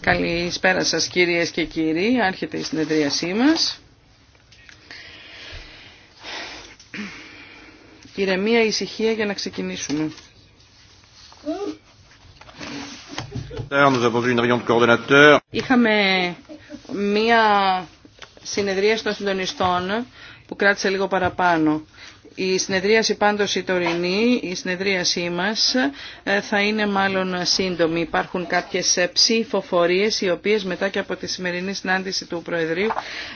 Καλησπέρα σας κυρίες και κύριοι. Άρχεται η συνεδρίασή μας. Ηρεμία, ησυχία για να ξεκινήσουμε. Είχαμε μία συνεδρία των συντονιστών που κράτησε λίγο παραπάνω. Η συνεδρίαση πάντως η τωρινή, η συνεδρίασή μας ε, θα είναι μάλλον σύντομη. Υπάρχουν κάποιες ε, ψηφοφορίες οι οποίες μετά και από τη σημερινή συνάντηση του Προεδρείου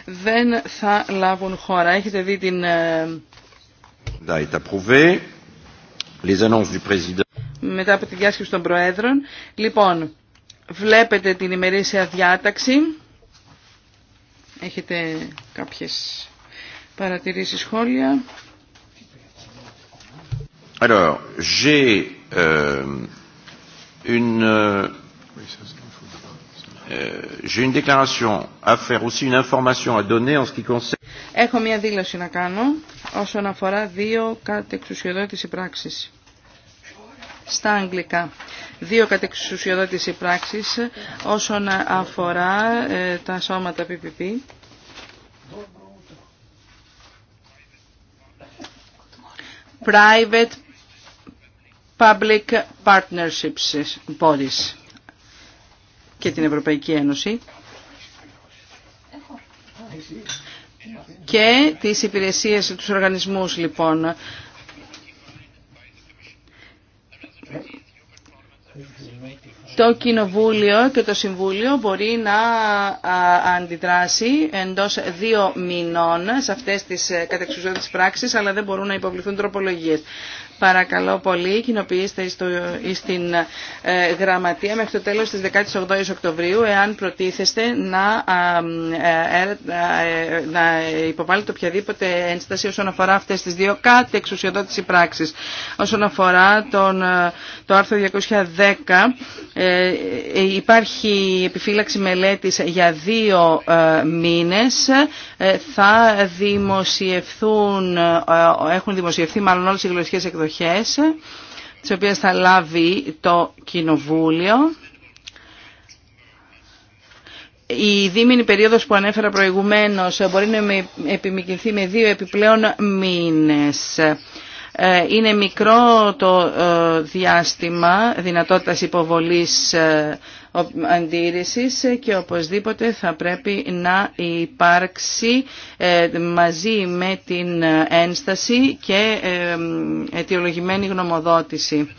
δεν θα λάβουν χώρα. Έχετε δει την... Ε, μετά από τη διάσκεψη των Προέδρων. Λοιπόν, βλέπετε την ημερήσια διάταξη. Έχετε κάποιες παρατηρήσεις, σχόλια. Alors, j'ai euh, une euh, euh une déclaration à faire aussi une information à donner en ce qui concerne Έχω μια δήλωση να κάνω όσον αφορά δύο κατεξουσιοδότηση πράξεις. Στα αγγλικά. Δύο κατεξουσιοδότηση πράξεις όσον αφορά ε, τα σώματα PPP. Private Public Partnerships Bodies και την Ευρωπαϊκή Ένωση και τις υπηρεσίες τους οργανισμούς λοιπόν το Κοινοβούλιο και το Συμβούλιο μπορεί να αντιδράσει εντός δύο μηνών σε αυτές τις κατεξουσιώδεις πράξεις, αλλά δεν μπορούν να υποβληθούν τροπολογίες. Παρακαλώ πολύ, κοινοποιήστε στην ε, γραμματεία μέχρι το τέλος της 18ης Οκτωβρίου εάν προτίθεστε να, ε, ε, να υποβάλλετε οποιαδήποτε ένσταση όσον αφορά αυτές τις δύο κάτι εξουσιοδότηση πράξης. Όσον αφορά τον, το άρθρο 210 υπάρχει επιφύλαξη μελέτης για δύο μήνες. Θα δημοσιευθούν, έχουν δημοσιευθεί μάλλον όλες οι γλωσσικές εκδοχές εκδοχές, τις οποίες θα λάβει το Κοινοβούλιο. Η δίμηνη περίοδος που ανέφερα προηγουμένως μπορεί να επιμηκυνθεί με δύο επιπλέον μήνες. Ε, είναι μικρό το ε, διάστημα δυνατότητας υποβολής ε, αντίρρησης και οπωσδήποτε θα πρέπει να υπάρξει ε, μαζί με την ένσταση και ε, αιτιολογημένη γνωμοδότηση.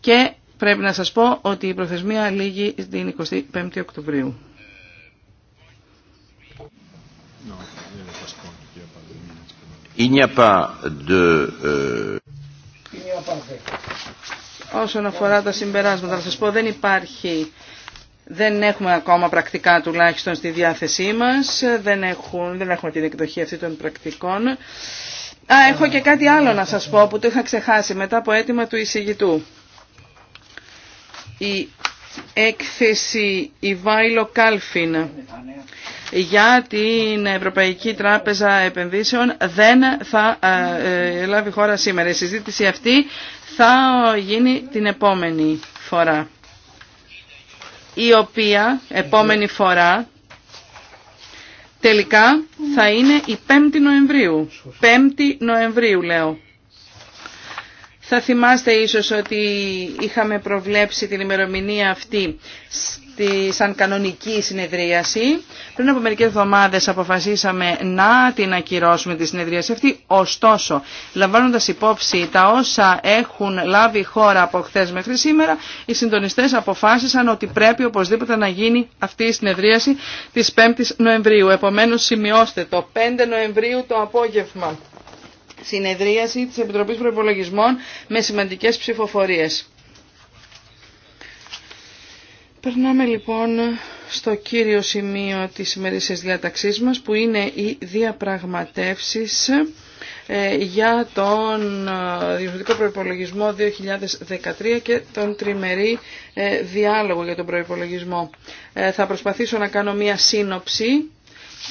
Και πρέπει να σας πω ότι η προθεσμία λήγει την 25η Οκτωβρίου. Il Όσον αφορά τα συμπεράσματα, θα σας πω δεν υπάρχει, δεν έχουμε ακόμα πρακτικά τουλάχιστον στη διάθεσή μας, δεν, έχουν, δεν έχουμε την εκδοχή αυτή των πρακτικών. Α, έχω και κάτι άλλο να σας πω που το είχα ξεχάσει μετά από αίτημα του εισηγητού. Η έκθεση Ιβάιλο Κάλφιν για την Ευρωπαϊκή Τράπεζα Επενδύσεων δεν θα ε, ε, λάβει χώρα σήμερα. Η συζήτηση αυτή θα γίνει την επόμενη φορά. Η οποία επόμενη φορά τελικά θα είναι η 5η Νοεμβρίου. 5η Νοεμβρίου λέω. Θα θυμάστε ίσως ότι είχαμε προβλέψει την ημερομηνία αυτή στη, σαν κανονική συνεδρίαση. Πριν από μερικές εβδομάδες αποφασίσαμε να την ακυρώσουμε τη συνεδρίαση αυτή. Ωστόσο, λαμβάνοντας υπόψη τα όσα έχουν λάβει χώρα από χθε μέχρι σήμερα, οι συντονιστές αποφάσισαν ότι πρέπει οπωσδήποτε να γίνει αυτή η συνεδρίαση της 5ης Νοεμβρίου. Επομένως, σημειώστε το 5 Νοεμβρίου το απόγευμα συνεδρίαση της Επιτροπής Προπολογισμών με σημαντικές ψηφοφορίες. Περνάμε λοιπόν στο κύριο σημείο της σημερινής διάταξής μας που είναι οι διαπραγματεύσεις ε, για τον ε, Διευθυντικό Προϋπολογισμό 2013 και τον τριμερή ε, διάλογο για τον προϋπολογισμό. Θα προσπαθήσω να κάνω μία σύνοψη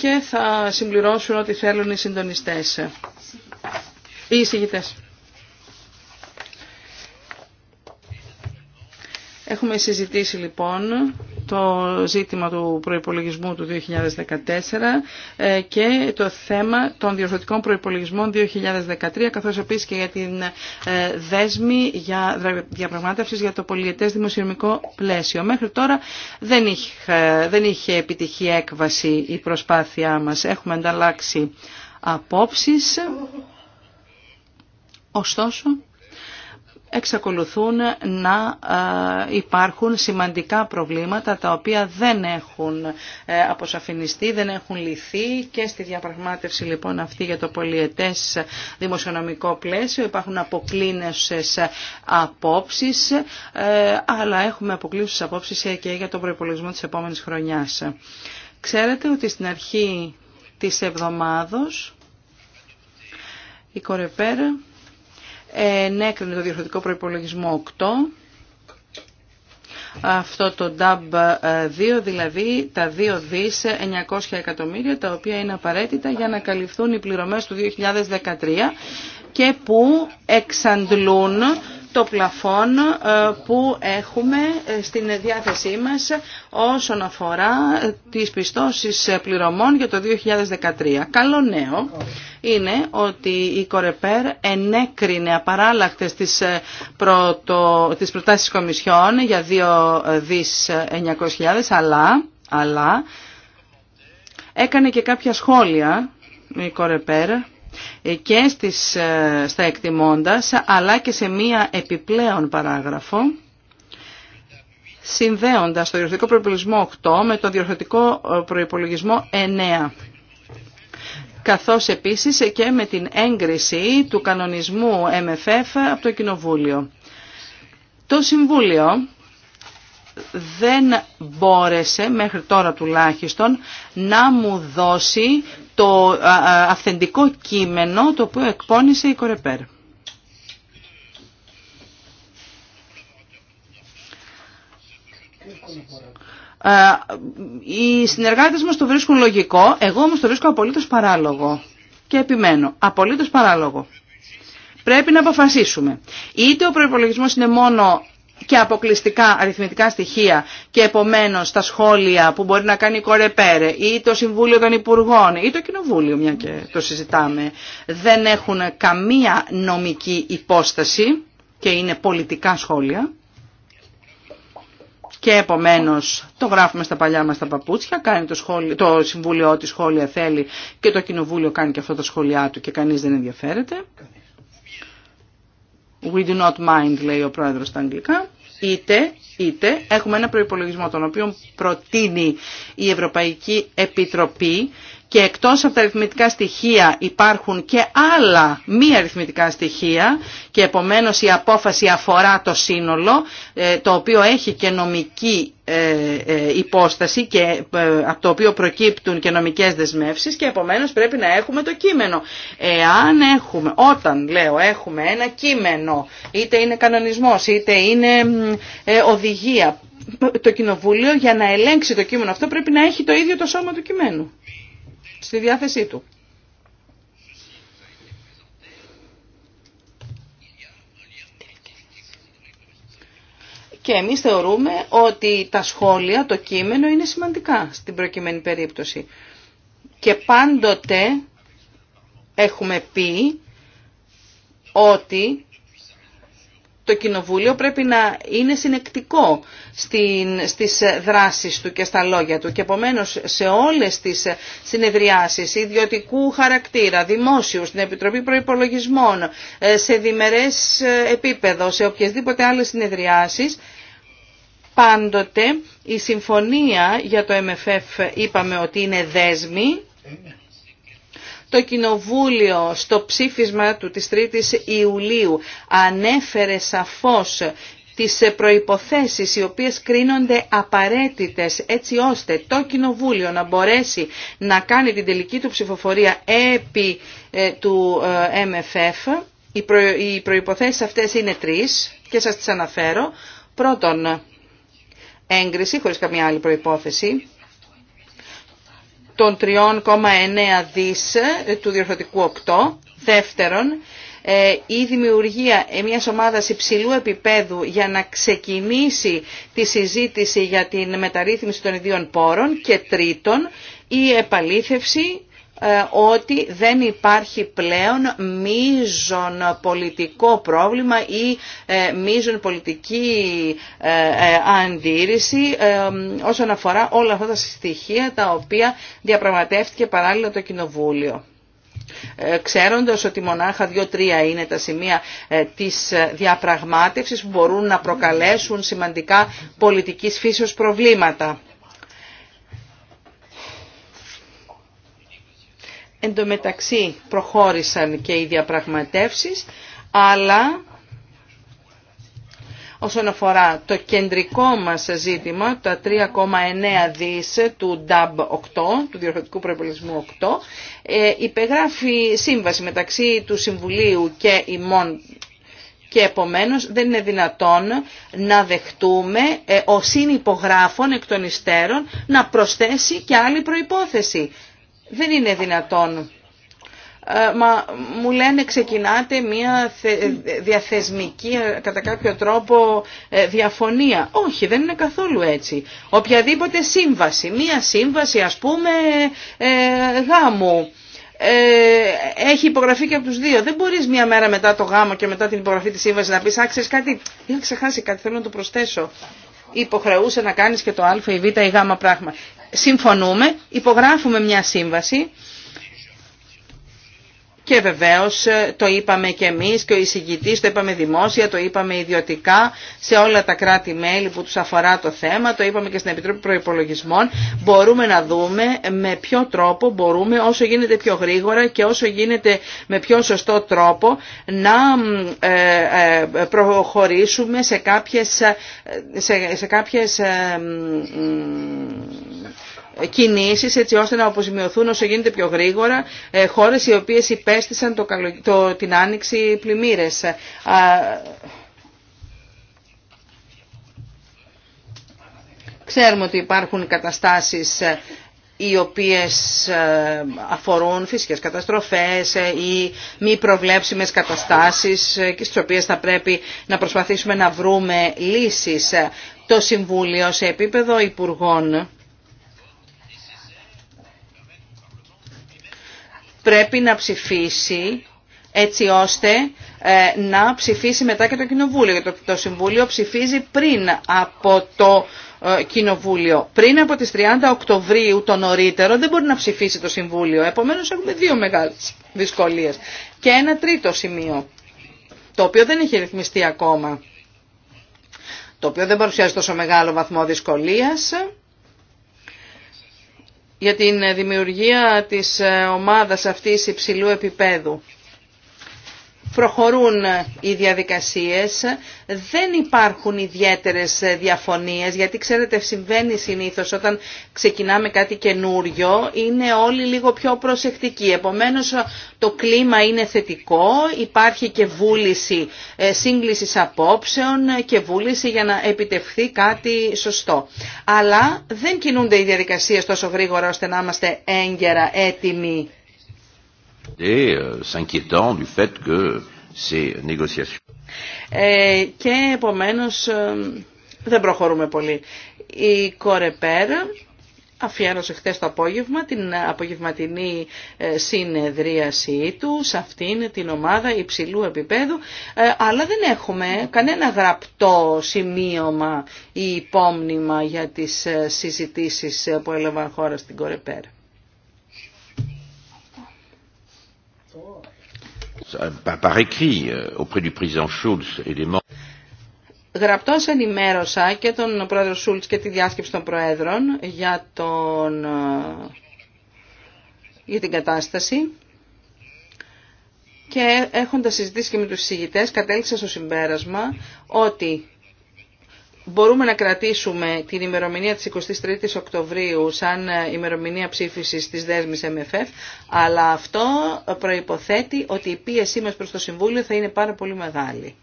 και θα συμπληρώσουν ό,τι θέλουν οι συντονιστές οι εισηγητές. Έχουμε συζητήσει λοιπόν το ζήτημα του προϋπολογισμού του 2014 ε, και το θέμα των διορθωτικών προϋπολογισμών 2013 καθώς επίσης και για την ε, δέσμη για διαπραγμάτευσης για το πολιετές δημοσιονομικό πλαίσιο. Μέχρι τώρα δεν είχε, δεν είχε επιτυχή έκβαση η προσπάθειά μας. Έχουμε ανταλλάξει απόψεις Ωστόσο, εξακολουθούν να ε, υπάρχουν σημαντικά προβλήματα τα οποία δεν έχουν ε, αποσαφινιστεί, δεν έχουν λυθεί και στη διαπραγμάτευση λοιπόν αυτή για το πολιετές δημοσιονομικό πλαίσιο υπάρχουν αποκλίσεις απόψεις ε, αλλά έχουμε αποκλίσεις απόψεις και για τον προϋπολογισμό της επόμενης χρονιάς. Ξέρετε ότι στην αρχή της εβδομάδος η Κορεπέρα ενέκρινε το διορθωτικό προϋπολογισμό 8 αυτό το DAB 2, ε, δηλαδή τα 2 δις 900 ε, εκατομμύρια, τα οποία είναι απαραίτητα για να καλυφθούν οι πληρωμές του 2013 και που εξαντλούν το πλαφόν ε, που έχουμε ε, στην διάθεσή μας όσον αφορά ε, τις πιστώσεις πληρωμών για το 2013. Καλό νέο είναι ότι η Κορεπέρ ενέκρινε απαράλλαχτες τις, πρωτο, τις προτάσεις για 2.900.000 αλλά, αλλά έκανε και κάποια σχόλια η Κορεπέρ και στις, ε, στα εκτιμώντας, αλλά και σε μία επιπλέον παράγραφο, συνδέοντας το διορθωτικό προϋπολογισμό 8 με το διορθωτικό ε, προϋπολογισμό 9 καθώς επίσης και με την έγκριση του κανονισμού MFF από το Κοινοβούλιο. Το Συμβούλιο δεν μπόρεσε μέχρι τώρα τουλάχιστον να μου δώσει το αυθεντικό κείμενο το οποίο εκπώνησε η Κορεπέρ. Οι συνεργάτες μας το βρίσκουν λογικό, εγώ όμως το βρίσκω απολύτως παράλογο. Και επιμένω, απολύτως παράλογο. Πρέπει να αποφασίσουμε. Είτε ο προϋπολογισμός είναι μόνο και αποκλειστικά αριθμητικά στοιχεία και επομένως τα σχόλια που μπορεί να κάνει η Κορεπέρε ή το Συμβούλιο των Υπουργών ή το Κοινοβούλιο, μια και το συζητάμε, δεν έχουν καμία νομική υπόσταση και είναι πολιτικά σχόλια και επομένως το γράφουμε στα παλιά μας τα παπούτσια, κάνει το, σχόλιο, το Συμβούλιο ό,τι σχόλια θέλει και το Κοινοβούλιο κάνει και αυτά τα σχόλιά του και κανείς δεν ενδιαφέρεται. We do not mind, λέει ο πρόεδρος στα αγγλικά. Είτε, είτε έχουμε ένα προϋπολογισμό τον οποίο προτείνει η Ευρωπαϊκή Επιτροπή και εκτός από τα αριθμητικά στοιχεία υπάρχουν και άλλα μη αριθμητικά στοιχεία και επομένως η απόφαση αφορά το σύνολο ε, το οποίο έχει και νομική ε, ε, υπόσταση και από το οποίο προκύπτουν και νομικές δεσμεύσεις και επομένως πρέπει να έχουμε το κείμενο. Εάν έχουμε, όταν λέω έχουμε ένα κείμενο, είτε είναι κανονισμός, είτε είναι οδηγία, το κοινοβούλιο για να ελέγξει το κείμενο αυτό πρέπει να έχει το ίδιο το σώμα του κειμένου στη διάθεσή του. Και εμείς θεωρούμε ότι τα σχόλια, το κείμενο είναι σημαντικά στην προκειμένη περίπτωση. Και πάντοτε έχουμε πει ότι το Κοινοβούλιο πρέπει να είναι συνεκτικό στις δράσεις του και στα λόγια του και επομένως σε όλες τις συνεδριάσεις ιδιωτικού χαρακτήρα, δημόσιου, στην Επιτροπή Προϋπολογισμών, ε, σε διμερές ε, επίπεδο, σε οποιασδήποτε άλλες συνεδριάσεις, πάντοτε η συμφωνία για το MFF είπαμε ότι είναι δέσμη, το Κοινοβούλιο στο ψήφισμα του της 3ης Ιουλίου ανέφερε σαφώς τις προϋποθέσεις οι οποίες κρίνονται απαραίτητες έτσι ώστε το Κοινοβούλιο να μπορέσει να κάνει την τελική του ψηφοφορία επί ε, του ε, MFF. Οι προϋποθέσεις αυτές είναι τρεις και σας τις αναφέρω. Πρώτον, έγκριση χωρίς καμία άλλη προϋπόθεση των 3,9 δις ε, του διορθωτικού 8. Δεύτερον, ε, η δημιουργία ε, μιας ομάδας υψηλού επίπεδου για να ξεκινήσει τη συζήτηση για την μεταρρύθμιση των ιδίων πόρων και τρίτον, η επαλήθευση ε, ότι δεν υπάρχει πλέον μείζον πολιτικό πρόβλημα ή ε, μείζον πολιτική ε, αντίρρηση όσον αφορά όλα αυτά τα στοιχεία τα οποία διαπραγματεύτηκε παράλληλα το Κοινοβούλιο. Ξέροντας ότι μονάχα δύο-τρία είναι τα σημεία της διαπραγμάτευσης που μπορούν να προκαλέσουν σημαντικά πολιτικής φύσεως προβλήματα. Εν προχώρησαν και οι διαπραγματεύσεις, αλλά όσον αφορά το κεντρικό μας ζήτημα, τα 3,9 δις του DAB 8, του Διορθωτικού Προϋπολογισμού 8, ε, υπεγράφει σύμβαση μεταξύ του Συμβουλίου και ημών και επομένως δεν είναι δυνατόν να δεχτούμε ε, ο συνυπογράφων εκ των υστέρων να προσθέσει και άλλη προϋπόθεση. Δεν είναι δυνατόν. Ε, μα μου λένε ξεκινάτε μια διαθεσμική κατά κάποιο τρόπο ε, διαφωνία. Όχι, δεν είναι καθόλου έτσι. Οποιαδήποτε σύμβαση, μια σύμβαση ας πούμε ε, γάμου έχει υπογραφεί και από τους δύο. Δεν μπορείς μια μέρα μετά το γάμο και μετά την υπογραφή της σύμβασης να πεις άξιες κάτι, είχα ξεχάσει κάτι, θέλω να το προσθέσω. Υποχρεούσε να κάνεις και το α ή β ή γ πράγμα συμφωνούμε, υπογράφουμε μια σύμβαση και βεβαίως ε, το είπαμε και εμείς και ο εισηγητή, το είπαμε δημόσια, το είπαμε ιδιωτικά σε όλα τα κράτη-μέλη που τους αφορά το θέμα, το είπαμε και στην Επιτροπή Προϋπολογισμών, μπορούμε να δούμε με ποιο τρόπο μπορούμε όσο γίνεται πιο γρήγορα και όσο γίνεται με πιο σωστό τρόπο να ε, ε, προχωρήσουμε σε κάποιες, σε, σε κάποιες κινήσεις έτσι ώστε να αποζημιωθούν όσο γίνεται πιο γρήγορα ε, χώρες οι οποίες υπέστησαν το, την άνοιξη πλημμύρες. Ξέρουμε ότι υπάρχουν καταστάσεις ε, οι οποίες ε, αφορούν φυσικές καταστροφές ή μη προβλέψιμες καταστάσεις και στις οποίες θα πρέπει να προσπαθήσουμε να βρούμε λύσεις. Το Συμβούλιο σε επίπεδο Υπουργών πρέπει να ψηφίσει έτσι ώστε ε, να ψηφίσει μετά και το Κοινοβούλιο. Το, το Συμβούλιο ψηφίζει πριν από το ε, Κοινοβούλιο. Πριν από τις 30 Οκτωβρίου το νωρίτερο δεν μπορεί να ψηφίσει το Συμβούλιο. Επομένως έχουμε δύο μεγάλες δυσκολίες. Και ένα τρίτο σημείο, το οποίο δεν έχει ρυθμιστεί ακόμα, το οποίο δεν παρουσιάζει τόσο μεγάλο βαθμό δυσκολίας, για την δημιουργία της ε, ομάδας αυτής υψηλού επίπεδου προχωρούν οι διαδικασίες, δεν υπάρχουν ιδιαίτερες διαφωνίες, γιατί ξέρετε συμβαίνει συνήθως όταν ξεκινάμε κάτι καινούριο, είναι όλοι λίγο πιο προσεκτικοί. Επομένως το κλίμα είναι θετικό, υπάρχει και βούληση ε, σύγκλησης απόψεων και βούληση για να επιτευχθεί κάτι σωστό. Αλλά δεν κινούνται οι διαδικασίες τόσο γρήγορα ώστε να είμαστε έγκαιρα έτοιμοι Euh, ε, και επομένως ε, δεν προχωρούμε πολύ. Η Κορεπέρα αφιέρωσε χθες το απόγευμα την απογευματινή ε, συνεδρίασή του σε αυτήν την ομάδα υψηλού επίπεδου, αλλά δεν έχουμε κανένα γραπτό σημείωμα ή υπόμνημα για τις συζητήσεις που έλαβαν χώρα στην Κορεπέρα. Euh, par écrit euh, auprès Γραπτός ενημέρωσα και τον πρόεδρο Σούλτς και τη διάσκεψη των προέδρων για, τον, ε, για την κατάσταση και έχοντας συζητήσει και με τους συζητητές κατέληξα στο συμπέρασμα ότι μπορούμε να κρατήσουμε την ημερομηνία της 23ης Οκτωβρίου σαν ε, ημερομηνία ψήφισης της δέσμης MFF, αλλά αυτό προϋποθέτει ότι η πίεσή μας προς το Συμβούλιο θα είναι πάρα πολύ μεγάλη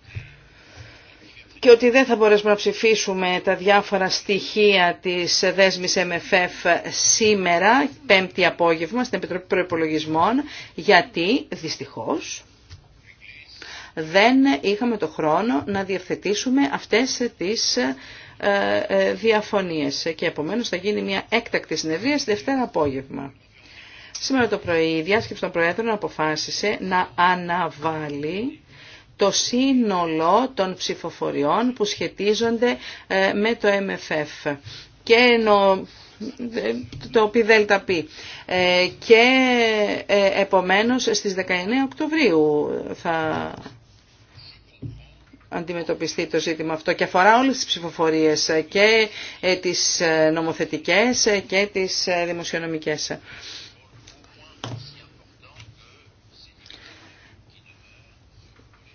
και ότι δεν θα μπορέσουμε να ψηφίσουμε τα διάφορα στοιχεία της δέσμης MFF σήμερα, πέμπτη απόγευμα, στην Επιτροπή Προϋπολογισμών, γιατί δυστυχώς δεν είχαμε το χρόνο να διευθετήσουμε αυτές τις ε, ε, διαφωνίες και επομένως θα γίνει μια έκτακτη συνεδρία στη Δευτέρα απόγευμα. Σήμερα το πρωί η διάσκεψη των Προέδρων αποφάσισε να αναβάλει το σύνολο των ψηφοφοριών που σχετίζονται ε, με το MFF. Και ενώ το πι δέλτα πι. Και επομένως στις 19 Οκτωβρίου θα αντιμετωπιστεί το ζήτημα αυτό και αφορά όλες τις ψηφοφορίες ε, ε, ε, και τις νομοθετικές και τις δημοσιονομικές.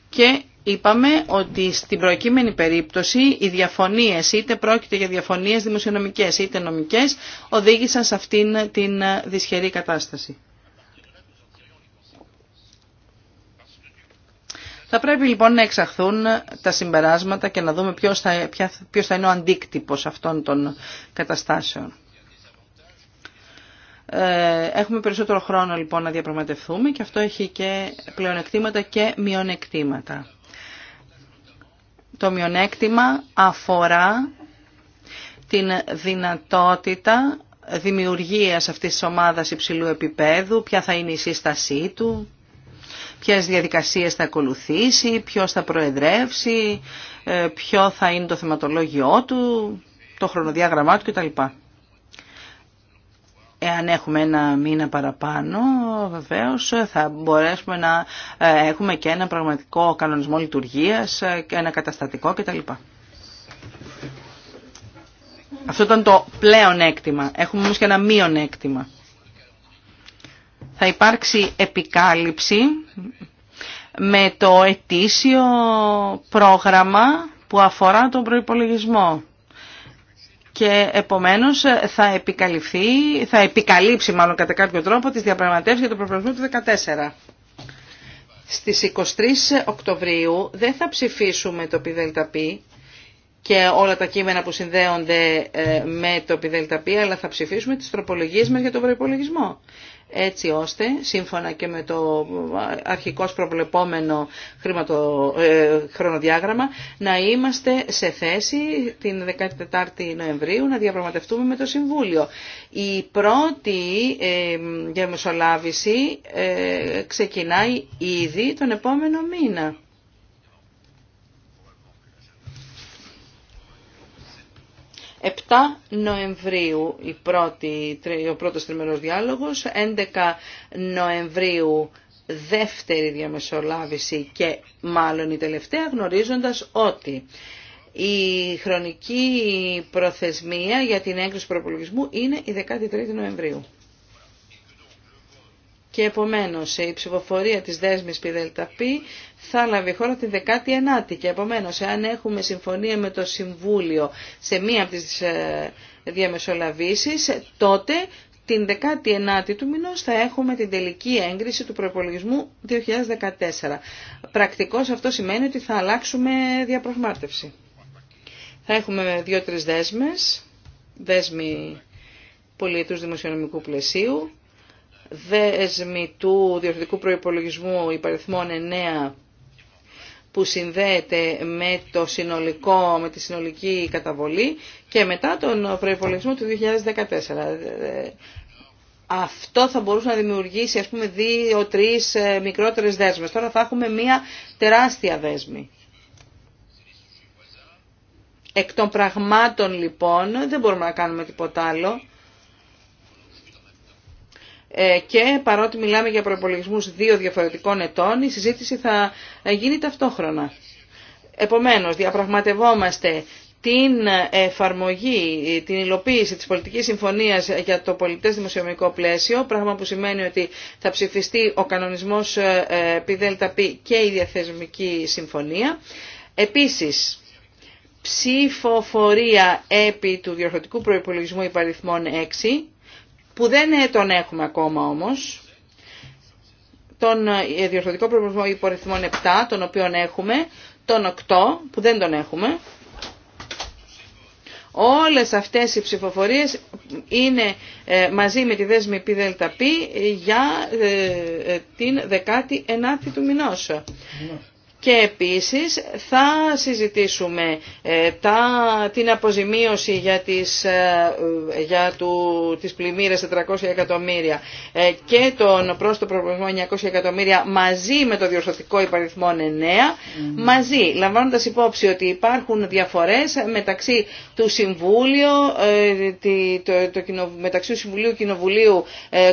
Και είπαμε ότι στην προκείμενη περίπτωση οι διαφωνίες, είτε πρόκειται για διαφωνίες δημοσιονομικές είτε νομικές, οδήγησαν σε αυτήν την δυσχερή κατάσταση. Θα πρέπει λοιπόν να εξαχθούν τα συμπεράσματα και να δούμε ποιος θα, ποιος θα είναι ο αντίκτυπος αυτών των καταστάσεων. Ε, έχουμε περισσότερο χρόνο λοιπόν να διαπραγματευτούμε και αυτό έχει και πλεονεκτήματα και μειονεκτήματα. Το μειονέκτημα αφορά την δυνατότητα δημιουργίας αυτής της ομάδας υψηλού επίπεδου, ποια θα είναι η σύστασή του, ποιες διαδικασίες θα ακολουθήσει, ποιος θα προεδρεύσει, ε, ποιο θα είναι το θεματολόγιο του, το χρονοδιάγραμμά του κτλ. Εάν έχουμε ένα μήνα παραπάνω, βεβαίως ε, θα μπορέσουμε να ε, έχουμε και ένα πραγματικό κανονισμό και ένα καταστατικό κτλ. Αυτό ήταν το πλέον έκτημα. Έχουμε όμως και ένα μείον έκτημα θα υπάρξει επικάλυψη με το ετήσιο πρόγραμμα που αφορά τον προϋπολογισμό και επομένως θα επικαλυφθεί, θα επικαλύψει μάλλον κατά κάποιο τρόπο τις διαπραγματεύσεις για τον προϋπολογισμό του 2014. Στις 23 Οκτωβρίου δεν θα ψηφίσουμε το ΠΔΠ και όλα τα κείμενα που συνδέονται ε, με το ΠΔΠ, αλλά θα ψηφίσουμε τις τροπολογίες μας για τον προϋπολογισμό έτσι ώστε σύμφωνα και με το αρχικός προβλεπόμενο ε, χρονοδιάγραμμα να είμαστε σε θέση την 14η Νοεμβρίου να διαπραγματευτούμε με το Συμβούλιο. Η πρώτη ε, διαμεσολάβηση ε, ξεκινάει ήδη τον επόμενο μήνα. 7 Νοεμβρίου η πρώτη, ο πρώτος τριμερός διάλογος, 11 Νοεμβρίου δεύτερη διαμεσολάβηση και μάλλον η τελευταία γνωρίζοντας ότι η χρονική προθεσμία για την έγκριση προπολογισμού είναι η 13η Νοεμβρίου και επομένως η ψηφοφορία της δέσμης ΠΔΠ θα λάβει χώρα την 19η και επομένως αν έχουμε συμφωνία με το Συμβούλιο σε μία από τις ε, διαμεσολαβήσεις τότε την 19η του μηνός θα έχουμε την τελική έγκριση του προπολογισμού 2014. Πρακτικώς αυτό σημαίνει ότι θα αλλάξουμε διαπραγμάτευση. Θα έχουμε δύο-τρεις δέσμες, δέσμη πολιετούς δημοσιονομικού πλαισίου, δέσμη του διορθωτικού προϋπολογισμού υπαριθμών 9 που συνδέεται με, το συνολικό, με τη συνολική καταβολή και μετά τον προϋπολογισμό του 2014. Αυτό θα μπορούσε να δημιουργήσει ας πούμε δύο-τρεις ε, μικρότερες δέσμες. Τώρα θα έχουμε μία τεράστια δέσμη. Εκ των πραγμάτων λοιπόν δεν μπορούμε να κάνουμε τίποτα άλλο ε, και παρότι μιλάμε για προπολογισμού δύο διαφορετικών ετών, η συζήτηση θα γίνει ταυτόχρονα. Επομένως, διαπραγματευόμαστε την εφαρμογή, την υλοποίηση της πολιτικής συμφωνίας για το πολιτές δημοσιονομικό πλαίσιο, πράγμα που σημαίνει ότι θα ψηφιστεί ο κανονισμός ε, ΠΔΠ και η διαθεσμική συμφωνία. Επίσης, ψηφοφορία επί του διορθωτικού προϋπολογισμού υπαριθμών 6, που δεν ε, τον έχουμε ακόμα όμως, τον ε, διορθωτικό προβληματισμό υπορριθμών 7, τον οποίο έχουμε, τον 8, που δεν τον έχουμε. Όλες αυτές οι ψηφοφορίες είναι ε, μαζί με τη δέσμη ΠΔΠ για την 19η του μηνός. Και επίσης θα συζητήσουμε ε, τα, την αποζημίωση για τις, ε, για του, τις πλημμύρες 400 εκατομμύρια ε, και τον πρόσθετο προβληματισμό 900 εκατομμύρια μαζί με το διορθωτικό υπαριθμό 9, μαζί λαμβάνοντας υπόψη ότι υπάρχουν διαφορές μεταξύ του Συμβούλιο, το, το, το, μεταξύ του Συμβουλίου Κοινοβουλίου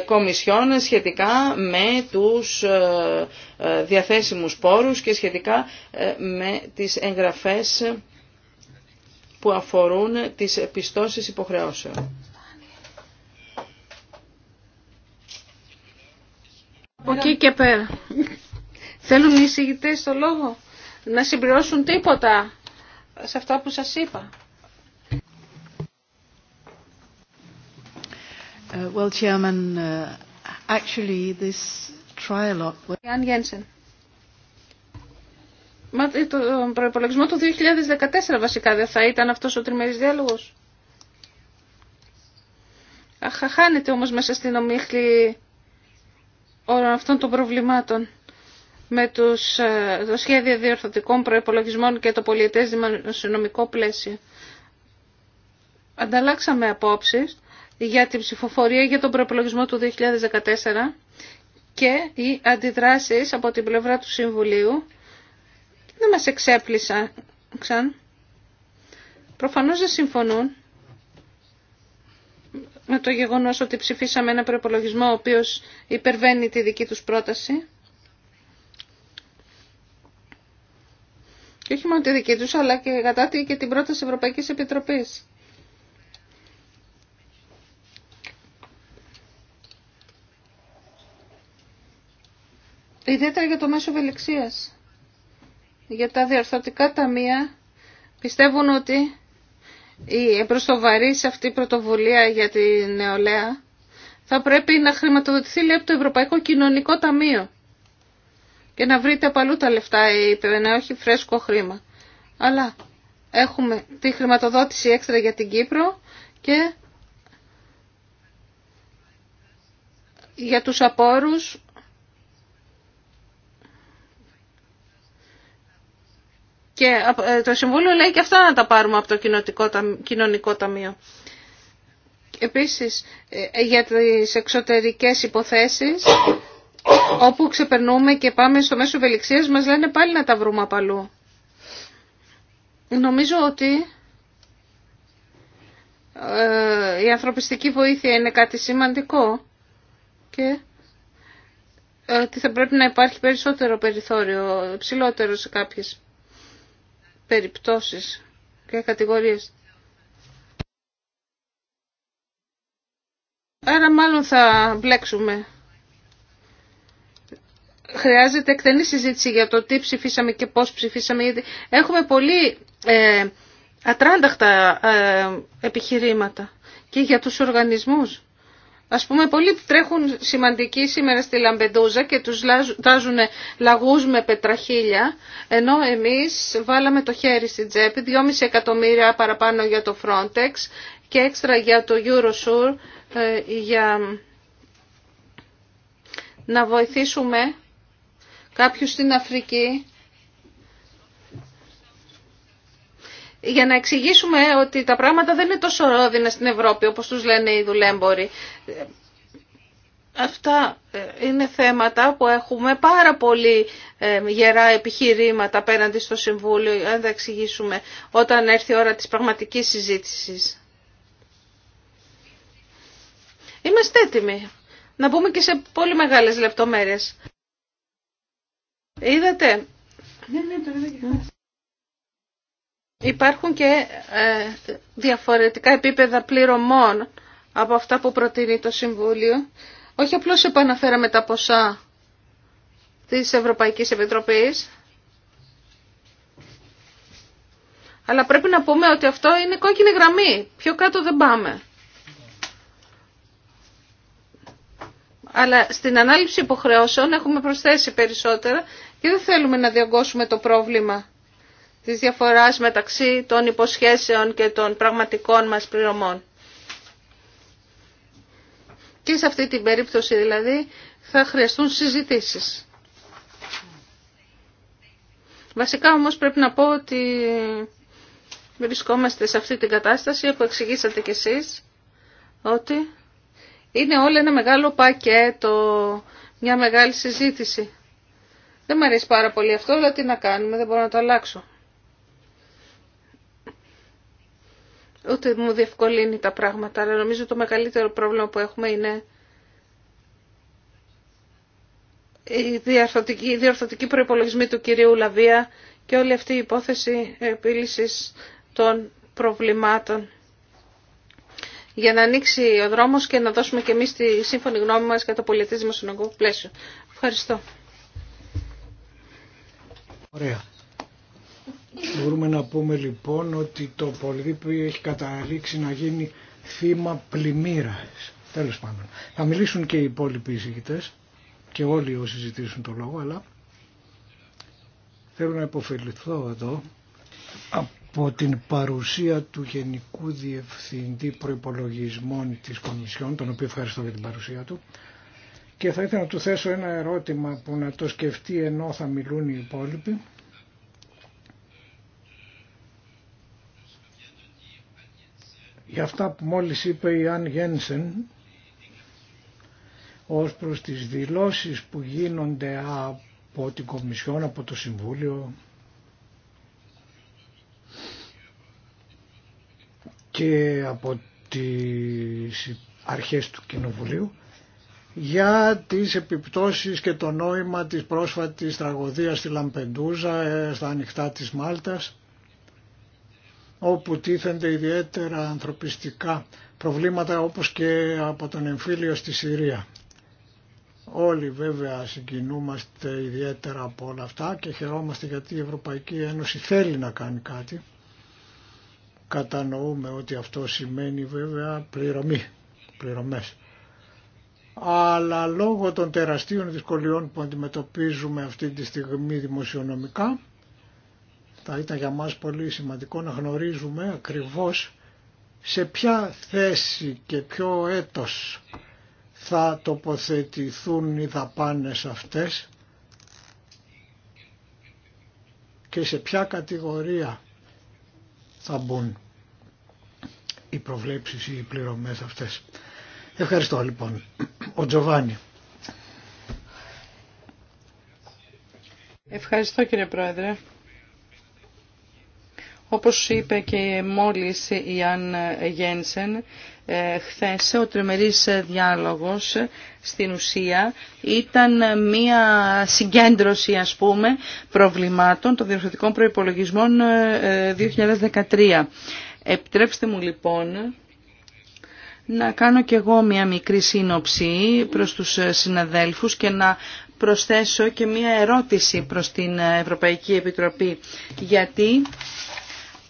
Κομισιών σχετικά με τους ε, διαθέσιμους πόρους και σχετικά ε, με τις εγγραφές που αφορούν τις πιστώσεις υποχρεώσεων. Από εκεί και πέρα. Θέλουν οι εισηγητές το λόγο να συμπληρώσουν τίποτα σε αυτά που σας είπα. Ε, well, Chairman, actually this Jan Γένσεν; Μα ε, το προπολογισμό του 2014 βασικά δεν θα ήταν αυτός ο τριμερής διάλογος. Χάνεται όμως μέσα στην ομίχλη όλων αυτών των προβλημάτων με τους, ε, το σχέδιο διορθωτικών προϋπολογισμών και το πολιετές δημοσιονομικό πλαίσιο. Ανταλλάξαμε απόψεις για την ψηφοφορία για τον προϋπολογισμό του 2014 και οι αντιδράσεις από την πλευρά του Συμβουλίου δεν μας εξέπλησαν. Ξαν. Προφανώς δεν συμφωνούν με το γεγονός ότι ψηφίσαμε ένα προπολογισμό ο οποίος υπερβαίνει τη δική τους πρόταση. Και όχι μόνο τη δική τους, αλλά και κατά και την πρόταση Ευρωπαϊκής Επιτροπής. ιδιαίτερα για το μέσο ευελιξίας. Για τα διαρθρωτικά ταμεία πιστεύουν ότι η σε αυτή πρωτοβουλία για τη νεολαία θα πρέπει να χρηματοδοτηθεί λέει από το Ευρωπαϊκό Κοινωνικό Ταμείο και να βρείτε αλλού τα λεφτά, είπε, να όχι φρέσκο χρήμα. Αλλά έχουμε τη χρηματοδότηση έξτρα για την Κύπρο και για τους απόρους Και ε, το Συμβούλιο λέει και αυτά να τα πάρουμε από το Κοινωνικό Ταμείο. Επίσης, ε, για τις εξωτερικές υποθέσεις, όπου ξεπερνούμε και πάμε στο μέσο ευελιξίας, μας λένε πάλι να τα βρούμε απαλού. Νομίζω ότι ε, η ανθρωπιστική βοήθεια είναι κάτι σημαντικό και ότι θα πρέπει να υπάρχει περισσότερο περιθώριο, ψηλότερο σε κάποιες περιπτώσεις και κατηγορίες. Άρα μάλλον θα μπλέξουμε. Χρειάζεται εκτενή συζήτηση για το τι ψηφίσαμε και πώς ψηφίσαμε. Γιατί έχουμε πολύ ε, ατράνταχτα ε, επιχειρήματα και για τους οργανισμούς. Ας πούμε, πολλοί τρέχουν σημαντικοί σήμερα στη Λαμπεντούζα και τους τάζουν λαγούς με πετραχίλια, ενώ εμείς βάλαμε το χέρι στην τσέπη, 2,5 εκατομμύρια παραπάνω για το Frontex και έξτρα για το Eurosur, ε, για να βοηθήσουμε κάποιους στην Αφρική για να εξηγήσουμε ότι τα πράγματα δεν είναι τόσο ρόδινα στην Ευρώπη όπως τους λένε οι δουλέμποροι. Αυτά ε, είναι θέματα που έχουμε πάρα πολύ ε, γερά επιχειρήματα απέναντι στο Συμβούλιο, αν τα εξηγήσουμε όταν έρθει η ώρα της πραγματικής συζήτησης. Είμαστε έτοιμοι να μπούμε και σε πολύ μεγάλες λεπτομέρειες. Είδατε. Υπάρχουν και ε, διαφορετικά επίπεδα πληρωμών από αυτά που προτείνει το Συμβούλιο. Όχι απλώς επαναφέραμε τα ποσά της Ευρωπαϊκής Επιτροπής, αλλά πρέπει να πούμε ότι αυτό είναι κόκκινη γραμμή. Πιο κάτω δεν πάμε. Αλλά στην ανάληψη υποχρεώσεων έχουμε προσθέσει περισσότερα και δεν θέλουμε να διαγκώσουμε το πρόβλημα της διαφοράς μεταξύ των υποσχέσεων και των πραγματικών μας πληρωμών. Και σε αυτή την περίπτωση δηλαδή θα χρειαστούν συζητήσεις. Βασικά όμως πρέπει να πω ότι βρισκόμαστε σε αυτή την κατάσταση που εξηγήσατε κι εσείς ότι είναι όλο ένα μεγάλο πακέτο, μια μεγάλη συζήτηση. Δεν μου αρέσει πάρα πολύ αυτό, αλλά τι να κάνουμε, δεν μπορώ να το αλλάξω. ούτε μου διευκολύνει τα πράγματα, αλλά νομίζω το μεγαλύτερο πρόβλημα που έχουμε είναι η διορθωτική, διορθωτική προπολογισμή του κυρίου Λαβία και όλη αυτή η υπόθεση επίλυσης των προβλημάτων για να ανοίξει ο δρόμος και να δώσουμε και εμείς τη σύμφωνη γνώμη μας για το πολιτισμό συνολικό πλαίσιο. Ευχαριστώ. Ωραία. Μπορούμε να πούμε λοιπόν ότι το πολύπη έχει καταλήξει να γίνει θύμα πλημμύρα. Τέλος πάντων. Θα μιλήσουν και οι υπόλοιποι εισηγητές και όλοι όσοι ζητήσουν το λόγο, αλλά θέλω να υποφεληθώ εδώ από την παρουσία του Γενικού Διευθυντή Προϋπολογισμών της Κομισιόν, τον οποίο ευχαριστώ για την παρουσία του, και θα ήθελα να του θέσω ένα ερώτημα που να το σκεφτεί ενώ θα μιλούν οι υπόλοιποι. για αυτά που μόλις είπε η Αν Γένσεν ως προς τις δηλώσεις που γίνονται από την Κομισιόν, από το Συμβούλιο και από τις αρχές του Κοινοβουλίου για τις επιπτώσεις και το νόημα της πρόσφατης τραγωδίας στη Λαμπεντούζα ε, στα ανοιχτά της Μάλτας όπου τίθενται ιδιαίτερα ανθρωπιστικά προβλήματα όπως και από τον εμφύλιο στη Συρία. Όλοι βέβαια συγκινούμαστε ιδιαίτερα από όλα αυτά και χαιρόμαστε γιατί η Ευρωπαϊκή Ένωση θέλει να κάνει κάτι. Κατανοούμε ότι αυτό σημαίνει βέβαια πληρωμή, πληρωμές. Αλλά λόγω των τεραστίων δυσκολιών που αντιμετωπίζουμε αυτή τη στιγμή δημοσιονομικά θα ήταν για μας πολύ σημαντικό να γνωρίζουμε ακριβώς σε ποια θέση και ποιο έτος θα τοποθετηθούν οι δαπάνες αυτές και σε ποια κατηγορία θα μπουν οι προβλέψεις ή οι πληρωμές αυτές. Ευχαριστώ λοιπόν. Ο Τζοβάνι. Ευχαριστώ κύριε Πρόεδρε. Όπως είπε και μόλις η Αν Γένσεν, χθες ο τριμερής διάλογος στην ουσία ήταν μία συγκέντρωση ας πούμε προβλημάτων των διορθωτικών προϋπολογισμών 2013. Ε, Επιτρέψτε μου λοιπόν να κάνω κι εγώ μία μικρή σύνοψη προς τους συναδέλφους και να προσθέσω και μία ερώτηση προς την Ευρωπαϊκή Επιτροπή. Γιατί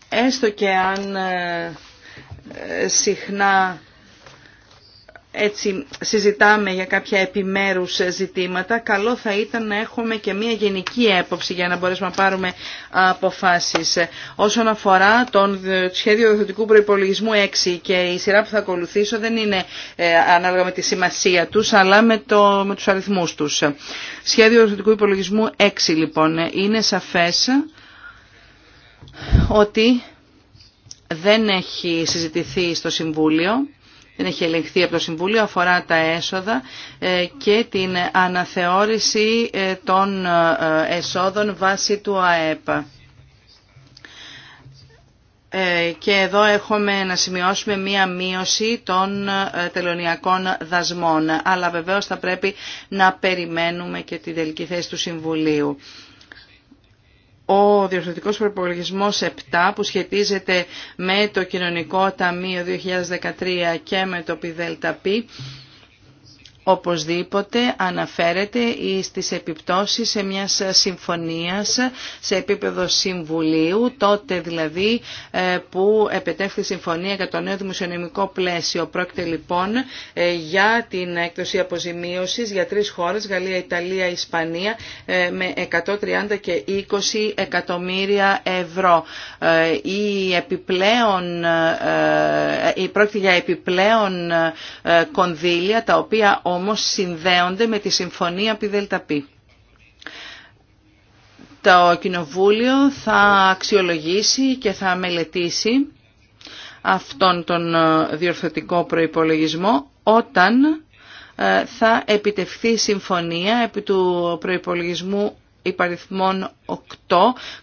έστω και αν ε, ε, συχνά έτσι συζητάμε για κάποια επιμέρους ζητήματα, καλό θα ήταν να έχουμε και μια γενική έποψη για να μπορέσουμε να πάρουμε αποφάσεις. Όσον αφορά το σχέδιο διορθωτικού προϋπολογισμού 6 και η σειρά που θα ακολουθήσω δεν είναι ε, ανάλογα με τη σημασία τους, αλλά με, το, με τους αριθμούς τους. Σχέδιο διορθωτικού υπολογισμού 6 λοιπόν είναι σαφές ότι δεν έχει συζητηθεί στο Συμβούλιο, δεν έχει ελεγχθεί από το Συμβούλιο, αφορά τα έσοδα ε, και την αναθεώρηση ε, των ε, εσόδων βάσει του ΑΕΠ. Και εδώ έχουμε να σημειώσουμε μία μείωση των τελωνιακών δασμών. Αλλά βεβαίως θα πρέπει να περιμένουμε και την τελική θέση του Συμβουλίου ο διορθωτικός προπολογισμός 7 που σχετίζεται με το Κοινωνικό Ταμείο 2013 και με το ΠΙΔΕΛΤΑΠΗ οπωσδήποτε αναφέρεται στις επιπτώσεις σε μια συμφωνία σε επίπεδο συμβουλίου, τότε δηλαδή ε, που επετέφθη συμφωνία για το νέο δημοσιονομικό πλαίσιο. Πρόκειται λοιπόν ε, για την έκδοση αποζημίωσης για τρεις χώρες, Γαλλία, Ιταλία, Ισπανία, ε, με 130 και 20 εκατομμύρια ευρώ. Η επιπλέον, η πρόκειται για επιπλέον κονδύλια, τα οποία όμως συνδέονται με τη συμφωνία ΠΔΠ. Το Κοινοβούλιο θα αξιολογήσει και θα μελετήσει αυτόν τον ε, διορθωτικό προϋπολογισμό όταν ε, θα επιτευχθεί συμφωνία επί του προϋπολογισμού υπαριθμών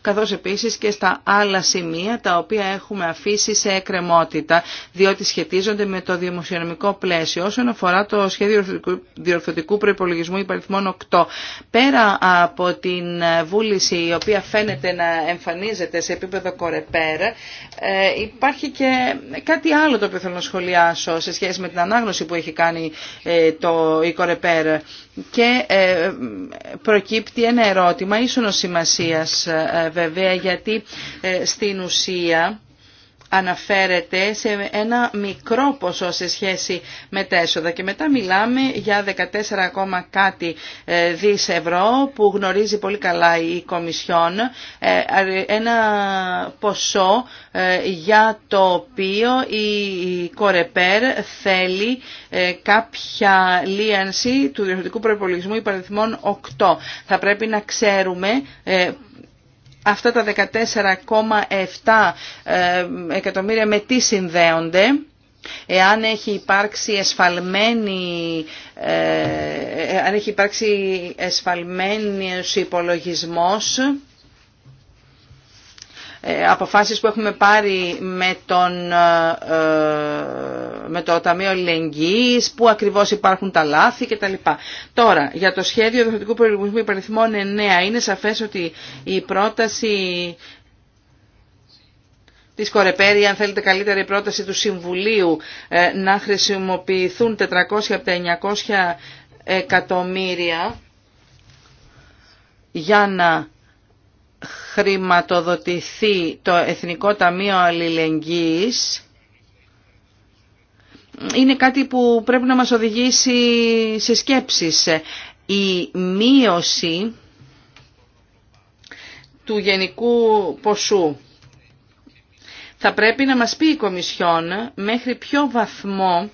καθώς επίσης και στα άλλα σημεία τα οποία έχουμε αφήσει σε εκκρεμότητα, διότι σχετίζονται με το δημοσιονομικό πλαίσιο. Όσον αφορά το σχέδιο διορθωτικού προπολογισμού, υπαριθμών 8, πέρα από την βούληση η οποία φαίνεται να εμφανίζεται σε επίπεδο κορεπέρ, ε, υπάρχει και κάτι άλλο το οποίο θέλω να σχολιάσω σε σχέση με την ανάγνωση που έχει κάνει ε, το, η κορεπέρ και ε, προκύπτει ένα ερώτημα ίσονος σημασία εργασίας ε, βέβαια γιατί ε, στην ουσία αναφέρεται σε ένα μικρό ποσό σε σχέση με τα έσοδα και μετά μιλάμε για 14 κάτι ε, δις ευρώ που γνωρίζει πολύ καλά η Κομισιόν ε, ένα ποσό ε, για το οποίο η Κορεπέρ θέλει κάποια λίανση του διορθωτικού προϋπολογισμού υπαριθμών 8. Θα πρέπει να ξέρουμε αυτά τα 14,7 ε, εκατομμύρια με τι συνδέονται εάν έχει υπάρξει εσφαλμένη, ε, αν έχει υπάρξει εσφαλμένος υπολογισμός ε, αποφάσεις που έχουμε πάρει με, τον, ε, ε, με το Ταμείο Λεγγύης, που ακριβώς υπάρχουν τα λάθη κτλ. Τώρα, για το σχέδιο δοχετικού προϋπολογισμού υπαριθμών 9, είναι σαφές ότι η πρόταση τη Κορεπέρη, αν θέλετε καλύτερα η πρόταση του Συμβουλίου να χρησιμοποιηθούν 400 από τα 900 εκατομμύρια για να χρηματοδοτηθεί το Εθνικό Ταμείο Αλληλεγγύης είναι κάτι που πρέπει να μας οδηγήσει σε σκέψεις. Η μείωση του γενικού ποσού. Θα πρέπει να μας πει η Κομισιόν μέχρι ποιο βαθμό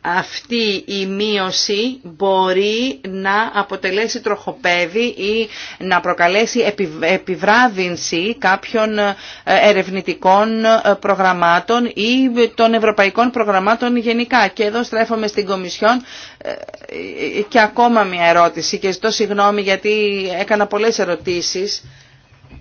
αυτή η μείωση μπορεί να αποτελέσει τροχοπέδι ή να προκαλέσει επιβράδυνση κάποιων ε, ερευνητικών ε, προγραμμάτων ή των ευρωπαϊκών προγραμμάτων γενικά. Και εδώ στρέφομαι στην Κομισιόν ε, και ακόμα μια ερώτηση και ζητώ συγγνώμη γιατί έκανα πολλές ερωτήσεις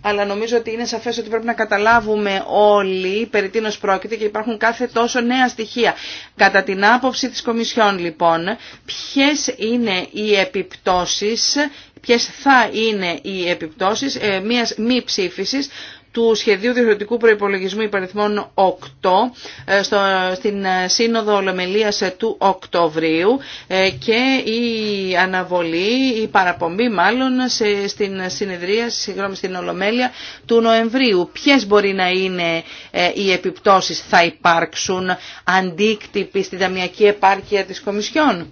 αλλά νομίζω ότι είναι σαφές ότι πρέπει να καταλάβουμε όλοι περί τίνος πρόκειται και υπάρχουν κάθε τόσο νέα στοιχεία. Κατά την άποψη της Κομισιόν λοιπόν, ποιες είναι οι επιπτώσεις, ποιες θα είναι οι επιπτώσεις ε, μιας μη ψήφισης του σχεδίου Διευθυντικού προϋπολογισμού υπαριθμών 8 ε, στο, στην ε, Σύνοδο Ολομελία ε, του Οκτωβρίου και η αναβολή, η παραπομπή μάλλον σε, στην συνεδρία, συγγνώμη, στην Ολομέλεια του Νοεμβρίου. Ποιες μπορεί να είναι οι επιπτώσεις, θα υπάρξουν αντίκτυποι στην ταμιακή επάρκεια της Κομισιόν.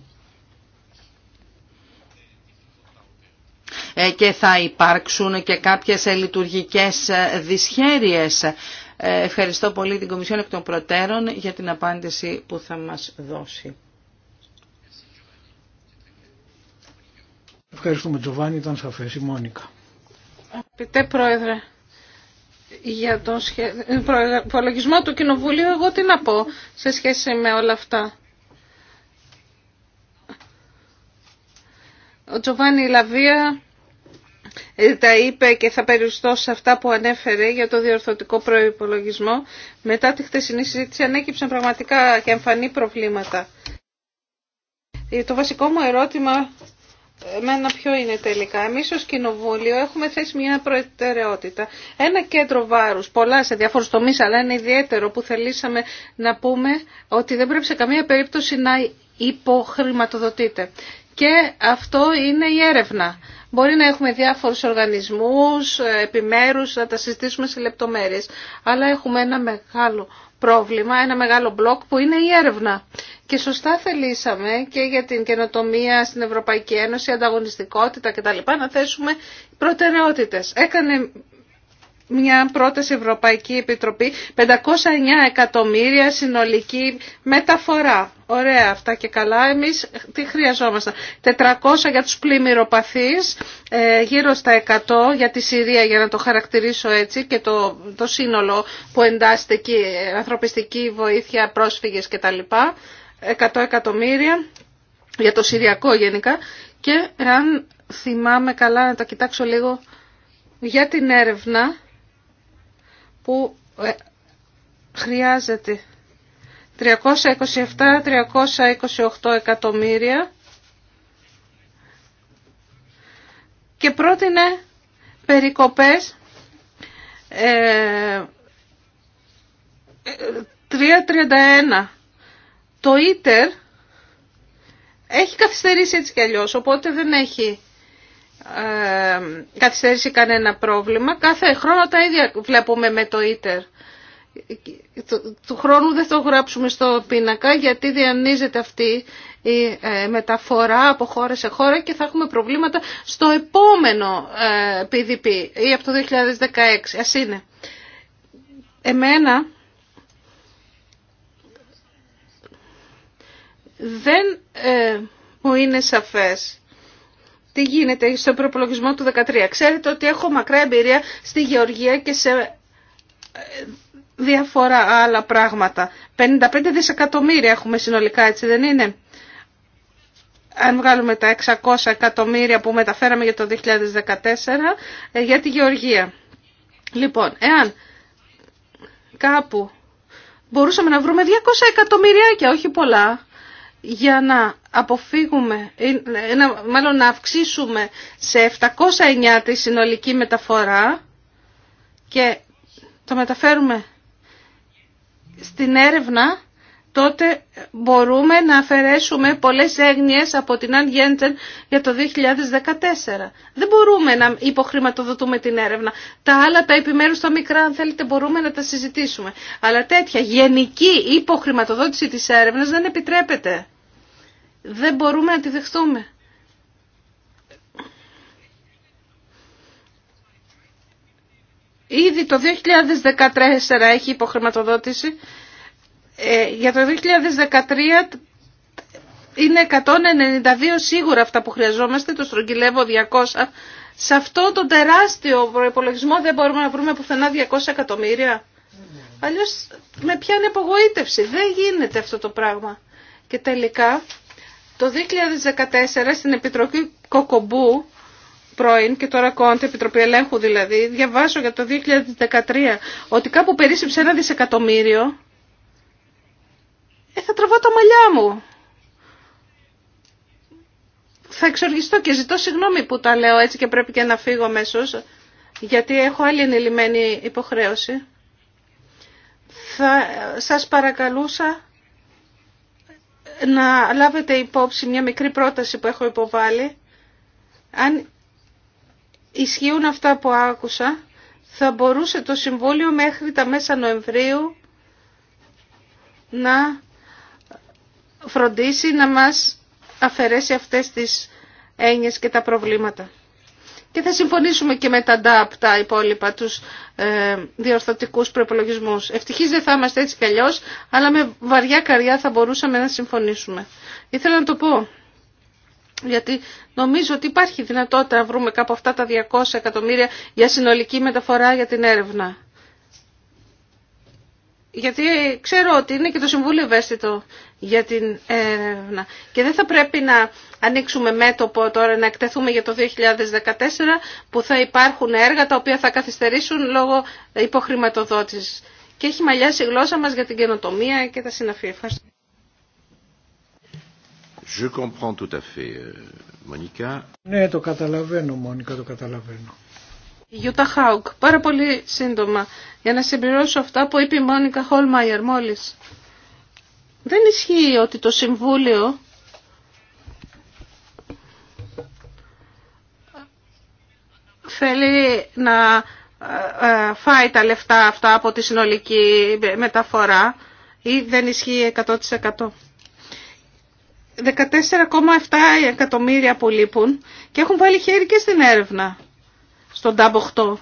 Ε, και θα υπάρξουν και κάποιες ε, λειτουργικές ε, δυσχέρειες. Ευχαριστώ πολύ την Κομισιόν εκ των Προτέρων για την απάντηση που θα μας δώσει. Ευχαριστούμε Τζοβάνι, ήταν σαφές η Μόνικα. Αγαπητέ Πρόεδρε, για τον προλογισμό του Κοινοβουλίου εγώ τι να πω σε σχέση με όλα αυτά. Ο Τζοβάνι Λαβία ε, τα είπε και θα περιουστώ σε αυτά που ανέφερε για το διορθωτικό προϋπολογισμό. Μετά τη χτεσινή συζήτηση ανέκυψαν πραγματικά και εμφανή προβλήματα. Ε, το βασικό μου ερώτημα εμένα ποιο είναι τελικά. Εμείς ως Κοινοβούλιο έχουμε θέσει μια προτεραιότητα. Ένα κέντρο βάρους, πολλά σε διάφορους τομείς, αλλά είναι ιδιαίτερο που θελήσαμε να πούμε ότι δεν πρέπει σε καμία περίπτωση να υποχρηματοδοτείτε. Και αυτό είναι η έρευνα. Μπορεί να έχουμε διάφορους οργανισμούς, ε, επιμέρους, να τα συζητήσουμε σε λεπτομέρειες. Αλλά έχουμε ένα μεγάλο πρόβλημα, ένα μεγάλο μπλοκ που είναι η έρευνα. Και σωστά θελήσαμε και για την καινοτομία στην Ευρωπαϊκή Ένωση, ανταγωνιστικότητα κτλ. να θέσουμε προτεραιότητες. Έκανε μια πρόταση Ευρωπαϊκή Επιτροπή 509 εκατομμύρια συνολική μεταφορά. Ωραία αυτά και καλά. Εμείς τι χρειαζόμαστε. 400 για τους πλημμυροπαθείς, ε, γύρω στα 100 για τη Συρία για να το χαρακτηρίσω έτσι και το, το σύνολο που εντάσσεται εκεί ανθρωπιστική βοήθεια, πρόσφυγες κτλ. 100 εκατομμύρια για το Συριακό γενικά και αν θυμάμαι καλά να τα κοιτάξω λίγο για την έρευνα που ε, χρειάζεται 327-328 εκατομμύρια και πρότεινε περικοπές 3.31. Ε, Το ίτερ έχει καθυστερήσει έτσι κι αλλιώς, οπότε δεν έχει ε, καθυστερήσει κανένα πρόβλημα. Κάθε χρόνο τα ίδια βλέπουμε με το ίτερ. Του χρόνου δεν θα το γράψουμε στο πίνακα γιατί διανύζεται αυτή η ε, μεταφορά από χώρα σε χώρα και θα έχουμε προβλήματα στο επόμενο PDP ε, ή από το 2016. Ας είναι. Εμένα δεν μου είναι σαφές τι γίνεται στο προπολογισμό του 2013. Ξέρετε ότι έχω μακρά εμπειρία στη γεωργία και σε ε, διαφορά άλλα πράγματα. 55 δισεκατομμύρια έχουμε συνολικά, έτσι δεν είναι. Αν βγάλουμε τα 600 εκατομμύρια που μεταφέραμε για το 2014 ε, για τη γεωργία. Λοιπόν, εάν κάπου μπορούσαμε να βρούμε 200 εκατομμυριάκια, όχι πολλά, για να αποφύγουμε, μάλλον να αυξήσουμε σε 709 τη συνολική μεταφορά και το μεταφέρουμε στην έρευνα, τότε μπορούμε να αφαιρέσουμε πολλές έγνοιες από την Αν για το 2014. Δεν μπορούμε να υποχρηματοδοτούμε την έρευνα. Τα άλλα, τα επιμέρους, τα μικρά, αν θέλετε, μπορούμε να τα συζητήσουμε. Αλλά τέτοια γενική υποχρηματοδότηση της έρευνας δεν επιτρέπεται δεν μπορούμε να τη δεχτούμε. Ήδη το 2014 έχει υποχρηματοδότηση. Ε, για το 2013 είναι 192 σίγουρα αυτά που χρειαζόμαστε, το στρογγυλεύω 200. Σε αυτό το τεράστιο προπολογισμό δεν μπορούμε να βρούμε πουθενά 200 εκατομμύρια. Αλλιώς με πιάνει απογοήτευση. Δεν γίνεται αυτό το πράγμα. Και τελικά το 2014 στην Επιτροπή Κοκομπού πρώην και τώρα κόντε, Επιτροπή Ελέγχου δηλαδή, διαβάζω για το 2013 ότι κάπου περίσσεψε ένα δισεκατομμύριο, ε, θα τραβώ τα μαλλιά μου. Θα εξοργιστώ και ζητώ συγγνώμη που τα λέω έτσι και πρέπει και να φύγω αμέσω, γιατί έχω άλλη ενηλυμένη υποχρέωση. Θα σας παρακαλούσα να λάβετε υπόψη μια μικρή πρόταση που έχω υποβάλει. Αν ισχύουν αυτά που άκουσα, θα μπορούσε το Συμβούλιο μέχρι τα μέσα Νοεμβρίου να φροντίσει να μας αφαιρέσει αυτές τις έννοιες και τα προβλήματα. Και θα συμφωνήσουμε και με τα ντάπτα τα υπόλοιπα, τους ε, διορθωτικούς προπολογισμού. Ευτυχείς δεν θα είμαστε έτσι κι αλλά με βαριά καριά θα μπορούσαμε να συμφωνήσουμε. Ήθελα να το πω, γιατί νομίζω ότι υπάρχει δυνατότητα να βρούμε κάπου αυτά τα 200 εκατομμύρια για συνολική μεταφορά για την έρευνα γιατί ξέρω ότι είναι και το Συμβούλιο ευαίσθητο για την έρευνα. Και δεν θα πρέπει να ανοίξουμε μέτωπο τώρα, να εκτεθούμε για το 2014 που θα υπάρχουν έργα τα οποία θα καθυστερήσουν λόγω υποχρηματοδότησης. Και έχει μαλλιάσει η γλώσσα μας για την καινοτομία και τα συναφή. Ευχαριστώ. Je comprends tout à fait, euh, Monica. Ναι, το καταλαβαίνω, Μόνικα, το καταλαβαίνω. Γιούτα Χάουκ, πάρα πολύ σύντομα, για να συμπληρώσω αυτά που είπε η Μόνικα Χόλμαϊερ μόλις. Δεν ισχύει ότι το Συμβούλιο θέλει να ε, ε, φάει τα λεφτά αυτά από τη συνολική μεταφορά ή δεν ισχύει 100%. 14,7 εκατομμύρια που λείπουν και έχουν βάλει χέρι και στην έρευνα στον ΤΑΜΠ 8.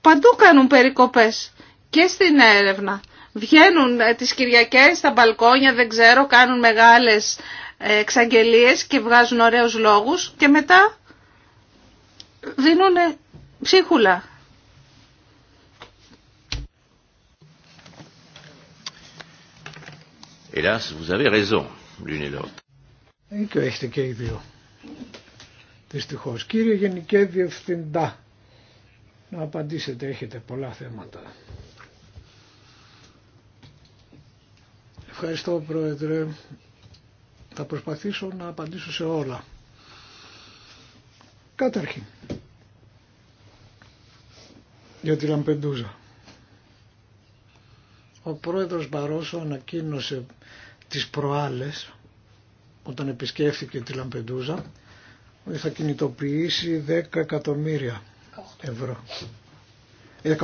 Παντού κάνουν περικοπές και στην έρευνα. Βγαίνουν ε, τις Κυριακές στα μπαλκόνια, δεν ξέρω, κάνουν μεγάλες ε, εξαγγελίες και βγάζουν ωραίους λόγους και μετά δίνουν ψίχουλα. Hélas, vous avez raison, l'une et l'autre. Δυστυχώς. Κύριε Γενικέ Διευθυντά, να απαντήσετε, έχετε πολλά θέματα. Ευχαριστώ Πρόεδρε. Θα προσπαθήσω να απαντήσω σε όλα. Καταρχήν, για τη Λαμπεντούζα. Ο πρόεδρος Μπαρόσο ανακοίνωσε τις προάλλες, όταν επισκέφθηκε τη Λαμπεντούζα, θα κινητοποιήσει 10 εκατομμύρια ευρώ. 18. Ε,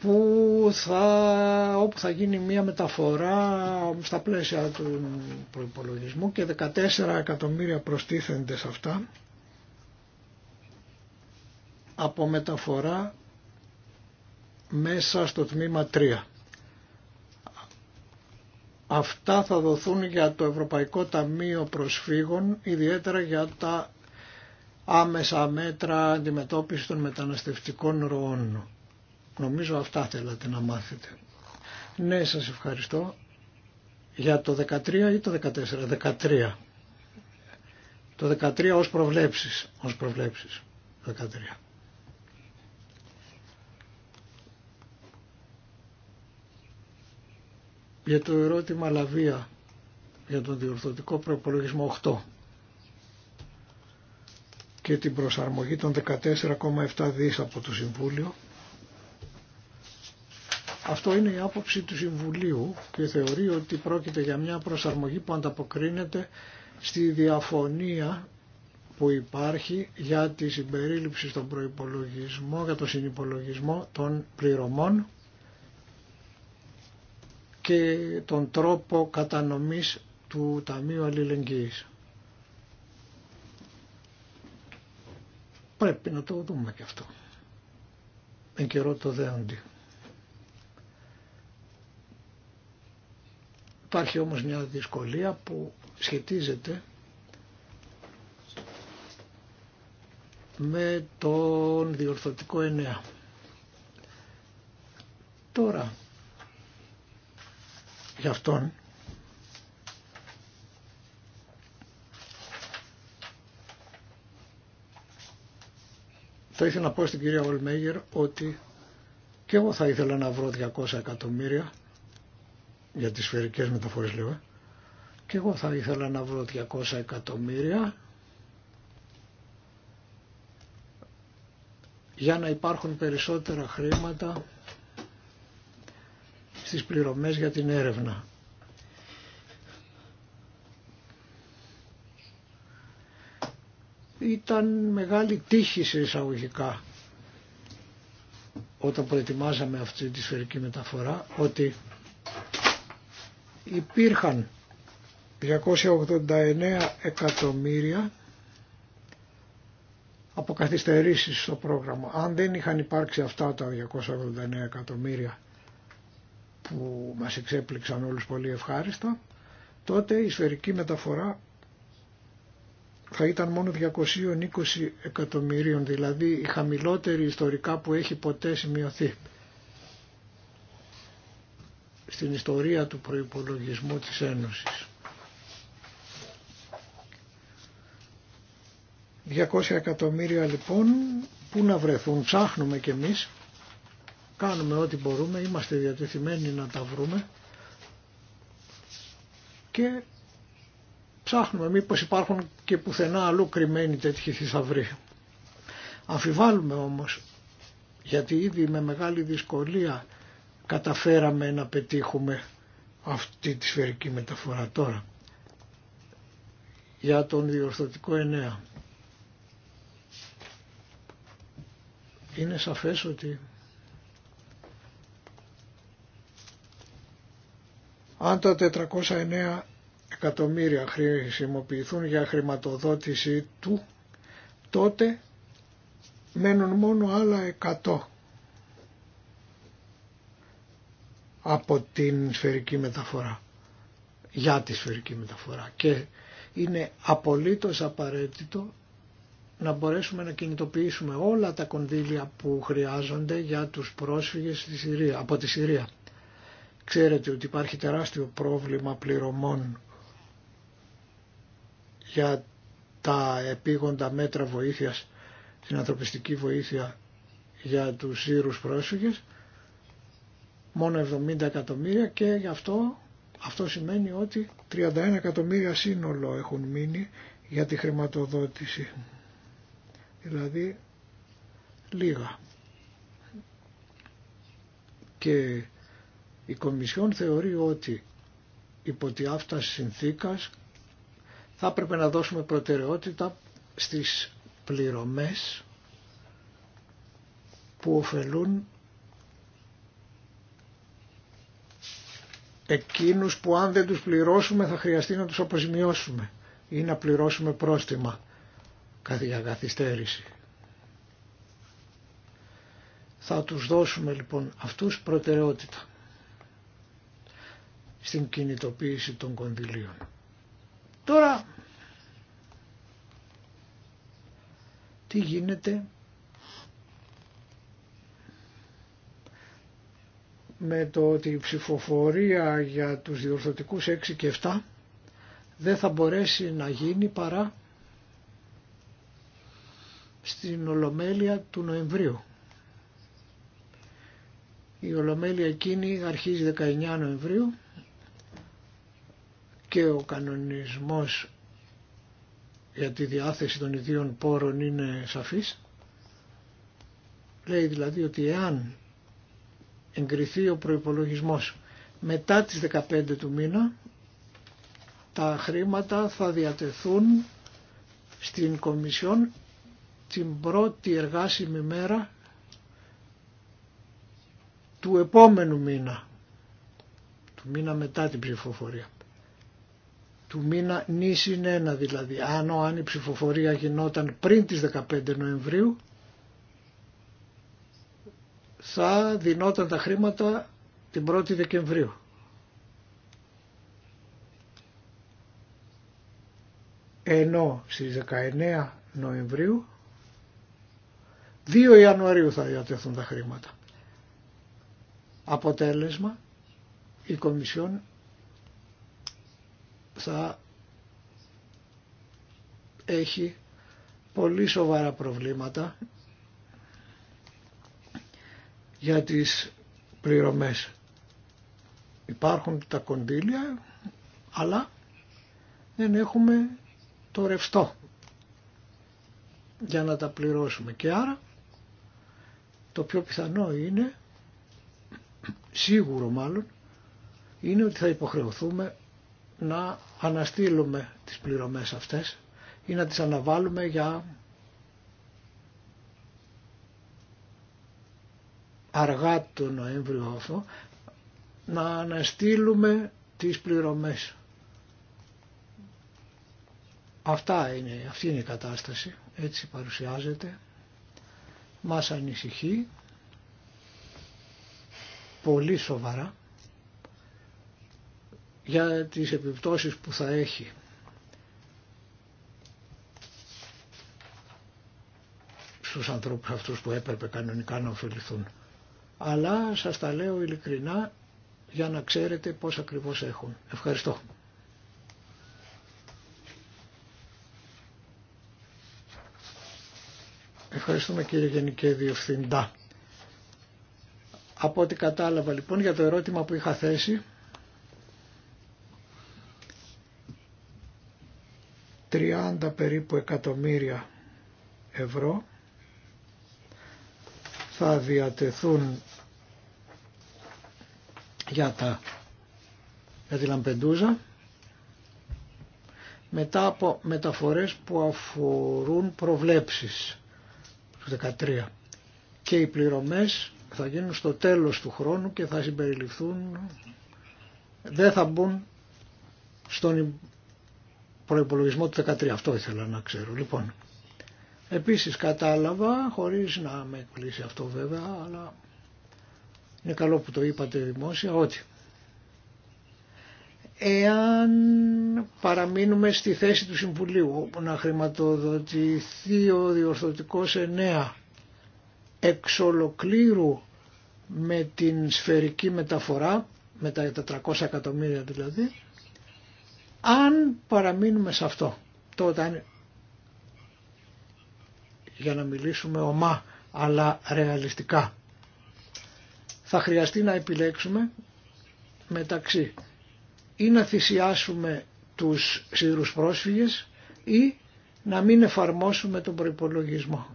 Που θα, όπου θα γίνει μια μεταφορά στα πλαίσια του προϋπολογισμού και 14 εκατομμύρια προστίθενται σε αυτά από μεταφορά μέσα στο τμήμα 3. Αυτά θα δοθούν για το Ευρωπαϊκό Ταμείο Προσφύγων, ιδιαίτερα για τα άμεσα μέτρα αντιμετώπιση των μεταναστευτικών ροών. Νομίζω αυτά θέλατε να μάθετε. Ναι, σας ευχαριστώ. Για το 13 ή το 14. 13. Το 13 ως προβλέψεις. Ως προβλέψεις. 13. για το ερώτημα Λαβία για τον διορθωτικό προπολογισμό 8 και την προσαρμογή των 14,7 δις από το Συμβούλιο. Αυτό είναι η άποψη του Συμβουλίου και θεωρεί ότι πρόκειται για μια προσαρμογή που ανταποκρίνεται στη διαφωνία που υπάρχει για τη συμπερίληψη στον προϋπολογισμό, για τον συνυπολογισμό των πληρωμών και τον τρόπο κατανομής του Ταμείου Αλληλεγγύης. Πρέπει να το δούμε και αυτό. Εν καιρό το δέοντι. Υπάρχει όμως μια δυσκολία που σχετίζεται με τον διορθωτικό εννέα. Τώρα, για αυτόν θα ήθελα να πω στην κυρία Ολμέγερ ότι και εγώ θα ήθελα να βρω 200 εκατομμύρια για τις σφαιρικές μεταφορές λέω ε. και εγώ θα ήθελα να βρω 200 εκατομμύρια για να υπάρχουν περισσότερα χρήματα στις πληρωμές για την έρευνα. Ήταν μεγάλη τύχη σε εισαγωγικά όταν προετοιμάζαμε αυτή τη σφαιρική μεταφορά ότι υπήρχαν 289 εκατομμύρια από στο πρόγραμμα. Αν δεν είχαν υπάρξει αυτά τα 289 εκατομμύρια που μας εξέπληξαν όλους πολύ ευχάριστα, τότε η σφαιρική μεταφορά θα ήταν μόνο 220 εκατομμυρίων, δηλαδή η χαμηλότερη ιστορικά που έχει ποτέ σημειωθεί στην ιστορία του προϋπολογισμού της Ένωσης. 200 εκατομμύρια λοιπόν, πού να βρεθούν, ψάχνουμε κι εμείς, Κάνουμε ό,τι μπορούμε, είμαστε διατεθειμένοι να τα βρούμε και ψάχνουμε μήπως υπάρχουν και πουθενά αλλού κρυμμένοι τέτοιοι θησαυροί. Αμφιβάλλουμε όμως, γιατί ήδη με μεγάλη δυσκολία καταφέραμε να πετύχουμε αυτή τη σφαιρική μεταφορά τώρα για τον διορθωτικό εννέα. Είναι σαφές ότι Αν τα 409 εκατομμύρια χρησιμοποιηθούν για χρηματοδότηση του, τότε μένουν μόνο άλλα 100 από την σφαιρική μεταφορά, για τη σφαιρική μεταφορά. Και είναι απολύτως απαραίτητο να μπορέσουμε να κινητοποιήσουμε όλα τα κονδύλια που χρειάζονται για τους πρόσφυγες Συρία, από τη Συρία. Ξέρετε ότι υπάρχει τεράστιο πρόβλημα πληρωμών για τα επίγοντα μέτρα βοήθειας, την ανθρωπιστική βοήθεια για τους σύρους πρόσφυγες, μόνο 70 εκατομμύρια και γι' αυτό, αυτό σημαίνει ότι 31 εκατομμύρια σύνολο έχουν μείνει για τη χρηματοδότηση. Δηλαδή λίγα. Και η Κομισιόν θεωρεί ότι υπό τη Άφταση συνθήκας θα έπρεπε να δώσουμε προτεραιότητα στις πληρωμές που ωφελούν εκείνους που αν δεν τους πληρώσουμε θα χρειαστεί να τους αποζημιώσουμε ή να πληρώσουμε πρόστιμα για καθυστέρηση. Θα τους δώσουμε λοιπόν αυτούς προτεραιότητα στην κινητοποίηση των κονδυλίων. Τώρα, τι γίνεται με το ότι η ψηφοφορία για τους διορθωτικούς 6 και 7 δεν θα μπορέσει να γίνει παρά στην Ολομέλεια του Νοεμβρίου. Η Ολομέλεια εκείνη αρχίζει 19 Νοεμβρίου και ο κανονισμός για τη διάθεση των ιδίων πόρων είναι σαφής. Λέει δηλαδή ότι εάν εγκριθεί ο προϋπολογισμός μετά τις 15 του μήνα, τα χρήματα θα διατεθούν στην Κομισιόν την πρώτη εργάσιμη μέρα του επόμενου μήνα, του μήνα μετά την ψηφοφορία του μήνα νήσιν ένα δηλαδή. αν η ψηφοφορία γινόταν πριν τις 15 Νοεμβρίου θα δινόταν τα χρήματα την 1η Δεκεμβρίου. Ενώ στις 19 Νοεμβρίου 2 Ιανουαρίου θα διατεθούν τα χρήματα. Αποτέλεσμα η Κομισιόν θα έχει πολύ σοβαρά προβλήματα για τις πληρωμές. Υπάρχουν τα κονδύλια, αλλά δεν έχουμε το ρευστό για να τα πληρώσουμε. Και άρα το πιο πιθανό είναι, σίγουρο μάλλον, είναι ότι θα υποχρεωθούμε να αναστείλουμε τις πληρωμές αυτές ή να τις αναβάλουμε για αργά το Νοέμβριο αυτό να αναστείλουμε τις πληρωμές. Αυτά είναι, αυτή είναι η κατάσταση, έτσι παρουσιάζεται. Μας ανησυχεί πολύ σοβαρά για τις επιπτώσεις που θα έχει. στους ανθρώπους αυτούς που έπρεπε κανονικά να ωφεληθούν. Αλλά σας τα λέω ειλικρινά για να ξέρετε πώς ακριβώς έχουν. Ευχαριστώ. Ευχαριστούμε κύριε Γενικέ Διευθυντά. Από ό,τι κατάλαβα λοιπόν για το ερώτημα που είχα θέσει, 30 περίπου εκατομμύρια ευρώ θα διατεθούν για, τα, για τη Λαμπεντούζα μετά από μεταφορές που αφορούν προβλέψεις του 13 και οι πληρωμές θα γίνουν στο τέλος του χρόνου και θα συμπεριληφθούν δεν θα μπουν στον προϋπολογισμό του 2013. Αυτό ήθελα να ξέρω. Λοιπόν, επίσης κατάλαβα, χωρίς να με κλείσει αυτό βέβαια, αλλά είναι καλό που το είπατε δημόσια, ότι εάν παραμείνουμε στη θέση του Συμβουλίου όπου να χρηματοδοτηθεί ο διορθωτικός 9 εξ ολοκλήρου με την σφαιρική μεταφορά, με τα 400 εκατομμύρια δηλαδή, αν παραμείνουμε σε αυτό, τότε για να μιλήσουμε ομά αλλά ρεαλιστικά, θα χρειαστεί να επιλέξουμε μεταξύ ή να θυσιάσουμε τους σύρους πρόσφυγες ή να μην εφαρμόσουμε τον προϋπολογισμό.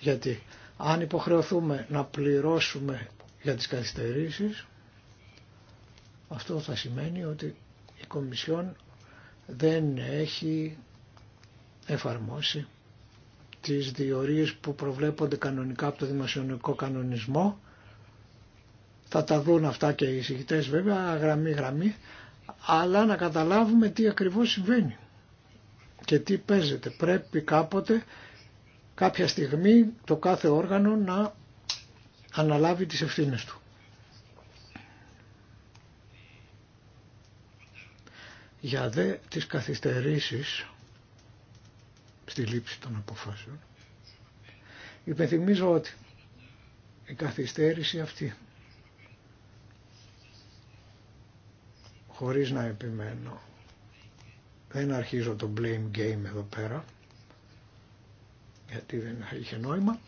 Γιατί αν υποχρεωθούμε να πληρώσουμε για τις καθυστερήσεις αυτό θα σημαίνει ότι η Κομισιόν δεν έχει εφαρμόσει τις διορίες που προβλέπονται κανονικά από το δημοσιονομικό κανονισμό. Θα τα δουν αυτά και οι εισηγητές βέβαια γραμμή γραμμή, αλλά να καταλάβουμε τι ακριβώς συμβαίνει και τι παίζεται. Πρέπει κάποτε κάποια στιγμή το κάθε όργανο να αναλάβει τις ευθύνες του. Για δε τις καθυστερήσεις στη λήψη των αποφάσεων, υπενθυμίζω ότι η καθυστέρηση αυτή, χωρίς να επιμένω, δεν αρχίζω το blame game εδώ πέρα, γιατί δεν είχε νόημα,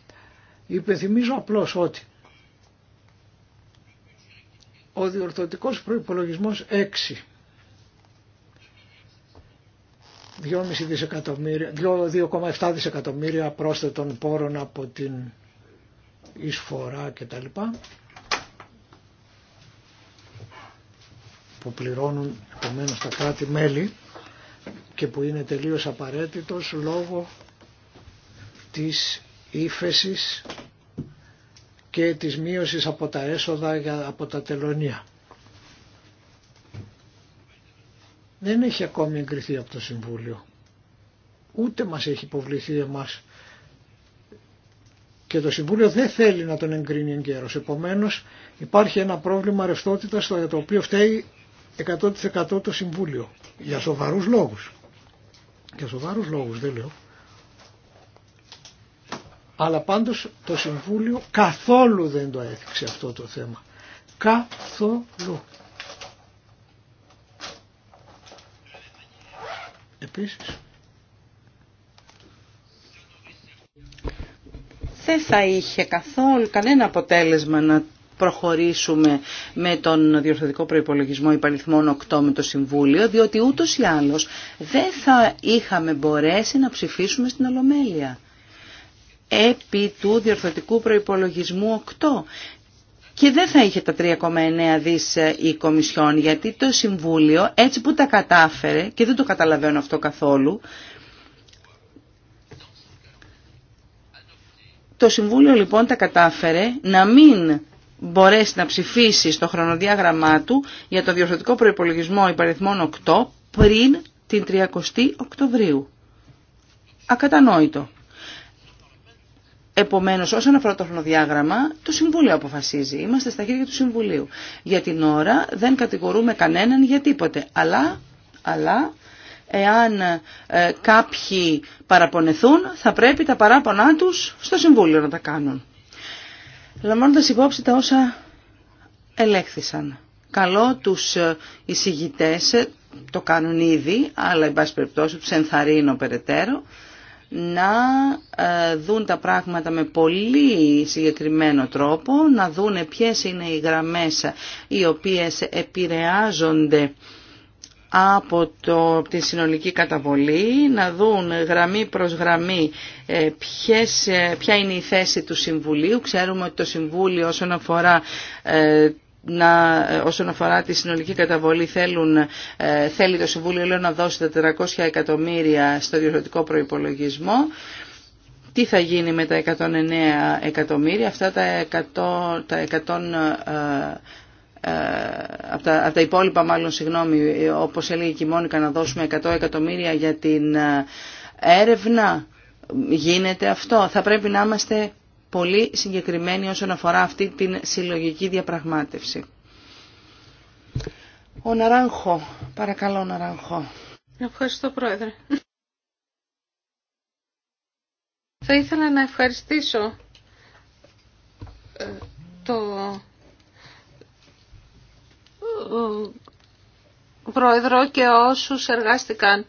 υπενθυμίζω απλώς ότι ο διορθωτικός προϋπολογισμός 6 2,7 δισεκατομμύρια, δισεκατομμύρια πρόσθετων πόρων από την εισφορά κτλ. που πληρώνουν επομένως τα κράτη-μέλη και που είναι τελείως απαραίτητος λόγω της ύφεσης και της μείωσης από τα έσοδα από τα τελωνία. δεν έχει ακόμη εγκριθεί από το Συμβούλιο. Ούτε μας έχει υποβληθεί εμάς. Και το Συμβούλιο δεν θέλει να τον εγκρίνει εν καιρός. Επομένως υπάρχει ένα πρόβλημα αρεστότητας το οποίο φταίει 100% το Συμβούλιο. Για σοβαρούς λόγους. Για σοβαρούς λόγους δεν λέω. Αλλά πάντως το Συμβούλιο καθόλου δεν το έθιξε αυτό το θέμα. Καθόλου. Επίσης, δεν θα είχε καθόλου κανένα αποτέλεσμα να προχωρήσουμε με τον διορθωτικό προϋπολογισμό υπαριθμών 8 με το Συμβούλιο, διότι ούτως ή άλλως δεν θα είχαμε μπορέσει να ψηφίσουμε στην Ολομέλεια επί του διορθωτικού προϋπολογισμού 8 και δεν θα είχε τα 3,9 δις ε, η Κομισιόν γιατί το Συμβούλιο έτσι που τα κατάφερε και δεν το καταλαβαίνω αυτό καθόλου το Συμβούλιο λοιπόν τα κατάφερε να μην μπορέσει να ψηφίσει στο χρονοδιάγραμμά του για το διορθωτικό προϋπολογισμό υπαριθμών 8 πριν την 30 Οκτωβρίου. Ακατανόητο. Επομένω, όσον αφορά το χρονοδιάγραμμα, το Συμβούλιο αποφασίζει. Είμαστε στα χέρια του Συμβουλίου. Για την ώρα δεν κατηγορούμε κανέναν για τίποτε. Αλλά, αλλά εάν ε, κάποιοι παραπονεθούν, θα πρέπει τα παράπονά τους στο Συμβούλιο να τα κάνουν. Λαμβάνοντα υπόψη τα όσα ελέγχθησαν. Καλό τους ε, εισηγητέ, ε, το κάνουν ήδη, αλλά εν πάση περιπτώσει του ενθαρρύνω περαιτέρω, να ε, δουν τα πράγματα με πολύ συγκεκριμένο τρόπο, να δουν ποιες είναι οι γραμμές οι οποίες επηρεάζονται από, το, τη συνολική καταβολή, να δουν γραμμή προς γραμμή ε, ε, ποια είναι η θέση του Συμβουλίου. Ξέρουμε ότι το Συμβούλιο όσον αφορά να, ε, όσον αφορά τη συνολική καταβολή θέλουν, ε, θέλει το Συμβούλιο λέω, να δώσει τα 400 εκατομμύρια στο διορθωτικό προϋπολογισμό. Τι θα γίνει με τα 109 εκατομμύρια, αυτά τα 100, τα 100 ε, από τα, υπόλοιπα μάλλον συγγνώμη όπως έλεγε και η Μόνικα να δώσουμε 100 εκατομμύρια για την έρευνα γίνεται αυτό θα πρέπει να είμαστε πολύ συγκεκριμένη όσον αφορά αυτή την συλλογική διαπραγμάτευση. Ο Ναράγχο, παρακαλώ Ναράγχο. Ευχαριστώ Πρόεδρε. Θα ήθελα να ευχαριστήσω ε, το Πρόεδρο και όσους εργάστηκαν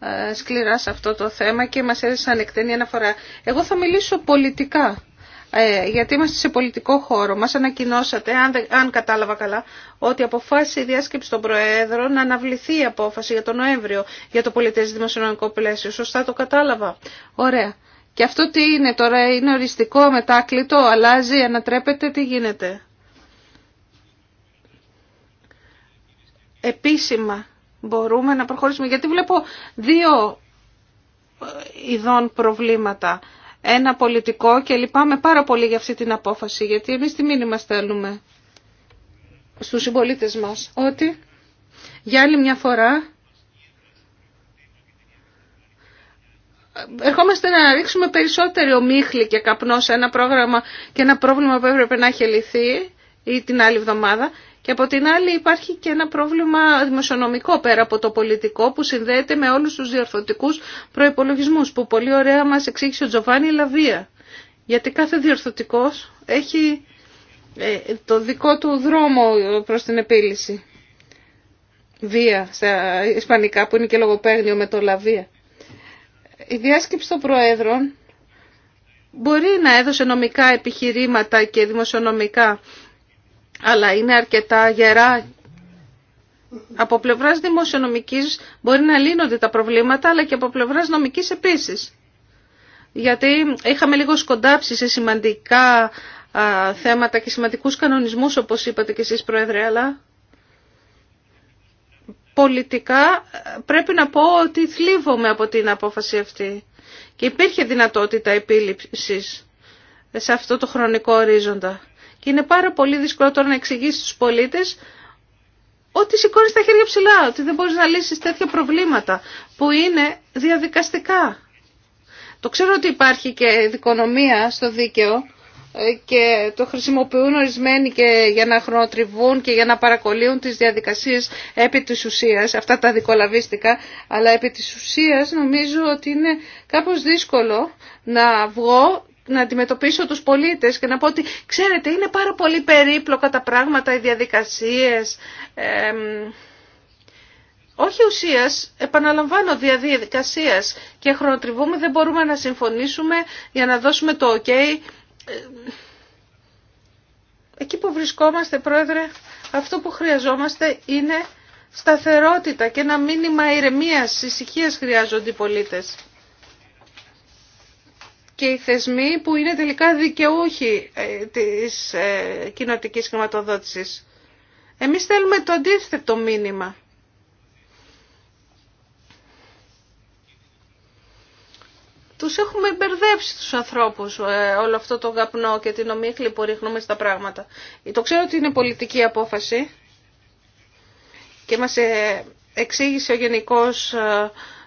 ε, σκληρά σε αυτό το θέμα και μας έδωσαν εκτενή αναφορά. Εγώ θα μιλήσω πολιτικά ε, γιατί είμαστε σε πολιτικό χώρο. Μας ανακοινώσατε, αν, κατάλαβα καλά, ότι αποφάσισε η διάσκεψη των Προέδρων να αναβληθεί η απόφαση για τον Νοέμβριο για το πολιτές δημοσιονομικό πλαίσιο. Σωστά το κατάλαβα. Ωραία. Και αυτό τι είναι τώρα, είναι οριστικό, μετάκλητο, αλλάζει, ανατρέπεται, τι γίνεται. Επίσημα μπορούμε να προχωρήσουμε, γιατί βλέπω δύο ε, ειδών προβλήματα ένα πολιτικό και λυπάμαι πάρα πολύ για αυτή την απόφαση, γιατί εμείς τι μήνυμα στέλνουμε στους συμπολίτε μας, ότι για άλλη μια φορά ερχόμαστε να ρίξουμε περισσότερο μύχλη και καπνό σε ένα πρόγραμμα και ένα πρόβλημα που έπρεπε να έχει λυθεί ή την άλλη εβδομάδα και από την άλλη υπάρχει και ένα πρόβλημα δημοσιονομικό πέρα από το πολιτικό που συνδέεται με όλους τους διορθωτικούς προϋπολογισμούς που πολύ ωραία μας εξήγησε ο Τζοβάνι Λαβία. Γιατί κάθε διορθωτικός έχει ε, το δικό του δρόμο προς την επίλυση. Βία στα ισπανικά που είναι και λογοπαίγνιο με το λαβία. Η διάσκεψη των Προέδρων μπορεί να έδωσε νομικά επιχειρήματα και δημοσιονομικά αλλά είναι αρκετά γερά. Από πλευράς δημοσιονομικής μπορεί να λύνονται τα προβλήματα, αλλά και από πλευράς νομικής επίσης. Γιατί είχαμε λίγο σκοντάψει σε σημαντικά θέματα και σημαντικούς κανονισμούς, όπως είπατε και εσείς, Πρόεδρε, αλλά πολιτικά πρέπει να πω ότι θλίβομαι από την απόφαση αυτή. Και υπήρχε δυνατότητα επίληψης σε αυτό το χρονικό ορίζοντα. Και είναι πάρα πολύ δύσκολο τώρα να εξηγήσει στους πολίτες ότι σηκώνει τα χέρια ψηλά, ότι δεν μπορείς να λύσεις τέτοια προβλήματα που είναι διαδικαστικά. Το ξέρω ότι υπάρχει και δικονομία στο δίκαιο ε, και το χρησιμοποιούν ορισμένοι και για να χρονοτριβούν και για να παρακολύουν τις διαδικασίες επί της ουσίας, αυτά τα δικολαβίστικα, αλλά επί της ουσίας νομίζω ότι είναι κάπως δύσκολο να βγω να αντιμετωπίσω τους πολίτες και να πω ότι ξέρετε είναι πάρα πολύ περίπλοκα τα πράγματα, οι διαδικασίες. Ε, όχι ουσίας, επαναλαμβάνω διαδικασίας και χρονοτριβούμε, δεν μπορούμε να συμφωνήσουμε για να δώσουμε το ok. Ε, εκεί που βρισκόμαστε πρόεδρε, αυτό που χρειαζόμαστε είναι σταθερότητα και ένα μήνυμα ηρεμίας, ησυχίας χρειάζονται οι πολίτες και οι θεσμοί που είναι τελικά δικαιούχοι ε, της ε, κοινοτικής χρηματοδότησης. Εμείς θέλουμε το αντίθετο μήνυμα. Τους έχουμε μπερδέψει τους ανθρώπους ε, όλο αυτό το γαπνό και την ομίχλη που ρίχνουμε στα πράγματα. Το ξέρω ότι είναι πολιτική απόφαση και μας εξήγησε ο Γενικός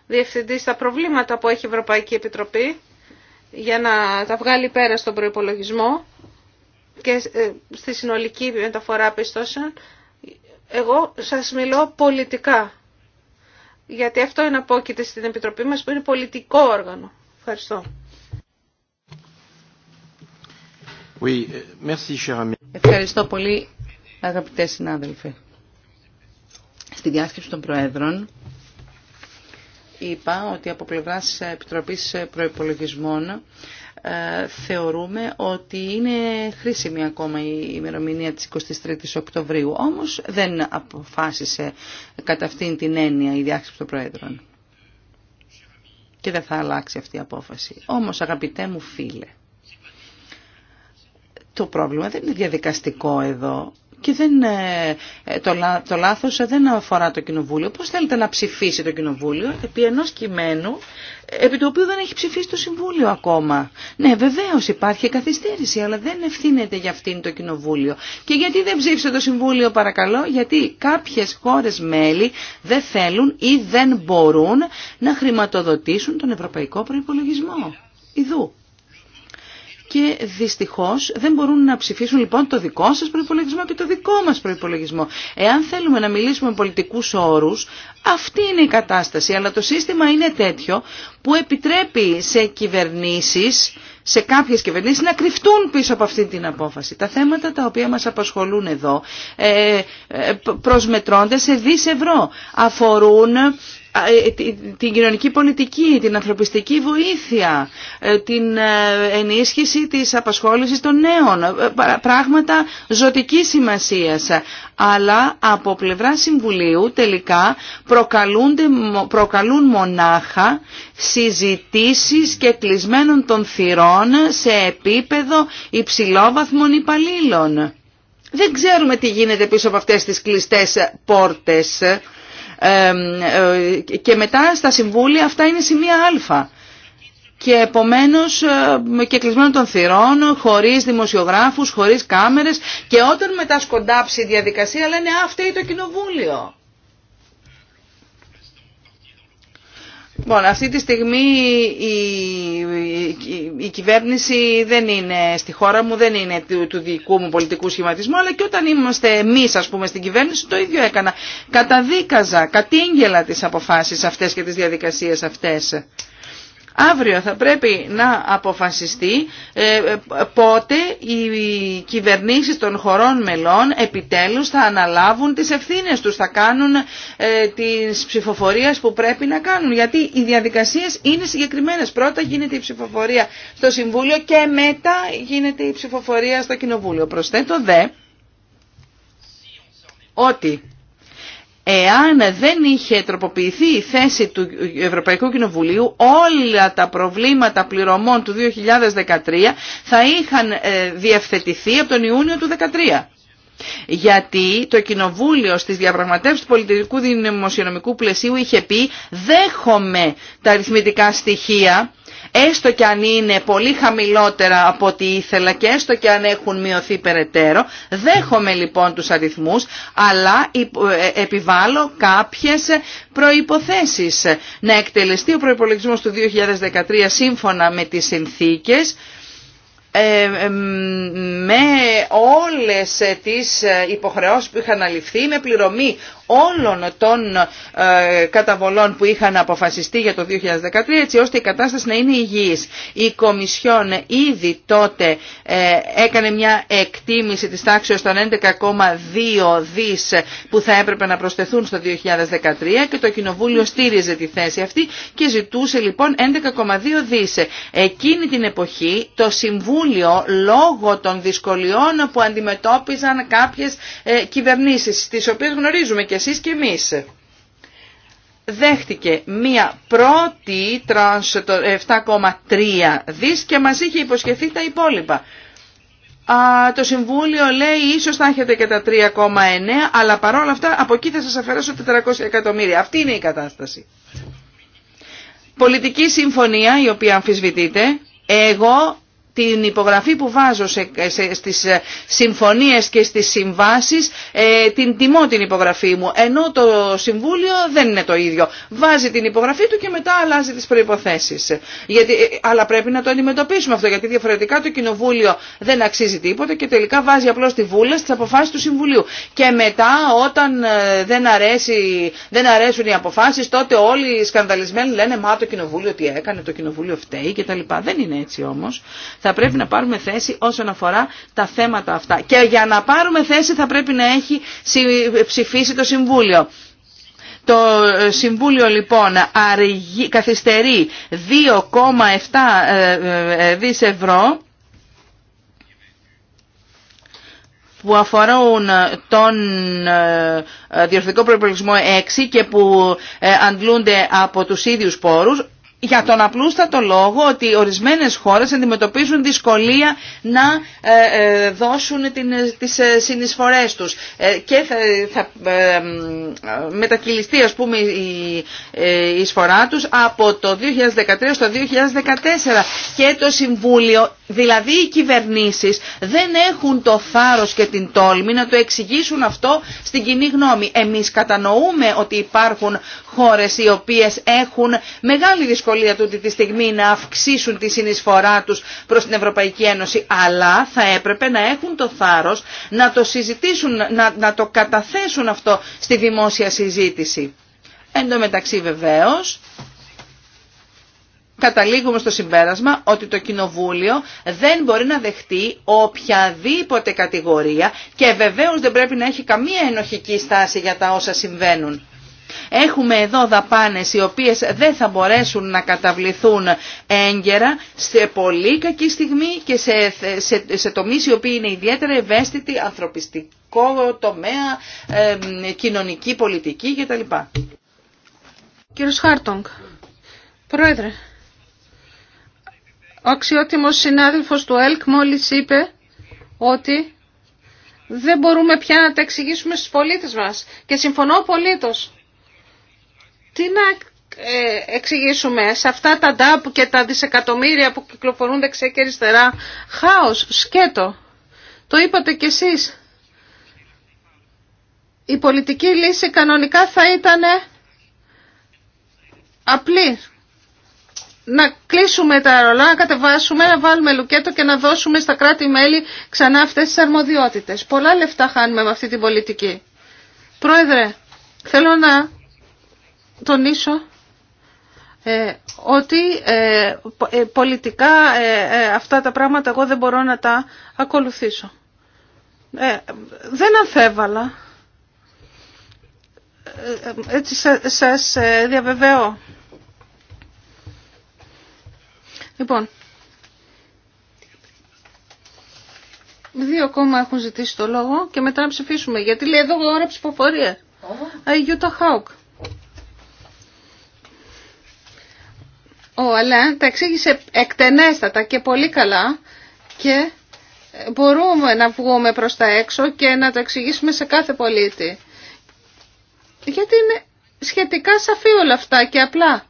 Διευθυντής τα προβλήματα που έχει η Ευρωπαϊκή Επιτροπή για να τα βγάλει πέρα στον προϋπολογισμό και ε, στη συνολική μεταφορά πιστώσεων. Εγώ σας μιλώ πολιτικά, γιατί αυτό είναι απόκειται στην Επιτροπή μας που είναι πολιτικό όργανο. Ευχαριστώ. Ευχαριστώ πολύ αγαπητές συνάδελφοι. Στη διάσκεψη των Προέδρων είπα ότι από πλευράς Επιτροπής Προϋπολογισμών ε, θεωρούμε ότι είναι χρήσιμη ακόμα η ημερομηνία της 23ης Οκτωβρίου. Όμως δεν αποφάσισε κατά αυτήν την έννοια η διάσκεψη των Προέδρων. Και δεν θα αλλάξει αυτή η απόφαση. Όμως αγαπητέ μου φίλε, το πρόβλημα δεν είναι διαδικαστικό εδώ και δεν, ε, ε, το, το λάθος ε, δεν αφορά το Κοινοβούλιο. Πώς θέλετε να ψηφίσει το Κοινοβούλιο επί ενός κειμένου επί του οποίου δεν έχει ψηφίσει το Συμβούλιο ακόμα. Ναι, βεβαίω υπάρχει καθυστέρηση, αλλά δεν ευθύνεται για αυτήν το Κοινοβούλιο. Και γιατί δεν ψήφισε το Συμβούλιο, παρακαλώ, γιατί κάποιε χώρε μέλη δεν θέλουν ή δεν μπορούν να χρηματοδοτήσουν τον ευρωπαϊκό προπολογισμό. Ιδού και δυστυχώς δεν μπορούν να ψηφίσουν λοιπόν το δικό σας προϋπολογισμό και το δικό μας προϋπολογισμό. Εάν θέλουμε να μιλήσουμε με πολιτικούς όρους, αυτή είναι η κατάσταση, αλλά το σύστημα είναι τέτοιο που επιτρέπει σε κυβερνήσεις σε κάποιες κυβερνήσεις να κρυφτούν πίσω από αυτή την απόφαση. Τα θέματα τα οποία μας απασχολούν εδώ ε, ε, προσμετρώνται σε δισευρώ, Αφορούν ε, ε, την κοινωνική πολιτική, την ανθρωπιστική βοήθεια, ε, την ενίσχυση της απασχόλησης των νέων, πράγματα ζωτικής σημασίας. Αλλά από πλευρά Συμβουλίου τελικά προκαλούν μονάχα συζητήσεις και κλεισμένων των θυρών σε επίπεδο υψηλόβαθμων υπαλλήλων. Δεν ξέρουμε τι γίνεται πίσω από αυτές τις κλειστές πόρτες. Ε, και μετά στα συμβούλια αυτά είναι σημεία α. Και επομένως ε, και κλεισμένο των θυρών, χωρίς δημοσιογράφους, χωρίς κάμερες και όταν μετά σκοντάψει η διαδικασία λένε «Α, φταίει το κοινοβούλιο». Λοιπόν, αυτή τη στιγμή η, κυβέρνηση δεν είναι στη χώρα μου, δεν είναι του, δικού μου πολιτικού σχηματισμού, αλλά και όταν είμαστε εμεί, α πούμε, στην κυβέρνηση, το ίδιο έκανα. Καταδίκαζα, κατήγγελα τι αποφάσει αυτέ και τι διαδικασίε αυτέ. Αύριο θα πρέπει να αποφασιστεί ε, πότε οι κυβερνήσεις των χωρών μελών επιτέλους θα αναλάβουν τις ευθύνες τους, θα κάνουν ε, τις ψηφοφορίες που πρέπει να κάνουν. Γιατί οι διαδικασίες είναι συγκεκριμένες. Πρώτα γίνεται η ψηφοφορία στο Συμβούλιο και μετά γίνεται η ψηφοφορία στο Κοινοβούλιο. Προσθέτω δε ότι Εάν δεν είχε τροποποιηθεί η θέση του Ευρωπαϊκού Κοινοβουλίου, όλα τα προβλήματα πληρωμών του 2013 θα είχαν ε, διευθετηθεί από τον Ιούνιο του 2013. Γιατί το Κοινοβούλιο στις διαπραγματεύσεις του πολιτικού δημοσιονομικού πλαισίου είχε πει δέχομαι τα αριθμητικά στοιχεία έστω και αν είναι πολύ χαμηλότερα από ό,τι ήθελα και έστω και αν έχουν μειωθεί περαιτέρω. Δέχομαι λοιπόν τους αριθμούς, αλλά ε, επιβάλλω κάποιες προϋποθέσεις. Να εκτελεστεί ο προϋπολογισμός του 2013 σύμφωνα με τις συνθήκες, ε, με όλες τις υποχρεώσεις που είχαν αληφθεί, με πληρωμή όλων των ε, καταβολών που είχαν αποφασιστεί για το 2013 έτσι ώστε η κατάσταση να είναι υγιής. Η Κομισιόν ήδη τότε ε, έκανε μια εκτίμηση της τάξης των 11,2 δις που θα έπρεπε να προσθεθούν στο 2013 και το Κοινοβούλιο στήριζε τη θέση αυτή και ζητούσε λοιπόν 11,2 δις. Εκείνη την εποχή το Συμβούλιο λόγω των δυσκολιών που αντιμετώπιζαν κάποιες ε, κυβερνήσεις τις οποίες γνωρίζουμε κι εσείς κι εμείς δέχτηκε μία πρώτη τρανς 7,3 δις και μας είχε υποσχεθεί τα υπόλοιπα. Α, το Συμβούλιο λέει ίσως θα έχετε και τα 3,9 αλλά παρόλα αυτά από εκεί θα σας αφαιρέσω 400 εκατομμύρια. Αυτή είναι η κατάσταση. Πολιτική συμφωνία η οποία αμφισβητείται. Εγώ την υπογραφή που βάζω σε, σε, στις ε, συμφωνίες και στις συμβάσεις ε, την τιμώ την υπογραφή μου ενώ το Συμβούλιο δεν είναι το ίδιο. Βάζει την υπογραφή του και μετά αλλάζει τις προϋποθέσεις. Γιατί, ε, αλλά πρέπει να το αντιμετωπίσουμε αυτό γιατί διαφορετικά το Κοινοβούλιο δεν αξίζει τίποτα και τελικά βάζει απλώς τη βούλα στις αποφάσεις του Συμβουλίου. Και μετά όταν ε, δεν, αρέσει, δεν αρέσουν οι αποφάσεις τότε όλοι οι σκανδαλισμένοι λένε μα το Κοινοβούλιο τι έκανε, το Κοινοβούλιο φταίει κτλ. Δεν είναι έτσι όμως. Θα πρέπει να πάρουμε θέση όσον αφορά τα θέματα αυτά. Και για να πάρουμε θέση θα πρέπει να έχει ψηφίσει το Συμβούλιο. Το Συμβούλιο λοιπόν αργή καθυστερεί 2,7 ε, ε, ε, δις ευρώ που αφορούν τον διορθωτικό προϋπολογισμό 6 και που αντλούνται από τους ίδιους πόρους για τον απλούστατο λόγο ότι ορισμένες χώρες αντιμετωπίζουν δυσκολία να ε, ε, δώσουν ε, τις συνεισφορές τους και θα μετακυλιστεί ας πούμε ε, η εισφορά τους από το 2013 στο 2014 και το Συμβούλιο, δηλαδή οι κυβερνήσεις δεν έχουν το θάρρος και την τόλμη να το εξηγήσουν αυτό στην κοινή γνώμη. Εμείς κατανοούμε ότι υπάρχουν χώρες οι οποίες έχουν μεγάλη δυσκολία τούτη τη στιγμή να αυξήσουν τη συνεισφορά τους προς την Ευρωπαϊκή Ένωση, αλλά θα έπρεπε να έχουν το θάρρος να το συζητήσουν, να το καταθέσουν αυτό στη δημόσια συζήτηση. Εν τω μεταξύ βεβαίως καταλήγουμε στο συμπέρασμα ότι το Κοινοβούλιο δεν μπορεί να δεχτεί οποιαδήποτε κατηγορία και βεβαίως δεν πρέπει να έχει καμία ενοχική στάση για τα όσα συμβαίνουν. Έχουμε εδώ δαπάνες οι οποίες δεν θα μπορέσουν να καταβληθούν έγκαιρα σε πολύ κακή στιγμή και σε, σε, σε τομείς οι οποίοι είναι ιδιαίτερα ευαίσθητοι ανθρωπιστικοί τομέα, κοινωνική πολιτική κτλ. Κύριος Χάρτονγκ, Πρόεδρε, ο αξιότιμος συνάδελφος του ΕΛΚ μόλις είπε ότι δεν μπορούμε πια να τα εξηγήσουμε στους πολίτες μας. Και συμφωνώ απολύτως. Τι να ε, εξηγήσουμε σε αυτά τα ντάπ και τα δισεκατομμύρια που κυκλοφορούν δεξιά και αριστερά. Χάος, σκέτο. Το είπατε κι εσείς η πολιτική λύση κανονικά θα ήταν απλή. Να κλείσουμε τα αερολά, να κατεβάσουμε, να βάλουμε λουκέτο και να δώσουμε στα κράτη-μέλη ξανά αυτές τις αρμοδιότητες. Πολλά λεφτά χάνουμε με αυτή την πολιτική. Πρόεδρε, θέλω να τονίσω ε, ότι ε, ε, πολιτικά αυτά τα πράγματα εγώ δεν μπορώ να τα ακολουθήσω. Δεν ανθέβαλα έτσι σας ε, διαβεβαιώ. Λοιπόν, δύο κόμμα έχουν ζητήσει το λόγο και μετά να ψηφίσουμε. Γιατί λέει εδώ ώρα ψηφοφορία. Ε, Γιούτα Χάουκ. Ο Αλέν τα εξήγησε εκτενέστατα και πολύ καλά και μπορούμε να βγούμε προς τα έξω και να τα εξηγήσουμε σε κάθε πολίτη. Γιατί είναι σχετικά σαφή όλα αυτά και απλά.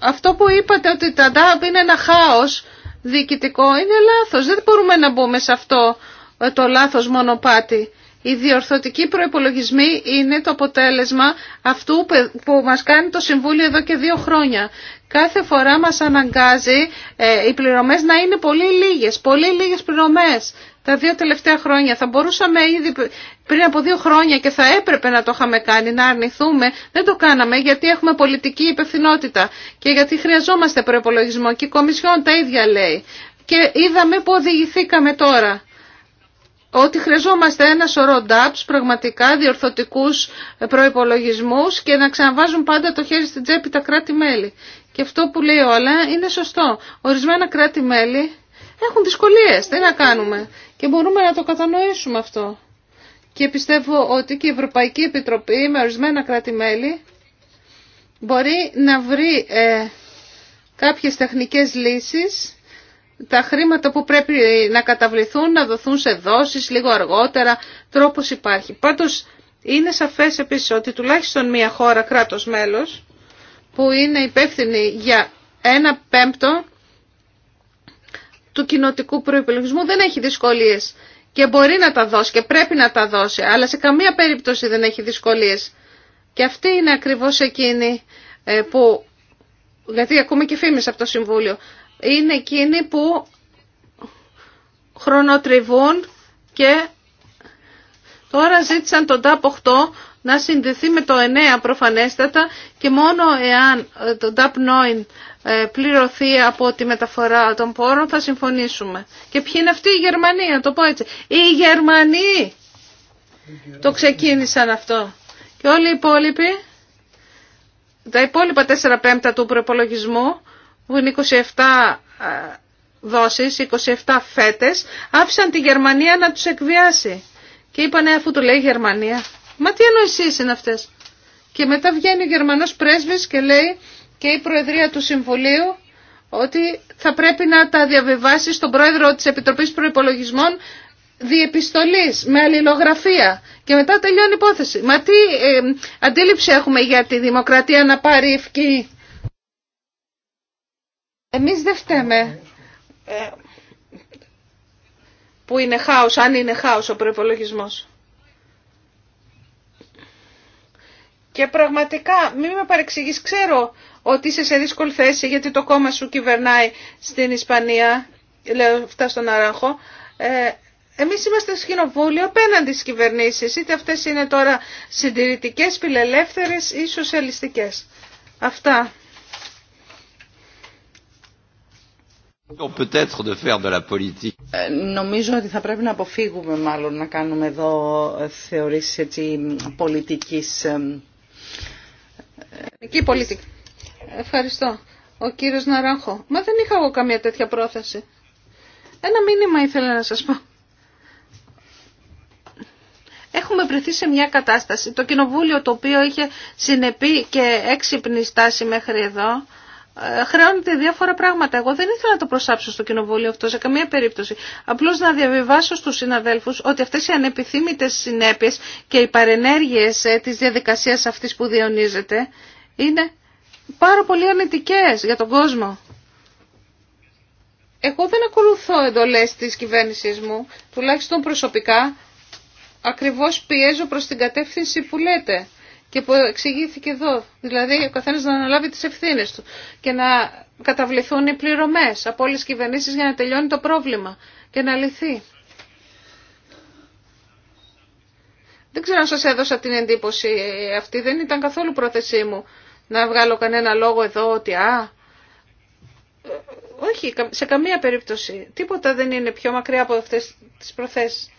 Αυτό που είπατε ότι τα τάπ είναι ένα χάος διοικητικό είναι λάθος. Δεν μπορούμε να μπούμε σε αυτό ε, το λάθος μονοπάτι. Οι διορθωτικοί προϋπολογισμοί είναι το αποτέλεσμα αυτού που μας κάνει το Συμβούλιο εδώ και δύο χρόνια. Κάθε φορά μας αναγκάζει ε, οι πληρωμές να είναι πολύ λίγες, πολύ λίγες πληρωμές. Τα δύο τελευταία χρόνια θα μπορούσαμε ήδη πριν από δύο χρόνια και θα έπρεπε να το είχαμε κάνει, να αρνηθούμε, δεν το κάναμε γιατί έχουμε πολιτική υπευθυνότητα και γιατί χρειαζόμαστε προπολογισμό και η Κομισιόν τα ίδια λέει. Και είδαμε που οδηγηθήκαμε τώρα ότι χρειαζόμαστε ένα σωρό DAPs, πραγματικά διορθωτικούς προϋπολογισμούς και να ξαναβάζουν πάντα το χέρι στην τσέπη τα κράτη-μέλη. Και αυτό που λέει ολα ειναι είναι σωστό. Ορισμένα κράτη-μέλη έχουν δυσκολίες, τι να κάνουμε. Και μπορούμε να το κατανοήσουμε αυτό και πιστεύω ότι και η Ευρωπαϊκή Επιτροπή με ορισμένα κράτη-μέλη μπορεί να βρει ε, κάποιες τεχνικές λύσεις τα χρήματα που πρέπει να καταβληθούν να δοθούν σε δόσεις λίγο αργότερα, τρόπος υπάρχει. Πάντως είναι σαφές επίσης ότι τουλάχιστον μια χώρα κράτος μέλος που είναι υπεύθυνη για ένα πέμπτο του κοινοτικού προϋπολογισμού δεν έχει δυσκολίες και μπορεί να τα δώσει και πρέπει να τα δώσει, αλλά σε καμία περίπτωση δεν έχει δυσκολίες. Και αυτή είναι ακριβώς εκείνη ε, που, γιατί ακούμε και φήμες από το Συμβούλιο, είναι εκείνοι που χρονοτριβούν και τώρα ζήτησαν τον ΤΑΠ 8 να συνδεθεί με το 9 προφανέστατα και μόνο εάν ε, το DAP9 ε, πληρωθεί από τη μεταφορά των πόρων θα συμφωνήσουμε. Και ποιοι είναι αυτοί οι Γερμανοί, να το πω έτσι. Οι Γερμανοί το ξεκίνησαν αυτό. Και όλοι οι υπόλοιποι, τα υπόλοιπα 4 πέμπτα του προπολογισμού, που είναι 27 ε, δόσεις, 27 φέτες, άφησαν τη Γερμανία να τους εκβιάσει. Και είπανε αφού του λέει Γερμανία, Μα τι ανοησίες είναι αυτές. Και μετά βγαίνει ο Γερμανός πρέσβης και λέει και η Προεδρία του Συμβουλίου ότι θα πρέπει να τα διαβιβάσει στον Πρόεδρο της Επιτροπής Προϋπολογισμών διεπιστολής, με αλληλογραφία και μετά τελειώνει η υπόθεση. Μα τι ε, αντίληψη έχουμε για τη δημοκρατία να πάρει ευκή. Εμείς δεν φταίμε ε, που είναι χάος, αν είναι χάος ο προϋπολογισμός. Και πραγματικά, μην με παρεξηγείς, ξέρω ότι είσαι σε δύσκολη θέση γιατί το κόμμα σου κυβερνάει στην Ισπανία, λέω αυτά στον Αράχο. Ε, εμείς είμαστε στο απέναντι στις κυβερνήσεις, είτε αυτές είναι τώρα συντηρητικές, φιλελεύθερες ή σοσιαλιστικές. Αυτά. Ε, νομίζω ότι θα πρέπει να αποφύγουμε μάλλον να κάνουμε εδώ θεωρήσεις έτσι πολιτικής πολιτική. Ευχαριστώ. Ο κύριος Ναράχο. Μα δεν είχα εγώ καμία τέτοια πρόθεση. Ένα μήνυμα ήθελα να σας πω. Έχουμε βρεθεί σε μια κατάσταση. Το κοινοβούλιο το οποίο είχε συνεπή και έξυπνη στάση μέχρι εδώ ε, χρεώνεται διάφορα πράγματα. Εγώ δεν ήθελα να το προσάψω στο κοινοβούλιο αυτό σε καμία περίπτωση. Απλώς να διαβιβάσω στους συναδέλφους ότι αυτές οι ανεπιθύμητες συνέπειες και οι παρενέργειε ε, της διαδικασία αυτής που διονύζεται είναι πάρα πολύ αρνητικέ για τον κόσμο. Εγώ δεν ακολουθώ εντολέ τη κυβέρνηση μου, τουλάχιστον προσωπικά, ακριβώς πιέζω προς την κατεύθυνση που λέτε και που εξηγήθηκε εδώ. Δηλαδή ο καθένας να αναλάβει τις ευθύνες του και να καταβληθούν οι πληρωμές από όλες τις κυβερνήσεις για να τελειώνει το πρόβλημα και να λυθεί. Δεν ξέρω αν σας έδωσα την εντύπωση αυτή, δεν ήταν καθόλου πρόθεσή μου να βγάλω κανένα λόγο εδώ ότι α, όχι, σε καμία περίπτωση. Τίποτα δεν είναι πιο μακριά από αυτές τις προθέσεις.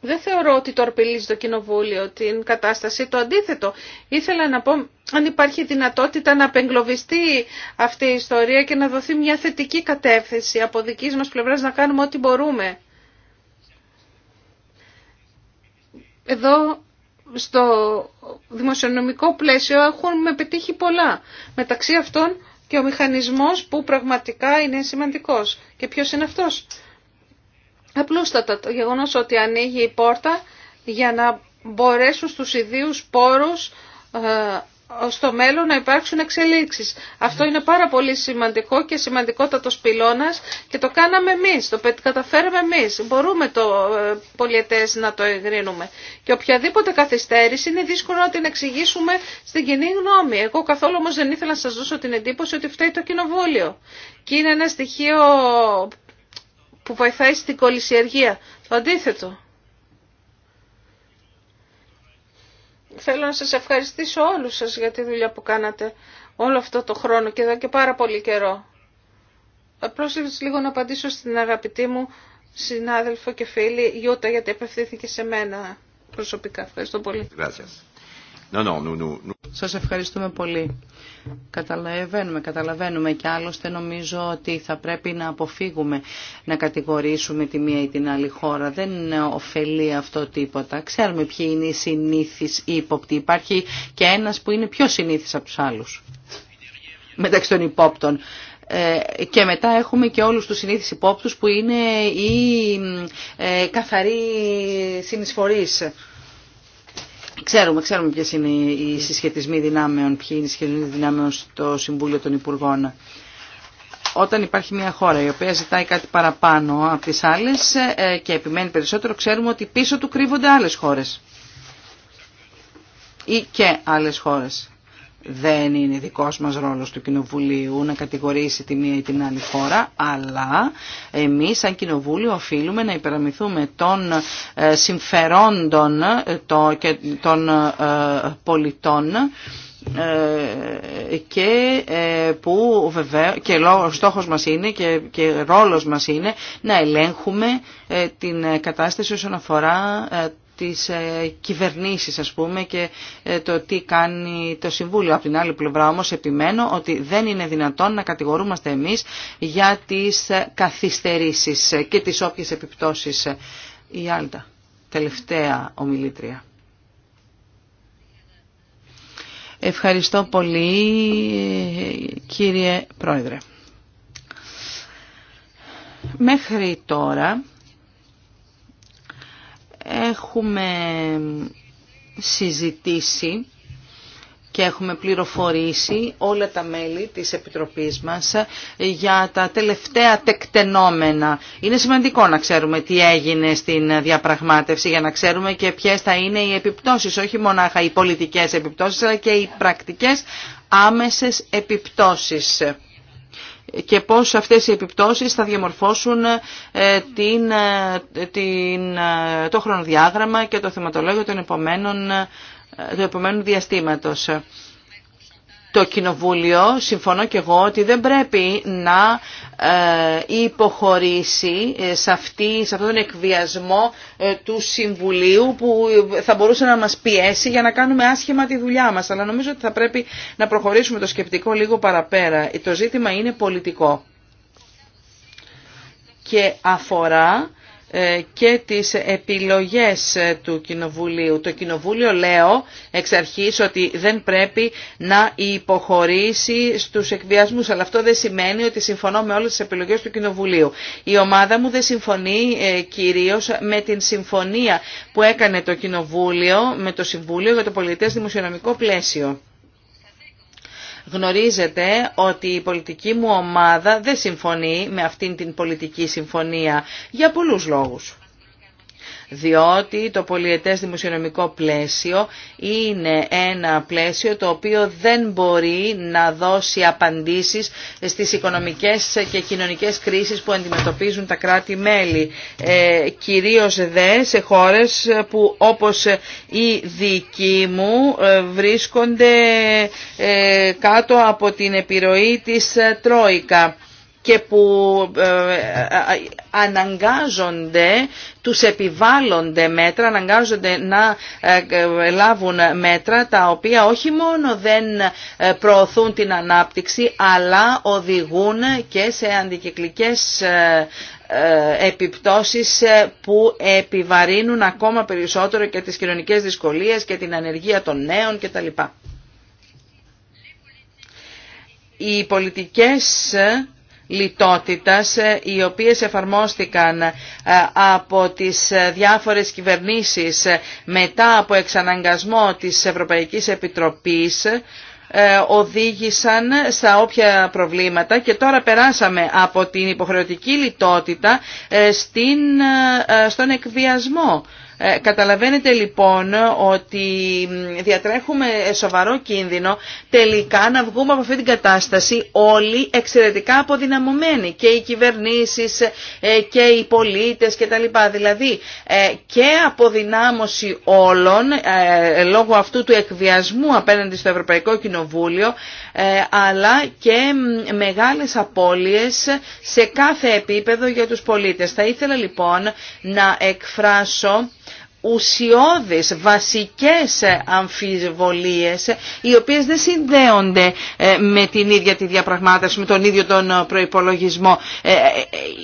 Δεν θεωρώ ότι το αρπηλίζει το κοινοβούλιο την κατάσταση. Το αντίθετο. Ήθελα να πω αν υπάρχει δυνατότητα να απεγκλωβιστεί αυτή η ιστορία και να δοθεί μια θετική κατεύθυνση από δική μα πλευρά να κάνουμε ό,τι μπορούμε. Εδώ στο δημοσιονομικό πλαίσιο έχουμε πετύχει πολλά. Μεταξύ αυτών και ο μηχανισμός που πραγματικά είναι σημαντικός. Και ποιος είναι αυτός απλούστατα το γεγονός ότι ανοίγει η πόρτα για να μπορέσουν στους ιδίους πόρους ε, στο μέλλον να υπάρξουν εξελίξεις. Αυτό είναι πάρα πολύ σημαντικό και σημαντικότατος πυλώνας και το κάναμε εμείς, το καταφέραμε εμείς. Μπορούμε το ε, πολιετές να το εγκρίνουμε. Και οποιαδήποτε καθυστέρηση είναι δύσκολο να την εξηγήσουμε στην κοινή γνώμη. Εγώ καθόλου όμως δεν ήθελα να σας δώσω την εντύπωση ότι φταίει το κοινοβούλιο. Και είναι ένα στοιχείο που βοηθάει στην κολυσιεργία. Το αντίθετο. Θέλω να σας ευχαριστήσω όλους σας για τη δουλειά που κάνατε όλο αυτό το χρόνο και εδώ και πάρα πολύ καιρό. Πρόσληψη λίγο να απαντήσω στην αγαπητή μου συνάδελφο και φίλη Γιώτα γιατί επευθύνθηκε σε μένα προσωπικά. Ευχαριστώ πολύ. No, Σας ευχαριστούμε πολύ. Καταλαβαίνουμε, καταλαβαίνουμε και άλλωστε νομίζω ότι θα πρέπει να αποφύγουμε να κατηγορήσουμε τη μία ή την άλλη χώρα. Δεν ωφελεί αυτό τίποτα. Ξέρουμε ποιοι είναι οι συνήθεις ύποπτοι. Υπάρχει και ένας που είναι πιο συνήθις από τους άλλους. Μεταξύ των υπόπτων ε, και μετά έχουμε και όλους τους συνήθεις υπόπτους που είναι οι ε, καθαροί συνεισφορείς. Ξέρουμε, ξέρουμε ποιες είναι οι συσχετισμοί δυνάμεων, ποιοι είναι οι συσχετισμοί δυνάμεων στο Συμβούλιο των Υπουργών. Όταν υπάρχει μια χώρα η οποία ζητάει κάτι παραπάνω από τις άλλες ε, και επιμένει περισσότερο, ξέρουμε ότι πίσω του κρύβονται άλλες χώρες ή και άλλες χώρες δεν είναι δικός μας ρόλος του Κοινοβουλίου να κατηγορήσει τη μία ή την άλλη χώρα, αλλά εμείς σαν Κοινοβούλιο οφείλουμε να υπεραμηθούμε των ε, συμφερόντων ε, και των ε, πολιτών και που βέβαια και στόχος μας είναι και, και ρόλος μας είναι να ελέγχουμε την κατάσταση όσον αφορά τις ε, κυβερνήσεις ας πούμε και ε, το τι κάνει το Συμβούλιο. Από την άλλη πλευρά όμως επιμένω ότι δεν είναι δυνατόν να κατηγορούμαστε εμείς για τις ε, καθυστερήσεις και τις όποιες επιπτώσεις η Άλτα. Τελευταία ομιλήτρια. Ευχαριστώ πολύ κύριε Πρόεδρε. Μέχρι τώρα Έχουμε συζητήσει και έχουμε πληροφορήσει όλα τα μέλη της Επιτροπής μας για τα τελευταία τεκτενόμενα. Είναι σημαντικό να ξέρουμε τι έγινε στην διαπραγμάτευση για να ξέρουμε και ποιες θα είναι οι επιπτώσεις, όχι μονάχα οι πολιτικές επιπτώσεις αλλά και οι πρακτικές άμεσες επιπτώσεις και πώς αυτές οι επιπτώσεις θα διαμορφώσουν ε, την, ε, την, ε, το χρονοδιάγραμμα και το θεματολόγιο των επομένων, του επομένου διαστήματος το Κοινοβούλιο, συμφωνώ και εγώ, ότι δεν πρέπει να ε, υποχωρήσει ε, σε, αυτή, σε αυτόν τον εκβιασμό ε, του Συμβουλίου που θα μπορούσε να μας πιέσει για να κάνουμε άσχημα τη δουλειά μας. Αλλά νομίζω ότι θα πρέπει να προχωρήσουμε το σκεπτικό λίγο παραπέρα. Το ζήτημα είναι πολιτικό και αφορά ε, και τις επιλογές ε, του Κοινοβουλίου. Το Κοινοβούλιο λέω εξ αρχής ότι δεν πρέπει να υποχωρήσει στους εκβιασμούς, αλλά αυτό δεν σημαίνει ότι συμφωνώ με όλες τις επιλογές του Κοινοβουλίου. Η ομάδα μου δεν συμφωνεί ε, κυρίως με την συμφωνία που έκανε το Κοινοβούλιο με το Συμβούλιο για το πολιτές δημοσιονομικό πλαίσιο. Γνωρίζετε ότι η πολιτική μου ομάδα δεν συμφωνεί με αυτήν την πολιτική συμφωνία για πολλούς λόγους διότι το πολιετές δημοσιονομικό πλαίσιο είναι ένα πλαίσιο το οποίο δεν μπορεί να δώσει απαντήσεις στις οικονομικές και κοινωνικές κρίσεις που αντιμετωπίζουν τα κράτη-μέλη, ε, κυρίως δε σε χώρες που όπως η δική μου ε, βρίσκονται ε, κάτω από την επιρροή της Τρόικα και που ε, ε, ε, αναγκάζονται, τους επιβάλλονται μέτρα, αναγκάζονται να λάβουν μέτρα τα οποία όχι μόνο δεν προωθούν την ανάπτυξη αλλά οδηγούν και σε αντικυκλικές επιπτώσεις που επιβαρύνουν ακόμα περισσότερο και τις κοινωνικές δυσκολίες και την ανεργία των νέων κτλ. Οι πολιτικές λιτότητας ε, οι οποίες εφαρμόστηκαν ε, από τις ε, διάφορες κυβερνήσεις μετά από εξαναγκασμό της Ευρωπαϊκής Επιτροπής οδήγησαν στα όποια προβλήματα και τώρα περάσαμε από την υποχρεωτική λιτότητα στην, στον εκβιασμό. Ε, καταλαβαίνετε λοιπόν ότι διατρέχουμε σοβαρό κίνδυνο τελικά να βγούμε από αυτή την κατάσταση όλοι εξαιρετικά αποδυναμωμένοι και οι κυβερνήσεις ε, και οι πολίτες και τα λοιπά. Δηλαδή ε, και αποδυνάμωση όλων λόγω αυτού του εκβιασμού απέναντι στο Ευρωπαϊκό Κοινοβούλιο αλλά και μεγάλες απώλειες σε κάθε επίπεδο για τους πολίτες. Θα ήθελα λοιπόν να εκφράσω ουσιώδεις, βασικές αμφιβολίες οι οποίες δεν συνδέονται ε, με την ίδια τη διαπραγμάτευση, με τον ίδιο τον ε, προϋπολογισμό. Ε,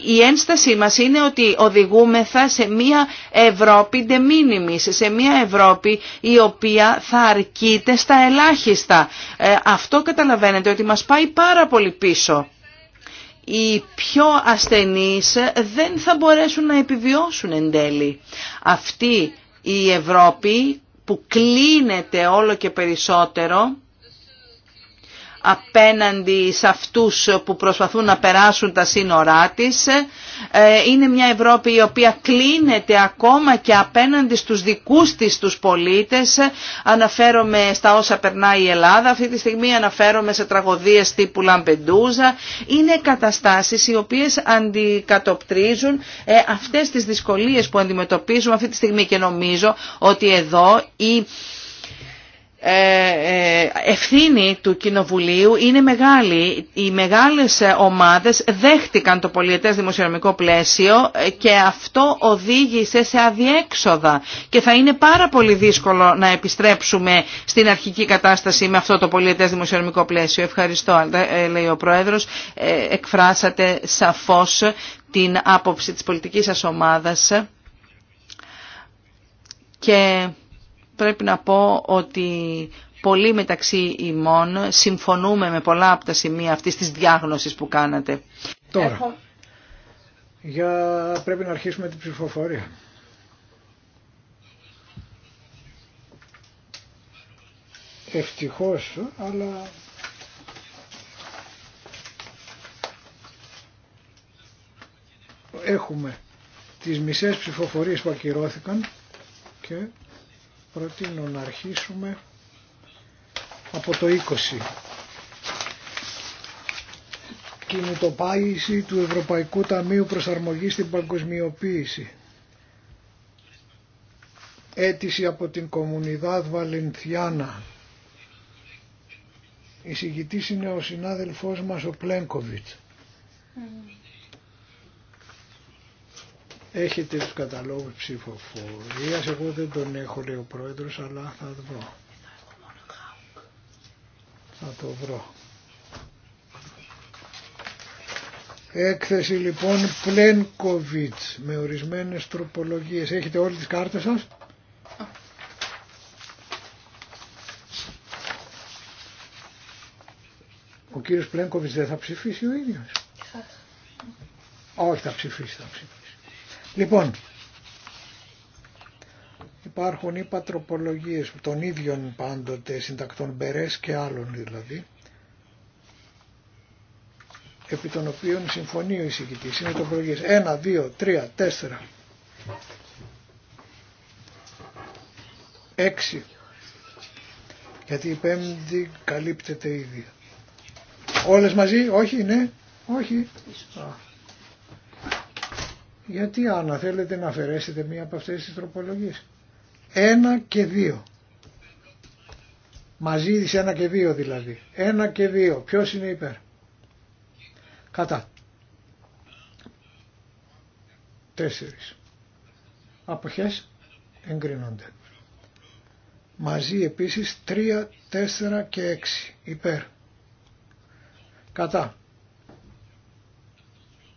η ένστασή μας είναι ότι οδηγούμεθα σε μια Ευρώπη de σε μια Ευρώπη η οποία θα αρκείται στα ελάχιστα. Αυτό καταλαβαίνετε ότι μας πάει πάρα πολύ πίσω οι πιο ασθενείς δεν θα μπορέσουν να επιβιώσουν εν τέλει. Αυτή η Ευρώπη που κλείνεται όλο και περισσότερο απέναντι σε αυτούς που προσπαθούν να περάσουν τα σύνορά της. Ε, είναι μια Ευρώπη η οποία κλείνεται ακόμα και απέναντι στους δικούς της τους πολίτες. Αναφέρομαι στα όσα περνάει η Ελλάδα, αυτή τη στιγμή αναφέρομαι σε τραγωδίες τύπου Λαμπεντούζα. Είναι καταστάσεις οι οποίες αντικατοπτρίζουν ε, αυτές τις δυσκολίες που αντιμετωπίζουμε αυτή τη στιγμή και νομίζω ότι εδώ η ε, ε, ευθύνη του Κοινοβουλίου είναι μεγάλη. Οι μεγάλες ε, ομάδες δέχτηκαν το πολιετές δημοσιονομικό πλαίσιο και αυτό οδήγησε σε αδιέξοδα και θα είναι πάρα πολύ δύσκολο να επιστρέψουμε στην αρχική κατάσταση με αυτό το πολιετές δημοσιονομικό πλαίσιο. Ευχαριστώ, λέει ο Πρόεδρος. Εκφράσατε σαφώς την άποψη της πολιτικής σας ομάδας και πρέπει να πω ότι πολλοί μεταξύ ημών συμφωνούμε με πολλά από τα σημεία αυτής της διάγνωσης που κάνατε. Τώρα, για... πρέπει να αρχίσουμε την ψηφοφορία. Ευτυχώς, αλλά έχουμε τις μισές ψηφοφορίες που ακυρώθηκαν και προτείνω να αρχίσουμε από το 20. Κινητοποίηση του Ευρωπαϊκού Ταμείου Προσαρμογής στην Παγκοσμιοποίηση. Έτηση από την Κομμουνιδάδ Βαλενθιάνα. Εισηγητής είναι ο συνάδελφός μας ο Πλένκοβιτς. Έχετε τους καταλόγους ψηφοφορίας, εγώ δεν τον έχω λέει ο πρόεδρος, αλλά θα βρω. Θα το βρω. Έκθεση λοιπόν Πλένκοβιτς με ορισμένες τροπολογίες. Έχετε όλες τις κάρτες σας. Ο κύριος Πλένκοβιτς δεν θα ψηφίσει ο ίδιος. Όχι θα ψηφίσει, θα ψηφίσει. Λοιπόν, υπάρχουν οι πατροπολογίε των ίδιων πάντοτε συντακτών Μπερές και άλλων δηλαδή επί των οποίων συμφωνεί ο εισηγητής. Είναι τροπολογίες 1, 2, 3, 4, 6 γιατί η πέμπτη καλύπτεται ήδη. Όλες μαζί, όχι, ναι, όχι. Γιατί αν θέλετε να αφαιρέσετε μία από αυτές τις τροπολογίες. Ένα και δύο. Μαζί της ένα και δύο δηλαδή. Ένα και δύο. Ποιος είναι υπέρ. Κατά. Τέσσερις. Αποχές εγκρίνονται. Μαζί επίσης τρία, τέσσερα και έξι υπέρ. Κατά.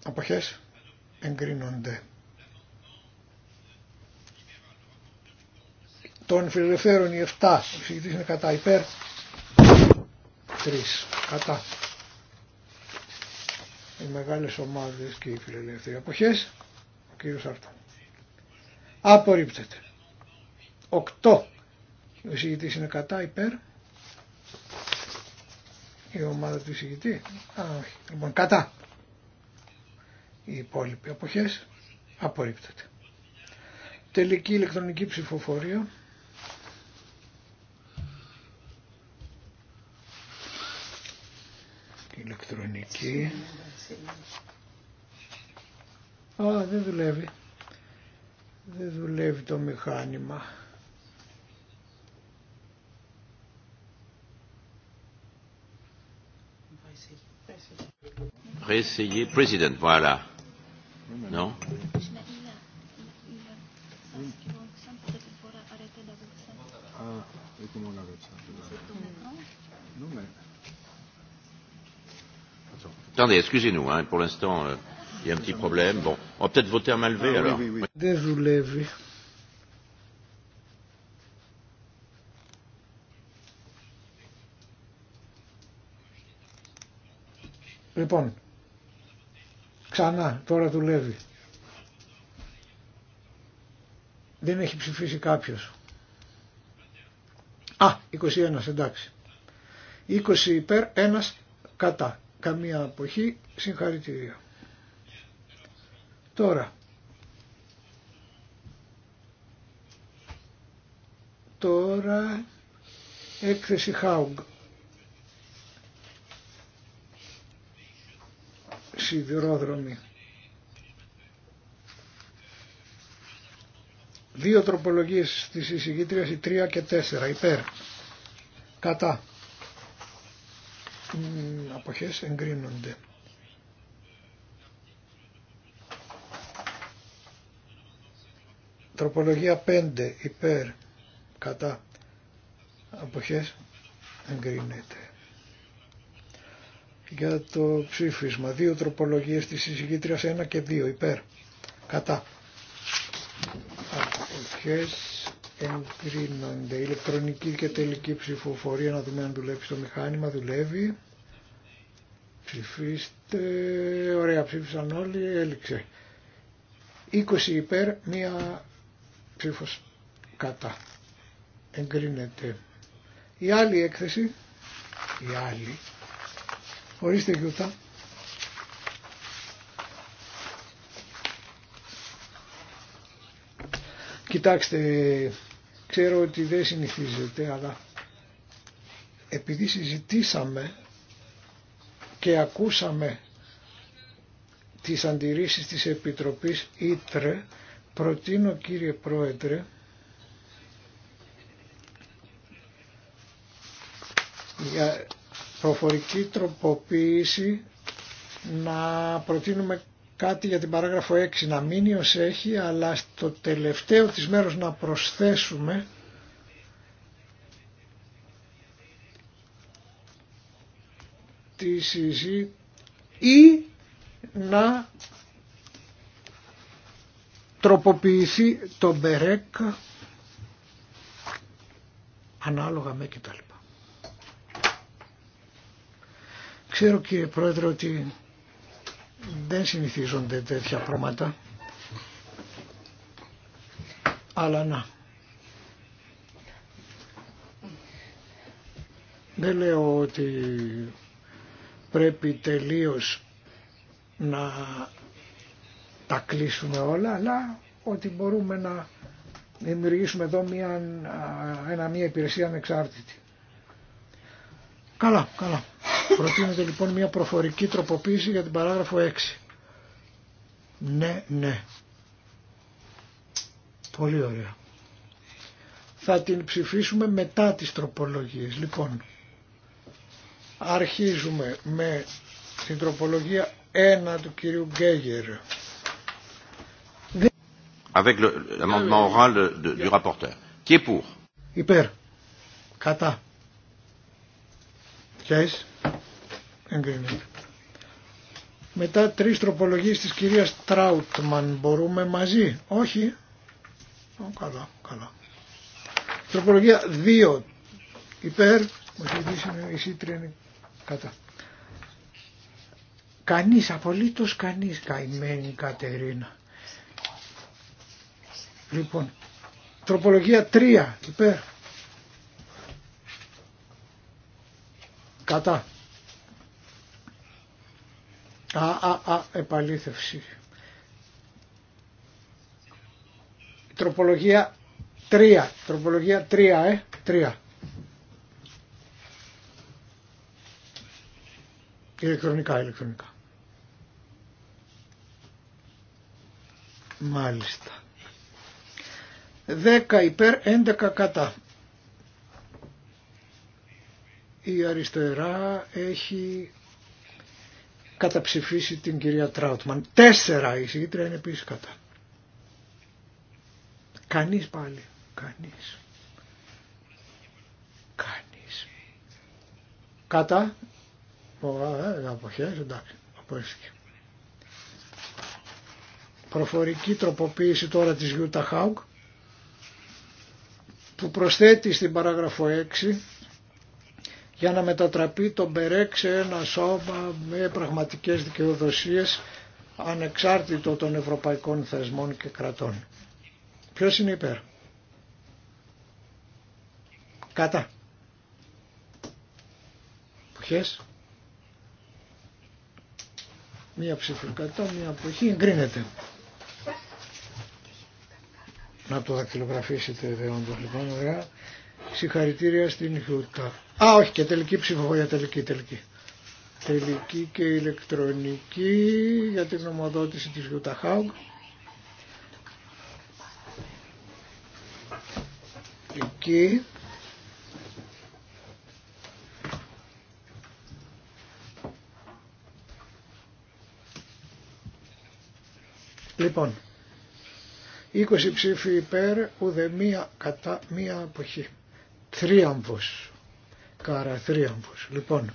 Αποχές εγκρίνονται. Των φιλελευθέρων οι 7, ο ψυχητής είναι κατά υπέρ, 3 κατά. Οι μεγάλες ομάδες και οι φιλελεύθεροι αποχές, ο κύριος Αρτών. Απορρίπτεται. 8. Ο συγητής είναι κατά, υπέρ. Η ομάδα του συγητή. Α, όχι. Λοιπόν, κατά οι υπόλοιποι αποχές απορρίπτεται. Τελική ηλεκτρονική ψηφοφορία. Ηλεκτρονική. Α, δεν δουλεύει. Δεν δουλεύει το μηχάνημα. Président, voilà. No? Attendez, excusez-nous, hein, pour l'instant, il y a un petit problème. Bon, on va peut-être voter à main levée alors. Ξανά, τώρα δουλεύει. Δεν έχει ψηφίσει κάποιος. Α, 21, εντάξει. 20 υπέρ, 1 κατά. Καμία αποχή, συγχαρητήρια. Τώρα, τώρα έκθεση Χάουγκ. σιδηρόδρομοι. Δύο τροπολογίες της εισηγήτριας, η τρία και τέσσερα υπέρ. Κατά. Αποχές εγκρίνονται. Τροπολογία πέντε υπέρ. Κατά. Αποχές εγκρίνεται για το ψήφισμα. Δύο τροπολογίες της εισηγήτριας ένα και δύο υπέρ. Κατά. Αποχές εγκρίνονται. Ηλεκτρονική και τελική ψηφοφορία. Να δούμε αν δουλεύει στο μηχάνημα. Δουλεύει. Ψηφίστε. Ωραία ψήφισαν όλοι. Έληξε. 20 υπέρ. Μία ψήφος κατά. Εγκρίνεται. Η άλλη έκθεση. Η άλλη Ορίστε Γιούτα. Κοιτάξτε, ξέρω ότι δεν συνηθίζεται, αλλά επειδή συζητήσαμε και ακούσαμε τις αντιρρήσεις της Επιτροπής Ήτρε, προτείνω κύριε Πρόεδρε, για προφορική τροποποίηση να προτείνουμε κάτι για την παράγραφο 6 να μείνει ως έχει αλλά στο τελευταίο της μέρος να προσθέσουμε τη συζή ή να τροποποιηθεί το μπερέκ ανάλογα με κτλ. Ξέρω κύριε Πρόεδρε ότι δεν συνηθίζονται τέτοια πράγματα. Αλλά να. Δεν λέω ότι πρέπει τελείως να τα κλείσουμε όλα, αλλά ότι μπορούμε να δημιουργήσουμε εδώ μια, ένα, μια υπηρεσία ανεξάρτητη. Καλά, καλά. Προτείνεται λοιπόν μια προφορική τροποποίηση για την παράγραφο 6. Ναι, ναι. Πολύ ωραία. Θα την ψηφίσουμε μετά τις τροπολογίες. Λοιπόν, αρχίζουμε με την τροπολογία 1 του κυρίου Γκέγερ. Avec l'amendement oral de, du rapporteur. Qui est pour Υπέρ. Κατά. Ποιες εγκρίνεται. Μετά τρεις τροπολογίες της κυρίας Τράουτμαν μπορούμε μαζί. Όχι. Ο, καλά, καλά. Τροπολογία 2. Υπέρ. Η εσύ είναι κατά. Κανείς, απολύτως κανείς καημένη Κατερίνα. Λοιπόν, τροπολογία 3. Υπέρ. Κατά. Α, α, α, επαλήθευση. Τροπολογία 3. Τροπολογία 3, ε. 3. Ηλεκτρονικά, ηλεκτρονικά. Μάλιστα. 10 υπέρ, 11 κατά. Η αριστερά έχει καταψηφίσει την κυρία Τράουτμαν. Τέσσερα η είναι επίσης κατά. Κανείς πάλι. Κανείς. Κανείς. Κατά. Ε, αποχές. Εντάξει. Αποχές. Προφορική τροποποίηση τώρα της Γιούτα Χάουγκ που προσθέτει στην παράγραφο 6 για να μετατραπεί τον Μπερέκ σε ένα σώμα με πραγματικές δικαιοδοσίες ανεξάρτητο των ευρωπαϊκών θεσμών και κρατών. Ποιος είναι υπέρ. Κατά. Ποχέ. Μία ψήφη κατά, μία αποχή εγκρίνεται. Να το δακτυλογραφήσετε δεόντως λοιπόν, ωραία. Συγχαρητήρια στην Χιούτα. Α, όχι και τελική ψηφοφορία, τελική, τελική. Τελική και ηλεκτρονική για την ομοδότηση της Χιούτα Χάουγκ. Εκεί. Λοιπόν, 20 ψήφοι υπέρ, ουδεμία κατά μία αποχή. Τρίαμβος. Κάρα Λοιπόν,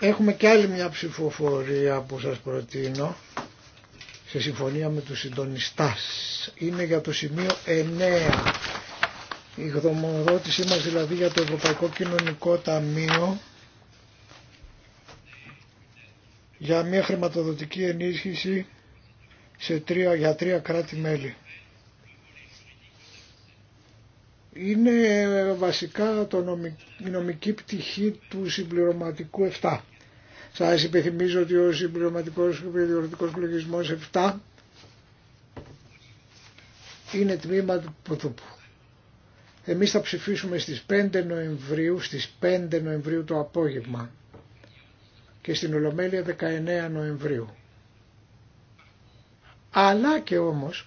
έχουμε και άλλη μια ψηφοφορία που σας προτείνω σε συμφωνία με τους συντονιστάς. Είναι για το σημείο 9. Η γδομοδότησή μας δηλαδή για το Ευρωπαϊκό Κοινωνικό Ταμείο για μια χρηματοδοτική ενίσχυση σε τρία, για τρία κράτη-μέλη. είναι βασικά το νομική, η νομική πτυχή του συμπληρωματικού 7. Σας υπενθυμίζω ότι ο συμπληρωματικός και περιοριστικός πληγισμός 7 είναι τμήμα του Ποδούπου. Εμείς θα ψηφίσουμε στις 5 Νοεμβρίου, στις 5 Νοεμβρίου το απόγευμα και στην Ολομέλεια 19 Νοεμβρίου. Αλλά και όμως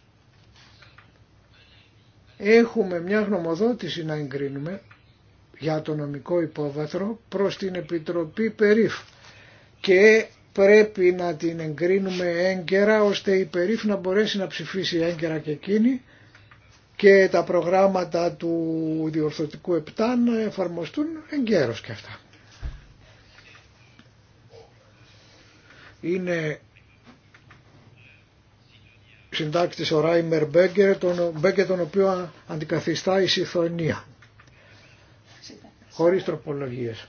έχουμε μια γνωμοδότηση να εγκρίνουμε για το νομικό υπόβαθρο προς την Επιτροπή Περίφ και πρέπει να την εγκρίνουμε έγκαιρα ώστε η Περίφ να μπορέσει να ψηφίσει έγκαιρα και εκείνη και τα προγράμματα του διορθωτικού ΕΠΤΑ να εφαρμοστούν εγκαίρως και αυτά. Είναι συντάκτης ο Ράιμερ Μπέγκερ, τον, Μπέγκερ τον οποίο αντικαθιστά η συθονία. Χωρίς τροπολογίες.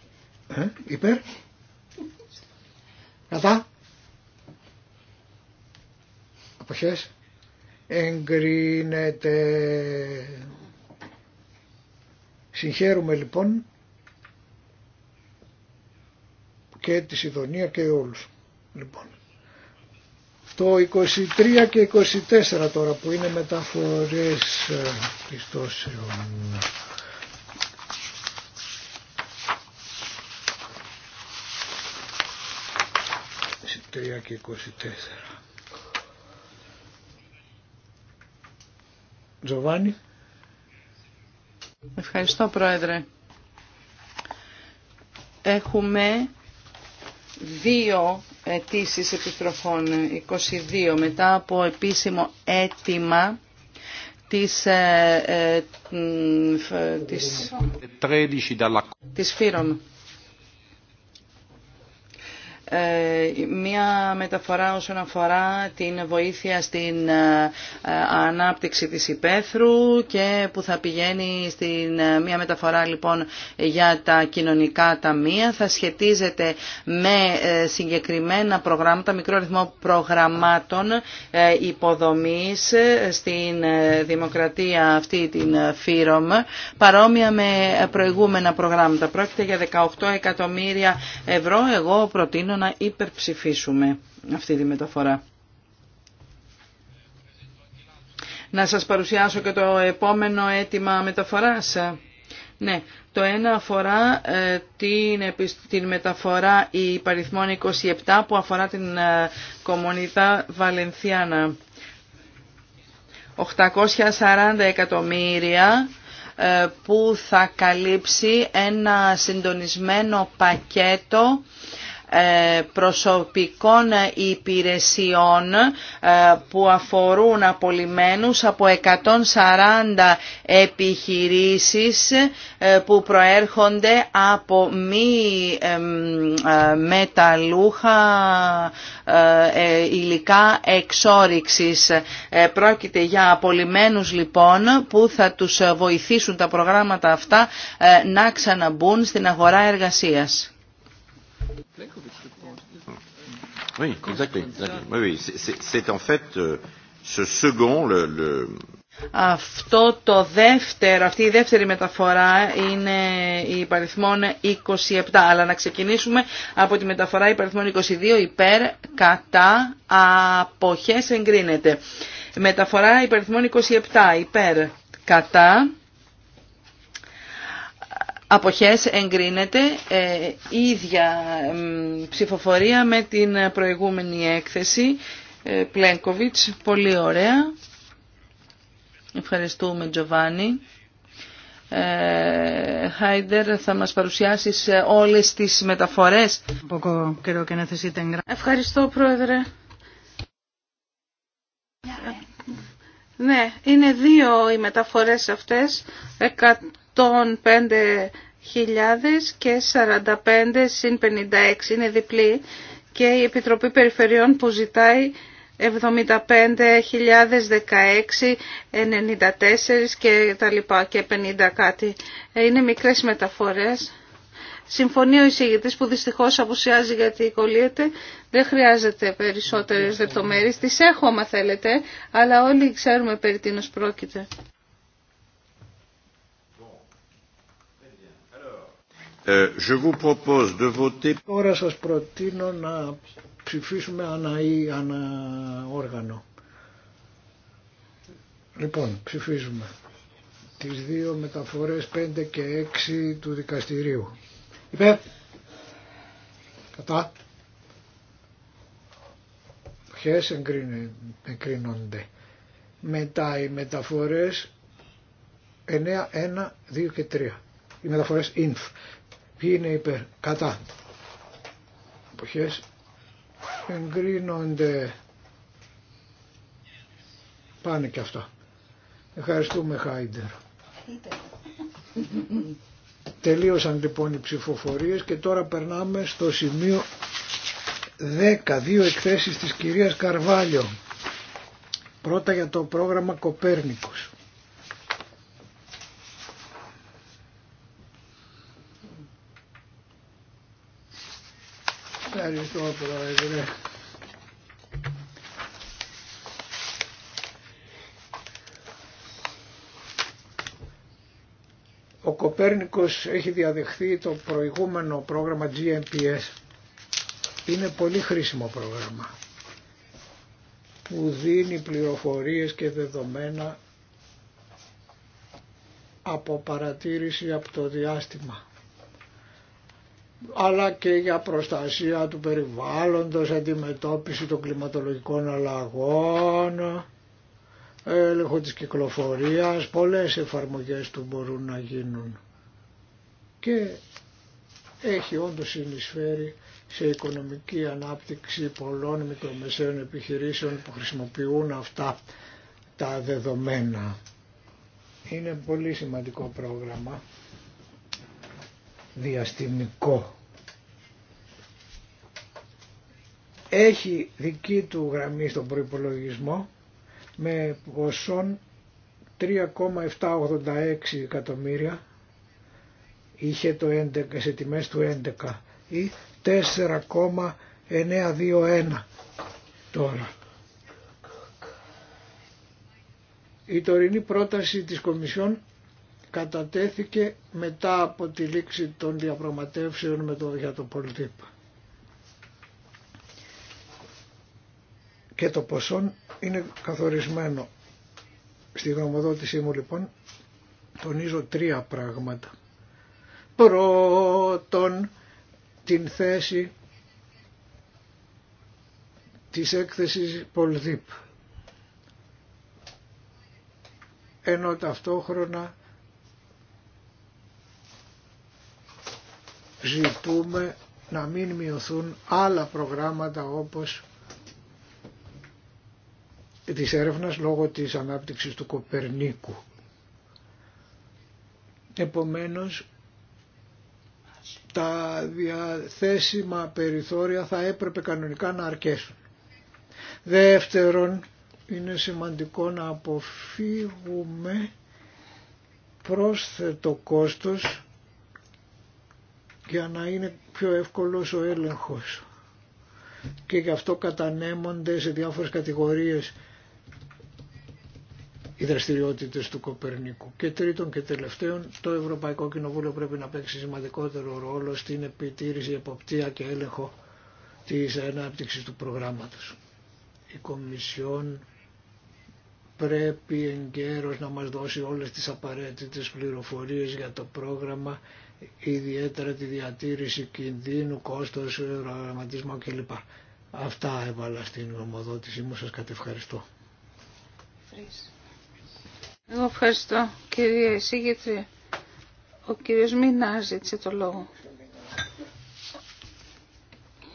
Ε, υπέρ. Κατά. Αποχές. Εγκρίνεται. Συγχαίρουμε λοιπόν και τη Σιδονία και όλους. Λοιπόν. Το 23 και 24 τώρα που είναι μεταφορές ε, πιστώσεων. και 24. Τζοβάνι. Ευχαριστώ Πρόεδρε. Έχουμε δύο αιτήσει επιστροφών 22 μετά από επίσημο αίτημα της, ε, ε της, της, ε, μία μεταφορά όσον αφορά την βοήθεια στην ε, ανάπτυξη της υπαίθρου και που θα πηγαίνει στην ε, μία μεταφορά λοιπόν για τα κοινωνικά ταμεία θα σχετίζεται με συγκεκριμένα προγράμματα, μικρό ρυθμό προγραμμάτων υποδομής στην δημοκρατία αυτή την ΦΥΡΟΜ παρόμοια με προηγούμενα προγράμματα. Πρόκειται για 18 εκατομμύρια ευρώ. Εγώ προτείνω να υπερψηφίσουμε αυτή τη μεταφορά. Να σας παρουσιάσω και το επόμενο αίτημα μεταφοράς. Ναι, το ένα αφορά ε, την, την μεταφορά υπαριθμών 27 που αφορά την ε, Κομμονίτα Βαλενθιάνα. 840 εκατομμύρια ε, που θα καλύψει ένα συντονισμένο πακέτο ε, προσωπικών υπηρεσιών ε, που αφορούν απολυμένους από 140 επιχειρήσεις ε, που προέρχονται από μη μεταλούχα υλικά εξόριξης. Πρόκειται για απολυμένους λοιπόν που θα τους βοηθήσουν τα προγράμματα αυτά να ξαναμπούν στην αγορά εργασίας. Αυτό το δεύτερο, αυτή η δεύτερη μεταφορά είναι η παριθμόν 27, αλλά να ξεκινήσουμε από τη μεταφορά η παριθμόν 22 υπέρ, κατά, αποχές εγκρίνεται. Μεταφορά η παριθμόν 27 υπέρ, κατά, Αποχές εγκρίνεται ε, ίδια ψηφοφορία με την προηγούμενη έκθεση ε, Πολύ ωραία. Ευχαριστούμε Τζοβάνι. Ε, Χάιντερ θα μας παρουσιάσεις ε, όλες τις μεταφορές. Ευχαριστώ Πρόεδρε. Ναι, είναι δύο οι μεταφορές αυτές των 5.000 και 45 συν 56 είναι διπλή και η Επιτροπή Περιφερειών που ζητάει 75.016, 94 και τα λοιπά και 50 κάτι. Ε, είναι μικρές μεταφορές. Συμφωνεί ο εισηγητής που δυστυχώς απουσιάζει γιατί κολλείεται. Δεν χρειάζεται περισσότερες λεπτομέρειες. Τις έχω άμα θέλετε, αλλά όλοι ξέρουμε περί τίνος πρόκειται. Ε, je vous propose de voter... Τώρα σας προτείνω να ψηφίσουμε ανα, ή, ανα όργανο. Λοιπόν, ψηφίζουμε τις δύο μεταφορές 5 και 6 του δικαστηρίου. Υπέ, Κατά. Ποιες εγκρίνονται. Μετά οι μεταφορές 9, 1, 2 και 3. Οι μεταφορές INF. Ποιοι είναι υπέρ. Κατά. Αποχές. Εγκρίνονται. Πάνε και αυτά. Ευχαριστούμε Χάιντερ. Τελείωσαν λοιπόν οι ψηφοφορίες και τώρα περνάμε στο σημείο 10, δύο εκθέσεις της κυρίας Καρβάλιο. Πρώτα για το πρόγραμμα Κοπέρνικος. Ο Κοπέρνικος έχει διαδεχθεί το προηγούμενο πρόγραμμα GMPS. Είναι πολύ χρήσιμο πρόγραμμα που δίνει πληροφορίες και δεδομένα από παρατήρηση από το διάστημα αλλά και για προστασία του περιβάλλοντος, αντιμετώπιση των κλιματολογικών αλλαγών, έλεγχο της κυκλοφορίας, πολλές εφαρμογές του μπορούν να γίνουν. Και έχει όντως συνεισφέρει σε οικονομική ανάπτυξη πολλών μικρομεσαίων επιχειρήσεων που χρησιμοποιούν αυτά τα δεδομένα. Είναι πολύ σημαντικό πρόγραμμα διαστημικό. Έχει δική του γραμμή στον προϋπολογισμό με ποσόν 3,786 εκατομμύρια είχε το 11, σε τιμές του 11 ή 4,921 τώρα. Η τωρινή πρόταση της Κομισιόν κατατέθηκε μετά από τη λήξη των διαπραγματεύσεων με το, για το Και το ποσό είναι καθορισμένο. Στη γνωμοδότησή μου λοιπόν τονίζω τρία πράγματα. Πρώτον, την θέση της έκθεσης Πολδίπ. Ενώ ταυτόχρονα ζητούμε να μην μειωθούν άλλα προγράμματα όπως της έρευνας λόγω της ανάπτυξης του Κοπερνίκου. Επομένως, τα διαθέσιμα περιθώρια θα έπρεπε κανονικά να αρκέσουν. Δεύτερον, είναι σημαντικό να αποφύγουμε πρόσθετο κόστος για να είναι πιο εύκολος ο έλεγχος και γι' αυτό κατανέμονται σε διάφορες κατηγορίες οι δραστηριότητε του Κοπερνίκου. Και τρίτον και τελευταίον, το Ευρωπαϊκό Κοινοβούλιο πρέπει να παίξει σημαντικότερο ρόλο στην επιτήρηση, εποπτεία και έλεγχο της ανάπτυξη του προγράμματος. Η Κομισιόν πρέπει εγκαίρω να μα δώσει όλες τι απαραίτητε πληροφορίε για το πρόγραμμα ιδιαίτερα τη διατήρηση κινδύνου, κόστος, ραγματισμό κλπ. Αυτά έβαλα στην ομοδότησή μου. Σας κατευχαριστώ. Εγώ ευχαριστώ κύριε εισηγήτρια. Ο κύριος Μινά ζήτησε το λόγο.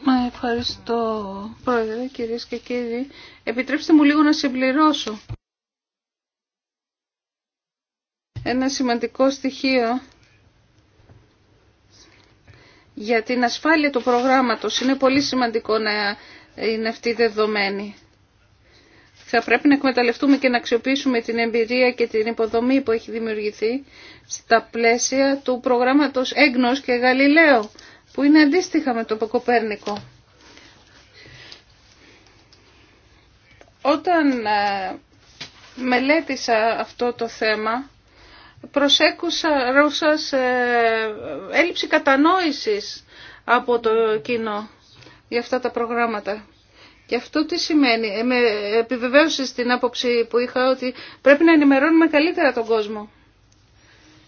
Μα ευχαριστώ πρόεδρε κυρίες και κύριοι. Επιτρέψτε μου λίγο να συμπληρώσω. Ένα σημαντικό στοιχείο για την ασφάλεια του προγράμματος. Είναι πολύ σημαντικό να είναι αυτή δεδομένη. Θα πρέπει να εκμεταλλευτούμε και να αξιοποιήσουμε την εμπειρία και την υποδομή που έχει δημιουργηθεί στα πλαίσια του προγράμματος Έγνος και Γαλιλαίο, που είναι αντίστοιχα με το Ποκοπέρνικο. Όταν ε, μελέτησα αυτό το θέμα, προσέκουσα ρούσας ε, έλλειψη κατανόησης από το κοινό για αυτά τα προγράμματα. Και αυτό τι σημαίνει. Ε, με επιβεβαίωσε στην άποψη που είχα ότι πρέπει να ενημερώνουμε καλύτερα τον κόσμο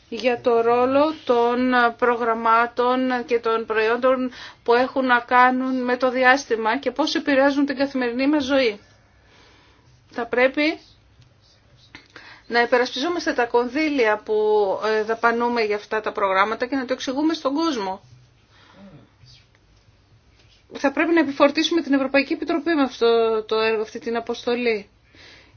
για το ρόλο των προγραμμάτων και των προϊόντων που έχουν να κάνουν με το διάστημα και πώς επηρεάζουν την καθημερινή μας ζωή. Θα πρέπει να υπερασπιζόμαστε τα κονδύλια που ε, δαπανούμε για αυτά τα προγράμματα και να το εξηγούμε στον κόσμο. Θα πρέπει να επιφορτήσουμε την Ευρωπαϊκή Επιτροπή με αυτό το έργο, αυτή την αποστολή.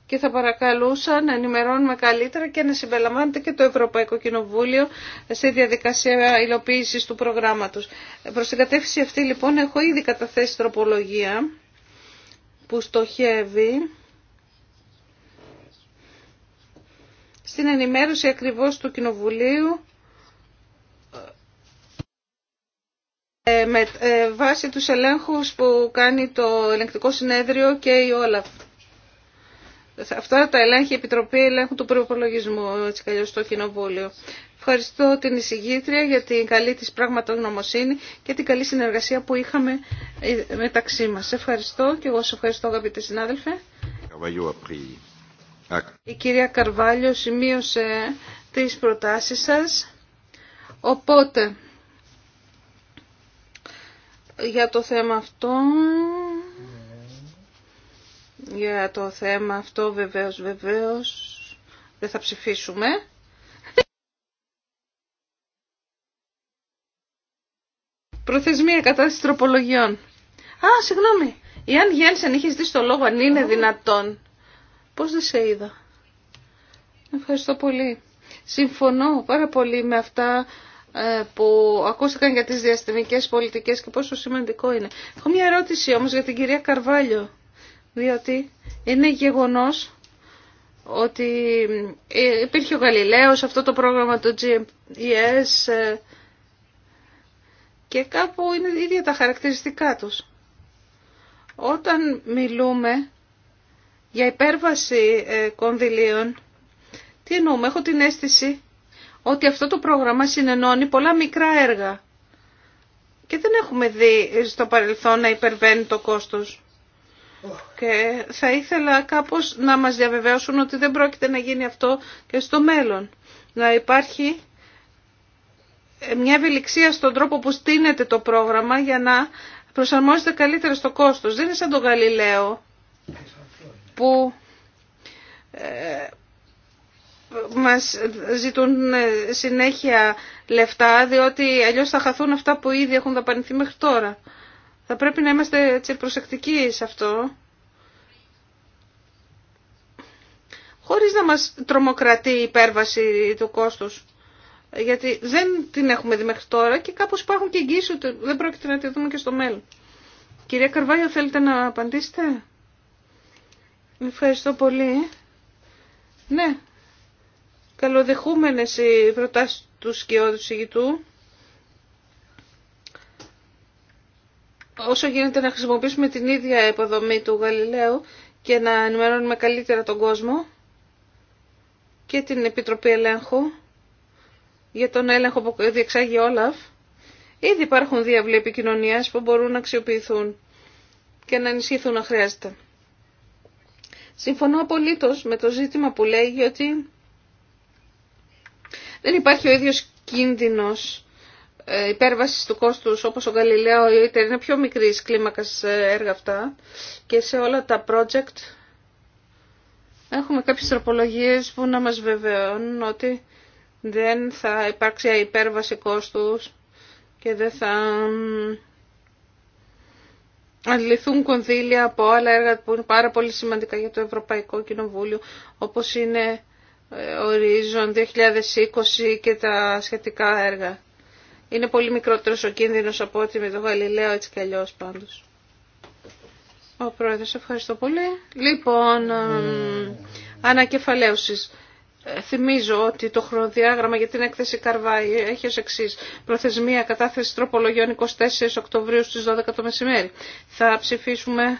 Και θα παρακαλούσα να ενημερώνουμε καλύτερα και να συμπεριλαμβάνεται και το Ευρωπαϊκό Κοινοβούλιο σε διαδικασία υλοποίησης του προγράμματος. Προς την κατεύθυνση αυτή λοιπόν έχω ήδη καταθέσει τροπολογία που στοχεύει στην ενημέρωση ακριβώς του Κοινοβουλίου ε, με ε, βάση τους ελέγχους που κάνει το ελεγκτικό συνέδριο και η Όλαφ. Αυτά τα ελέγχει η Επιτροπή Ελέγχου του Προπολογισμού, έτσι καλώ στο Κοινοβούλιο. Ευχαριστώ την εισηγήτρια για την καλή της πραγματογνωμοσύνη και την καλή συνεργασία που είχαμε ε, μεταξύ μας. Ευχαριστώ και εγώ σας ευχαριστώ αγαπητέ συνάδελφε. Η κυρία Καρβάλιο σημείωσε τις προτάσεις σας. Οπότε, για το θέμα αυτό, για το θέμα αυτό βεβαίως, βεβαίως, δεν θα ψηφίσουμε. Προθεσμία κατάσταση τροπολογιών. Α, συγγνώμη. Η Αν Γένσεν είχε ζητήσει το λόγο αν είναι δυνατόν. Πώς δεν σε είδα. Ευχαριστώ πολύ. Συμφωνώ πάρα πολύ με αυτά ε, που ακούστηκαν για τις διαστημικές πολιτικές και πόσο σημαντικό είναι. Έχω μια ερώτηση όμως για την κυρία Καρβάλιο, διότι είναι γεγονός ότι ε, υπήρχε ο Γαλιλαίος, αυτό το πρόγραμμα το GMES ε, και κάπου είναι ίδια τα χαρακτηριστικά τους. Όταν μιλούμε για υπέρβαση ε, κονδυλίων, τι εννοούμε, έχω την αίσθηση ότι αυτό το πρόγραμμα συνενώνει πολλά μικρά έργα και δεν έχουμε δει στο παρελθόν να υπερβαίνει το κόστος. Και θα ήθελα κάπως να μας διαβεβαιώσουν ότι δεν πρόκειται να γίνει αυτό και στο μέλλον. Να υπάρχει ε, μια ευελιξία στον τρόπο που στείνεται το πρόγραμμα για να προσαρμόζεται καλύτερα στο κόστος. Δεν είναι σαν τον Γαλιλαίο που ε, μας ζητούν ε, συνέχεια λεφτά, διότι αλλιώς θα χαθούν αυτά που ήδη έχουν δαπανηθεί μέχρι τώρα. Θα πρέπει να είμαστε έτσι προσεκτικοί σε αυτό. Χωρίς να μας τρομοκρατεί η υπέρβαση του κόστους. Γιατί δεν την έχουμε δει μέχρι τώρα και κάπως υπάρχουν και εγγύσεις ότι δεν πρόκειται να τη δούμε και στο μέλλον. Κυρία Καρβάγιο, θέλετε να απαντήσετε. Ευχαριστώ πολύ. Ναι, καλοδεχούμενες οι προτάσεις του σκιώδου συγητού. Όσο γίνεται να χρησιμοποιήσουμε την ίδια υποδομή του Γαλιλαίου και να ενημερώνουμε καλύτερα τον κόσμο και την Επιτροπή Ελέγχου για τον έλεγχο που διεξάγει Όλαφ. Ήδη υπάρχουν διάβλοι επικοινωνίας που μπορούν να αξιοποιηθούν και να ενισχυθούν να χρειάζεται. Συμφωνώ απολύτως με το ζήτημα που λέγει ότι δεν υπάρχει ο ίδιος κίνδυνος ε, υπέρβασης του κόστους όπως ο Γαλιλαίο ή είναι πιο μικρής κλίμακας ε, έργα αυτά και σε όλα τα project έχουμε κάποιες τροπολογίες που να μας βεβαιώνουν ότι δεν θα υπάρξει υπέρβαση κόστους και δεν θα Αντληθούν κονδύλια από άλλα έργα που είναι πάρα πολύ σημαντικά για το Ευρωπαϊκό Κοινοβούλιο, όπως είναι ε, Ορίζον 2020 και τα σχετικά έργα. Είναι πολύ μικρότερος ο κίνδυνος από ό,τι με το Γαλιλαίο έτσι κι αλλιώς πάντως. Ο Πρόεδρος, ευχαριστώ πολύ. Λοιπόν, ναι. ε, ανακεφαλαίωσης. Θυμίζω ότι το χρονοδιάγραμμα για την έκθεση Καρβάη έχει ως εξής προθεσμία κατάθεση τροπολογιών 24 Οκτωβρίου στις 12 το μεσημέρι. Θα ψηφίσουμε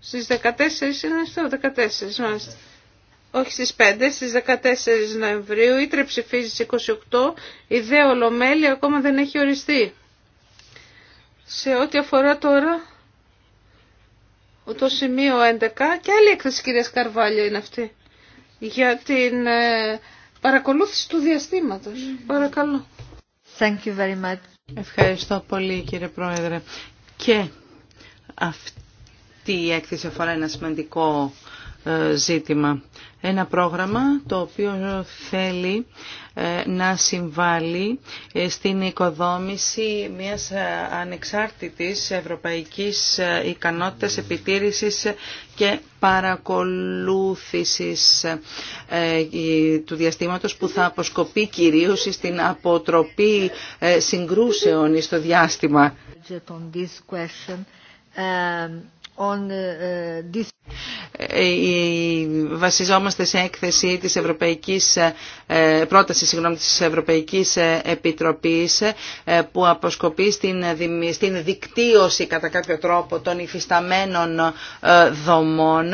στις 14, είναι στο 14 Όχι στις 5, στις 14 Νοεμβρίου, ήτρε ψηφίζει 28, η δε ολομέλεια ακόμα δεν έχει οριστεί. Σε ό,τι αφορά τώρα το σημείο 11 και άλλη έκθεση κυρίας Καρβάλιο είναι αυτή για την ε, παρακολούθηση του διαστήματος. Παρακαλώ. Thank you very much. Ευχαριστώ πολύ κύριε Πρόεδρε. Και αυτή η έκθεση αφορά ένα σημαντικό ε, ζήτημα. Ένα πρόγραμμα το οποίο θέλει ε, να συμβάλλει ε, στην οικοδόμηση μιας ανεξάρτητης ευρωπαϊκής ικανότητας επιτήρησης και παρακολούθησης του διαστήματος που θα αποσκοπεί κυρίως στην αποτροπή συγκρούσεων στο διάστημα. Uh, ε, βασιζόμαστε σε έκθεση της Ευρωπαϊκής ε, πρόταση συγγνώμη, της Ευρωπαϊκής ε, Επιτροπής που αποσκοπεί στην, στην δικτύωση κατά κάποιο τρόπο των υφισταμένων δομών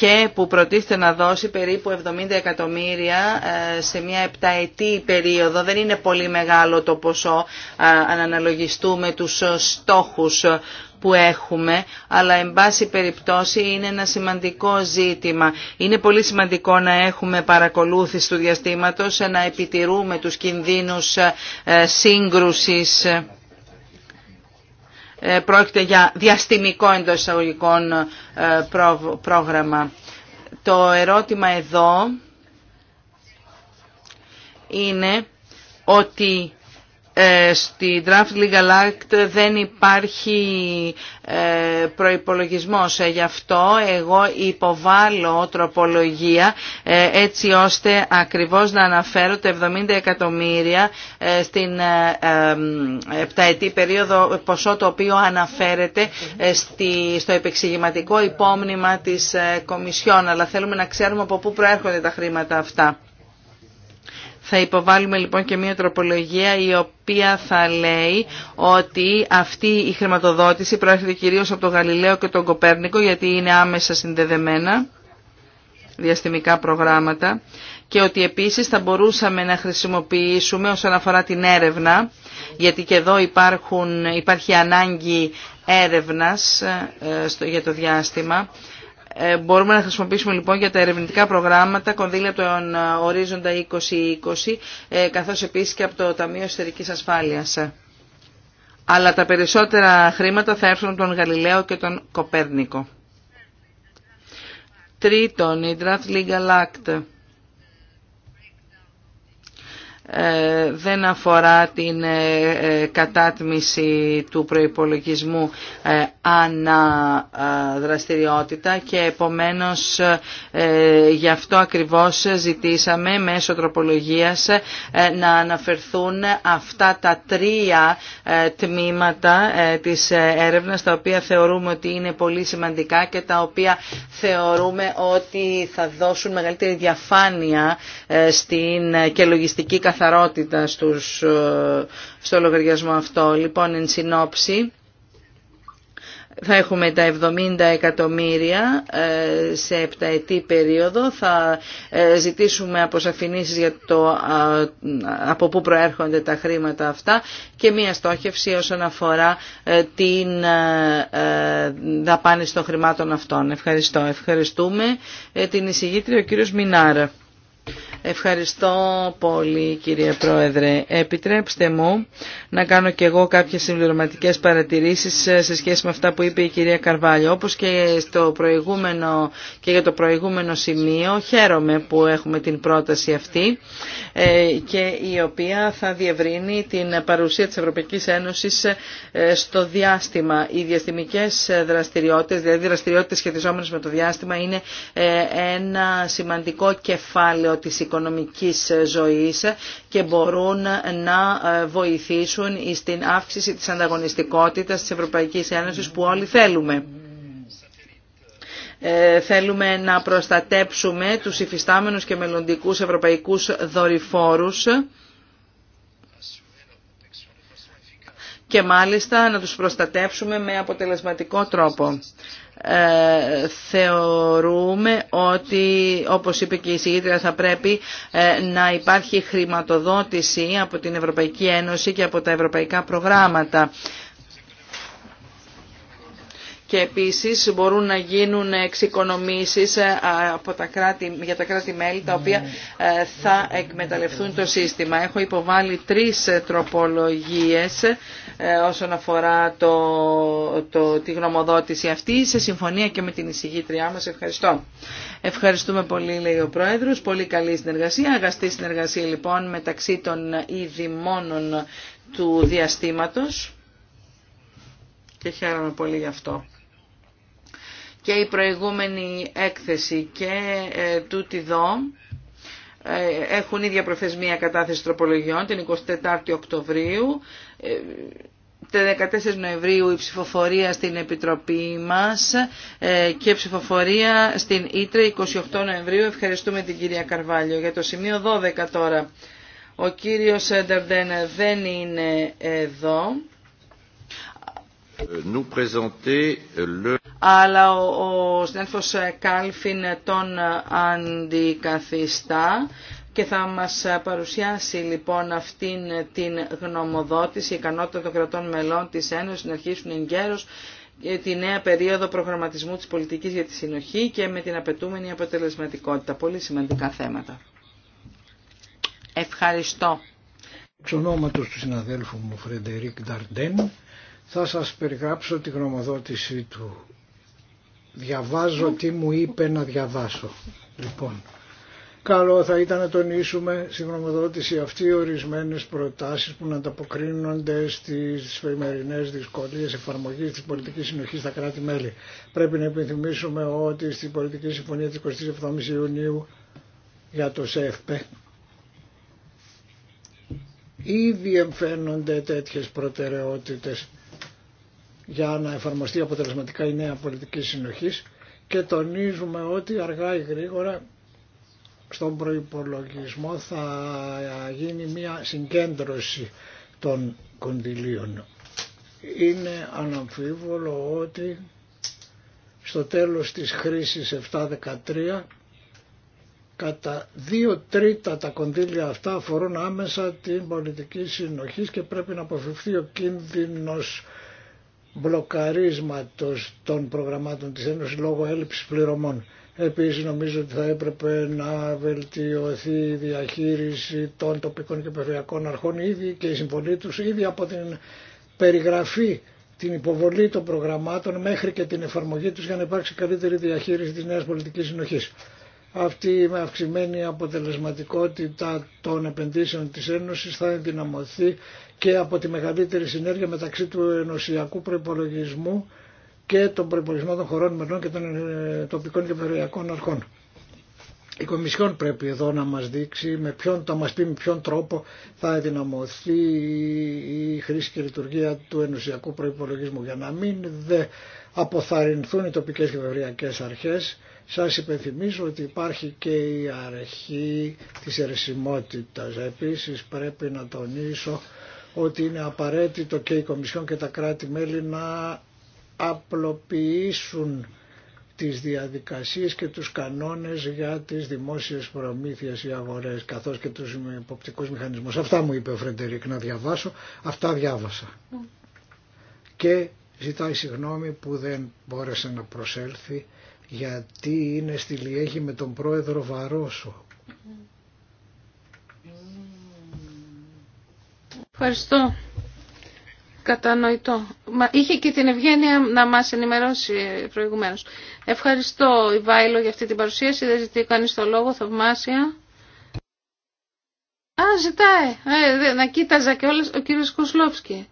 και που προτίθεται να δώσει περίπου 70 εκατομμύρια σε μια επταετή περίοδο. Δεν είναι πολύ μεγάλο το ποσό αν αναλογιστούμε τους στόχους που έχουμε, αλλά εν πάση περιπτώσει είναι ένα σημαντικό ζήτημα. Είναι πολύ σημαντικό να έχουμε παρακολούθηση του διαστήματος, να επιτηρούμε τους κινδύνους ε, σύγκρουσης ε, πρόκειται για διαστημικό εντό εισαγωγικών ε, πρόγραμμα. Το ερώτημα εδώ είναι ότι ε, στη Draft Legal Act δεν υπάρχει ε, προϋπολογισμός. Ε, γι' αυτό εγώ υποβάλλω τροπολογία έτσι ώστε ακριβώς να αναφέρω τα 70 εκατομμύρια στην επταετή περίοδο ποσό το οποίο αναφέρεται στο επεξηγηματικό υπόμνημα της Κομισιόν. Αλλά θέλουμε να ξέρουμε από πού προέρχονται τα χρήματα αυτά. Θα υποβάλουμε λοιπόν και μια τροπολογία η οποία θα λέει ότι αυτή η χρηματοδότηση προέρχεται κυρίως από τον Γαλιλαίο και τον Κοπέρνικο γιατί είναι άμεσα συνδεδεμένα διαστημικά προγράμματα και ότι επίσης θα μπορούσαμε να χρησιμοποιήσουμε όσον αφορά την έρευνα γιατί και εδώ υπάρχουν, υπάρχει ανάγκη έρευνας ε, στο, για το διάστημα ε, μπορούμε να χρησιμοποιήσουμε λοιπόν για τα ερευνητικά προγράμματα κονδύλια των τον ε, ορίζοντα 2020 ε, καθώς επίσης και από το Ταμείο Εσωτερικής Ασφάλειας. Αλλά τα περισσότερα χρήματα θα έρθουν από τον Γαλιλαίο και τον Κοπέρνικο. Τρίτον, η Draft Legal Act ε, δεν αφορά την ε, ε, κατάτμιση του προϋπολογισμού αναδραστηριότητα και επομένως γι' αυτό ακριβώς ζητήσαμε μέσω τροπολογίας να αναφερθούν αυτά τα τρία τμήματα της έρευνας τα οποία θεωρούμε ότι είναι πολύ σημαντικά και τα οποία θεωρούμε ότι θα δώσουν μεγαλύτερη διαφάνεια στην και λογιστική καθημερινότητα καθαρότητα στους, ε, στο λογαριασμό αυτό. Λοιπόν, εν συνόψη, θα έχουμε τα 70 εκατομμύρια ε, σε επταετή περίοδο. Θα ε, ζητήσουμε αποσαφηνήσεις για το από πού προέρχονται τα χρήματα αυτά και μία στόχευση όσον αφορά την δαπάνη των χρημάτων αυτών. Ευχαριστώ. Ευχαριστούμε την εισηγήτρια ο κύριος Μινάρα. Ευχαριστώ πολύ κύριε Πρόεδρε. Επιτρέψτε μου να κάνω και εγώ κάποιες συμπληρωματικές παρατηρήσεις σε σχέση με αυτά που είπε η κυρία Καρβάλιο. Όπως και, στο προηγούμενο, και για το προηγούμενο σημείο χαίρομαι που έχουμε την πρόταση αυτή ε, και η οποία θα διευρύνει την παρουσία της Ευρωπαϊκής Ένωσης ε, στο διάστημα. Οι διαστημικές δραστηριότητες, δηλαδή δραστηριότητες σχετιζόμενες με το διάστημα είναι ε, ένα σημαντικό κεφάλαιο της οικονομικής ζωής και μπορούν να ε, βοηθήσουν στην αύξηση της ανταγωνιστικότητας της Ευρωπαϊκής Ένωσης που όλοι θέλουμε. Ε, θέλουμε να προστατέψουμε τους υφιστάμενους και μελλοντικούς ευρωπαϊκούς δορυφόρους και μάλιστα να τους προστατέψουμε με αποτελεσματικό τρόπο. Ε, θεωρούμε ότι, όπως είπε και η συγγύτρια θα πρέπει ε, να υπάρχει χρηματοδότηση από την Ευρωπαϊκή Ένωση και από τα ευρωπαϊκά προγράμματα και επίσης μπορούν να γίνουν εξοικονομήσεις ε, από τα κράτη, για τα κράτη-μέλη τα οποία ε, θα εκμεταλλευτούν το σύστημα. Έχω υποβάλει τρεις τροπολογίες ε, όσον αφορά το, το, τη γνωμοδότηση αυτή σε συμφωνία και με την εισηγήτριά μας. Ευχαριστώ. Ευχαριστούμε πολύ λέει ο Πρόεδρος. Πολύ καλή συνεργασία. Αγαστή συνεργασία λοιπόν μεταξύ των ειδημόνων του διαστήματος και χαίρομαι πολύ γι' αυτό και η προηγούμενη έκθεση και ε, τούτη εδώ ε, έχουν ίδια προθεσμία κατάθεση τροπολογιών την 24η Οκτωβρίου. 14 ε, Νοεμβρίου η ψηφοφορία στην Επιτροπή μας και ψηφοφορία στην Ήτρε 28 Νοεμβρίου. Ευχαριστούμε την κυρία Καρβάλιο. Για το σημείο 12 τώρα. Ο κύριος Σέντερντεν δεν είναι εδώ. Euh, Αλλά ο, ο συνέλφος ε, Κάλφιν τον ε, αντικαθιστά και θα μας ε, παρουσιάσει λοιπόν αυτήν την γνωμοδότηση, η ικανότητα των κρατών μελών της Ένωσης να αρχίσουν εν τη νέα περίοδο προγραμματισμού της πολιτικής για τη συνοχή και με την απαιτούμενη αποτελεσματικότητα. Πολύ σημαντικά θέματα. Ευχαριστώ. Εξ ονόματος του συναδέλφου μου Φρεντερίκ Νταρντέν θα σας περιγράψω τη γνωμοδότησή του. Διαβάζω τι μου είπε να διαβάσω. Λοιπόν, καλό θα ήταν να τονίσουμε στη γνωμοδότηση αυτή ορισμένες προτάσεις που να ανταποκρίνονται στις φημερινές δυσκολίες εφαρμογής της πολιτικής συνοχής στα κράτη-μέλη. Πρέπει να επιθυμίσουμε ότι στην πολιτική συμφωνία της 27 Ιουνίου για το ΣΕΦΠΕ ήδη εμφαίνονται τέτοιες προτεραιότητες για να εφαρμοστεί αποτελεσματικά η νέα πολιτική συνοχής και τονίζουμε ότι αργά ή γρήγορα στον προϋπολογισμό θα γίνει μια συγκέντρωση των κονδυλίων. Είναι αναμφίβολο ότι στο τέλος της χρήσης 7-13 κατά δύο τρίτα τα κονδύλια αυτά αφορούν άμεσα την πολιτική συνοχή και πρέπει να αποφευθεί ο κίνδυνος μπλοκαρίσματος των προγραμμάτων της Ένωσης λόγω έλλειψης πληρωμών. Επίσης νομίζω ότι θα έπρεπε να βελτιωθεί η διαχείριση των τοπικών και περιφερειακών αρχών ήδη και η συμβολή τους ήδη από την περιγραφή, την υποβολή των προγραμμάτων μέχρι και την εφαρμογή τους για να υπάρξει καλύτερη διαχείριση της νέας πολιτικής συνοχής αυτή η αυξημένη αποτελεσματικότητα των επενδύσεων της Ένωσης θα ενδυναμωθεί και από τη μεγαλύτερη συνέργεια μεταξύ του ενωσιακού προπολογισμού και των προϋπολογισμών των χωρών μελών και των ε, τοπικών και αρχών. Η Κομισιόν πρέπει εδώ να μας δείξει, με ποιον, το μας πει ποιον τρόπο θα ενδυναμωθεί η χρήση και η λειτουργία του ενωσιακού προϋπολογισμού για να μην δε αποθαρρυνθούν οι τοπικές και περιφερειακές αρχές σας υπενθυμίζω ότι υπάρχει και η αρχή της αιρεσιμότητας. Επίσης πρέπει να τονίσω ότι είναι απαραίτητο και η Κομισιόν και τα κράτη-μέλη να απλοποιήσουν τις διαδικασίες και τους κανόνες για τις δημόσιες προμήθειες ή αγορές καθώς και τους υποπτικούς μηχανισμούς. Αυτά μου είπε ο Φρεντερικ να διαβάσω, αυτά διάβασα. Ναι. Και ζητάει συγγνώμη που δεν μπόρεσε να προσέλθει γιατί είναι στη Λιέχη με τον πρόεδρο Βαρόσο. Ευχαριστώ. Κατανοητό. είχε και την ευγένεια να μας ενημερώσει προηγουμένως. Ευχαριστώ Βάιλο για αυτή την παρουσίαση. Δεν ζητεί κανείς το λόγο. Θαυμάσια. Α, ζητάει. Ε, να κοίταζα και όλες ο κύριος Κοσλόφσκι.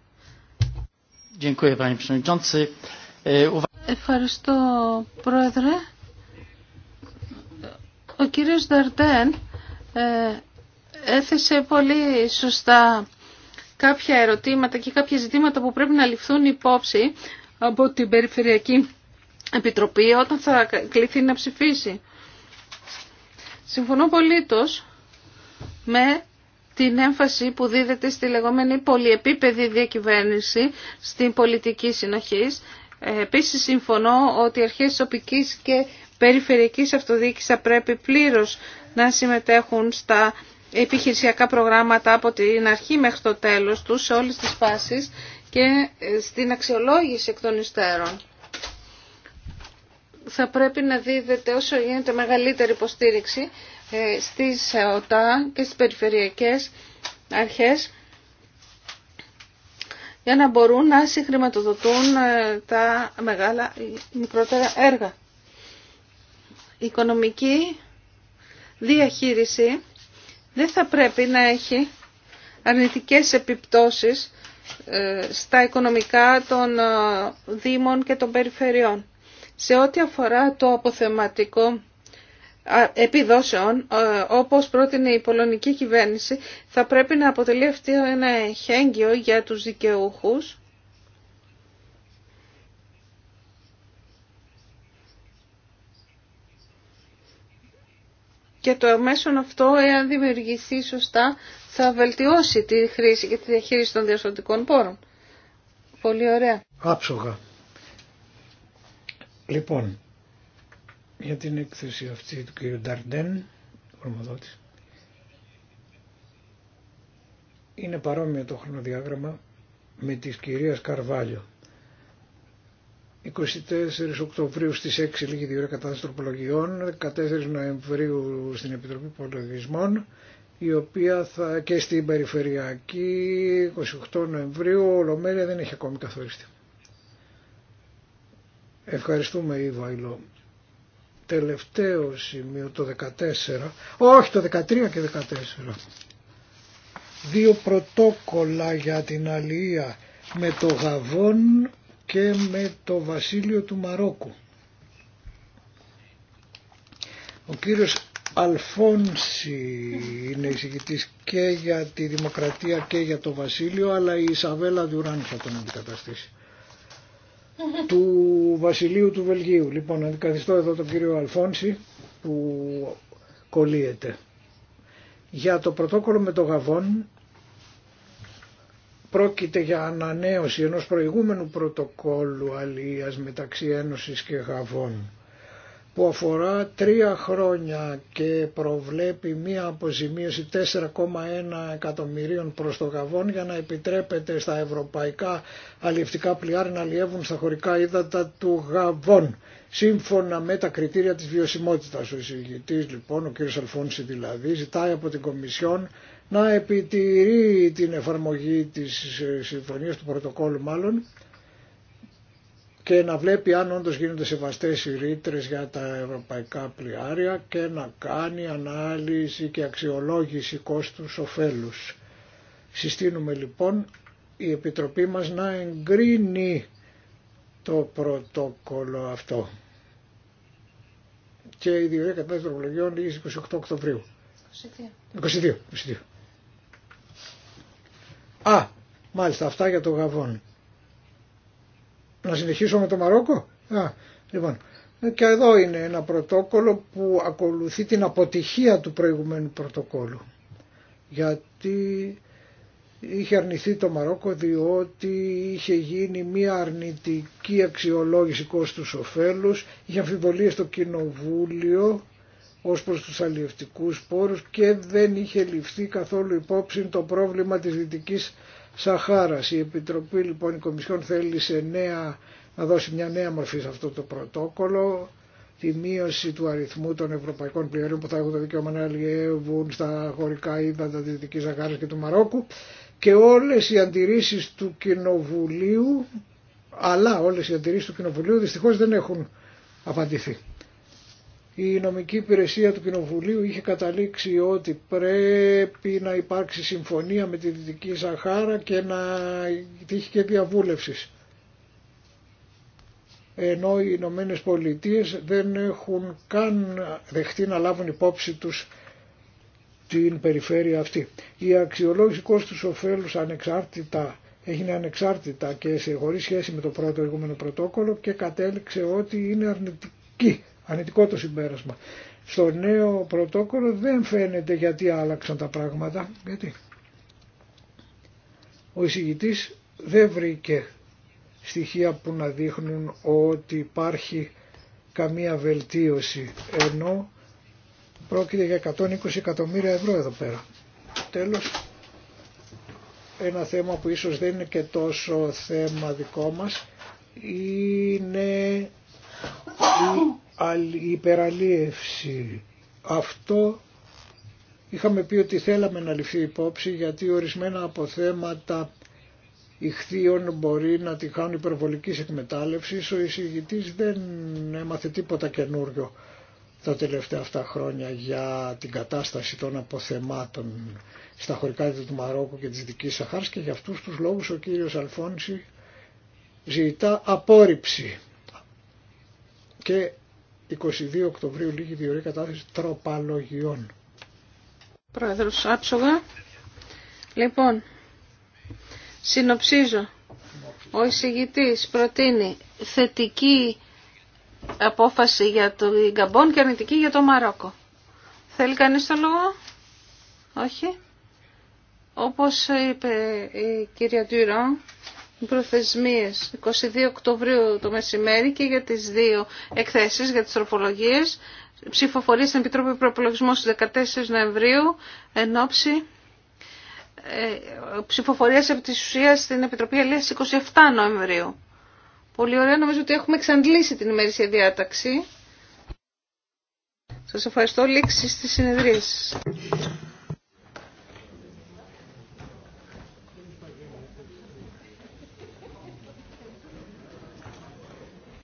Ευχαριστώ, Πρόεδρε. Ο κύριος Νταρτέν ε, έθεσε πολύ σωστά κάποια ερωτήματα και κάποια ζητήματα που πρέπει να ληφθούν υπόψη από την Περιφερειακή Επιτροπή όταν θα κληθεί να ψηφίσει. Συμφωνώ πολύτως με την έμφαση που δίδεται στη λεγόμενη πολυεπίπεδη διακυβέρνηση στην πολιτική συνοχής ε, επίσης συμφωνώ ότι οι αρχές τοπικής και περιφερειακής αυτοδιοίκησης θα πρέπει πλήρως να συμμετέχουν στα επιχειρησιακά προγράμματα από την αρχή μέχρι το τέλος τους σε όλες τις φάσεις και ε, στην αξιολόγηση εκ των υστέρων. Θα πρέπει να δίδεται όσο γίνεται μεγαλύτερη υποστήριξη ε, στις ΟΤΑ και στις περιφερειακές αρχές για να μπορούν να συγχρηματοδοτούν ε, τα μεγάλα μικρότερα έργα. Η οικονομική διαχείριση δεν θα πρέπει να έχει αρνητικές επιπτώσεις ε, στα οικονομικά των ε, δήμων και των περιφερειών. Σε ό,τι αφορά το αποθεματικό επιδόσεων, ε, όπως πρότεινε η πολωνική κυβέρνηση, θα πρέπει να αποτελεί αυτή ένα χέγγιο για τους δικαιούχους και το μέσον αυτό, εάν δημιουργηθεί σωστά, θα βελτιώσει τη χρήση και τη διαχείριση των διασωτικών πόρων. Πολύ ωραία. Άψογα. Λοιπόν, για την έκθεση αυτή του κ. Νταρντέν, ορμοδότης. Είναι παρόμοιο το χρονοδιάγραμμα με της κυρίας Καρβάλιο. 24 Οκτωβρίου στις 6 λίγη διόρια κατάσταση τροπολογιών, 14 Νοεμβρίου στην Επιτροπή Πολιτισμών, η οποία θα και στην Περιφερειακή 28 Νοεμβρίου, ολομέλεια δεν έχει ακόμη καθορίστη. Ευχαριστούμε Ιβαϊλό τελευταίο σημείο, το 14, όχι το 13 και 14, δύο πρωτόκολλα για την αλληλεία με το Γαβόν και με το Βασίλειο του Μαρόκου. Ο κύριος Αλφόνση είναι εισηγητής και για τη Δημοκρατία και για το Βασίλειο, αλλά η Ισαβέλα Δουράν θα τον αντικαταστήσει. του βασιλείου του Βελγίου. Λοιπόν, αντικαθιστώ εδώ τον κύριο Αλφόνση που κολλείεται. Για το πρωτόκολλο με το Γαβόν πρόκειται για ανανέωση ενός προηγούμενου πρωτοκόλλου αλίας μεταξύ Ένωσης και Γαβών που αφορά τρία χρόνια και προβλέπει μία αποζημίωση 4,1 εκατομμυρίων προς το γαβόν για να επιτρέπεται στα ευρωπαϊκά αλλιευτικά πλοιάρη να αλλιεύουν στα χωρικά ύδατα του γαβόν σύμφωνα με τα κριτήρια της βιωσιμότητας. Ο εισηγητής λοιπόν, ο κ. Αλφόνση δηλαδή, ζητάει από την Κομισιόν να επιτηρεί την εφαρμογή της συμφωνίας του πρωτοκόλου μάλλον και να βλέπει αν όντως γίνονται σεβαστές οι ρήτρες για τα ευρωπαϊκά πλοιάρια και να κάνει ανάλυση και αξιολόγηση κόστους ωφέλους. Συστήνουμε λοιπόν η Επιτροπή μας να εγκρίνει το πρωτόκολλο αυτό. Και η διορία κατάσταση είναι λύγει 28 Οκτωβρίου. 22. 22. 22. Α, μάλιστα αυτά για το Γαβόν. Να συνεχίσω με το Μαρόκο. Α, λοιπόν. Και εδώ είναι ένα πρωτόκολλο που ακολουθεί την αποτυχία του προηγουμένου πρωτοκόλλου. Γιατί είχε αρνηθεί το Μαρόκο διότι είχε γίνει μια αρνητική αξιολόγηση κόστου ωφέλους, είχε αμφιβολίες στο κοινοβούλιο ως προς τους αλλιευτικούς πόρους και δεν είχε ληφθεί καθόλου υπόψη το πρόβλημα της δυτικής Σαχάρας. Η Επιτροπή λοιπόν η Κομισιόν θέλει σε νέα, να δώσει μια νέα μορφή σε αυτό το πρωτόκολλο τη μείωση του αριθμού των ευρωπαϊκών πληρών που θα έχουν το δικαίωμα να αλλιεύουν στα χωρικά ύδατα τα δυτική Αγάρας και του Μαρόκου και όλες οι αντιρρήσεις του Κοινοβουλίου αλλά όλες οι αντιρρήσεις του Κοινοβουλίου δυστυχώς δεν έχουν απαντηθεί η νομική υπηρεσία του Κοινοβουλίου είχε καταλήξει ότι πρέπει να υπάρξει συμφωνία με τη Δυτική Σαχάρα και να τύχει και διαβούλευση. Ενώ οι Ηνωμένε Πολιτείε δεν έχουν καν δεχτεί να λάβουν υπόψη τους την περιφέρεια αυτή. Η αξιολόγηση κόστους ωφέλους ανεξάρτητα έγινε ανεξάρτητα και σε χωρίς σχέση με το πρώτο προηγούμενο πρωτόκολλο και κατέληξε ότι είναι αρνητική Ανετικό το συμπέρασμα. Στο νέο πρωτόκολλο δεν φαίνεται γιατί άλλαξαν τα πράγματα. Γιατί. Ο εισηγητής δεν βρήκε στοιχεία που να δείχνουν ότι υπάρχει καμία βελτίωση ενώ πρόκειται για 120 εκατομμύρια ευρώ εδώ πέρα. Τέλος, ένα θέμα που ίσως δεν είναι και τόσο θέμα δικό μας είναι υπεραλίευση. Αυτό είχαμε πει ότι θέλαμε να ληφθεί υπόψη γιατί ορισμένα αποθέματα ηχθείων μπορεί να τη χάνουν υπερβολικής εκμετάλλευσης. Ο εισηγητής δεν έμαθε τίποτα καινούριο τα τελευταία αυτά χρόνια για την κατάσταση των αποθεμάτων στα χωρικά του Μαρόκου και της Δικής Σαχάρας και για αυτούς τους λόγους ο κύριος Αλφόνση ζητά απόρριψη και 22 Οκτωβρίου λίγη διορία κατάθεση τροπαλογιών. Πρόεδρος Άψογα. Λοιπόν, συνοψίζω. Ο εισηγητής προτείνει θετική απόφαση για το Γαμπόν και αρνητική για το Μαρόκο. Θέλει κανείς το λόγο? Όχι. Όπως είπε η κυρία Τουιρόν, προθεσμίες 22 Οκτωβρίου το μεσημέρι και για τις δύο εκθέσεις για τις τροφολογίε. ψηφοφορία στην Επιτροπή Προπολογισμού στις 14 Νοεμβρίου εν ώψη ε, ψηφοφορίας από τη ουσίας στην Επιτροπή στι 27 Νοεμβρίου. Πολύ ωραία, νομίζω ότι έχουμε εξαντλήσει την ημερήσια διάταξη. Σας ευχαριστώ. Λήξη στις συνεδρίες.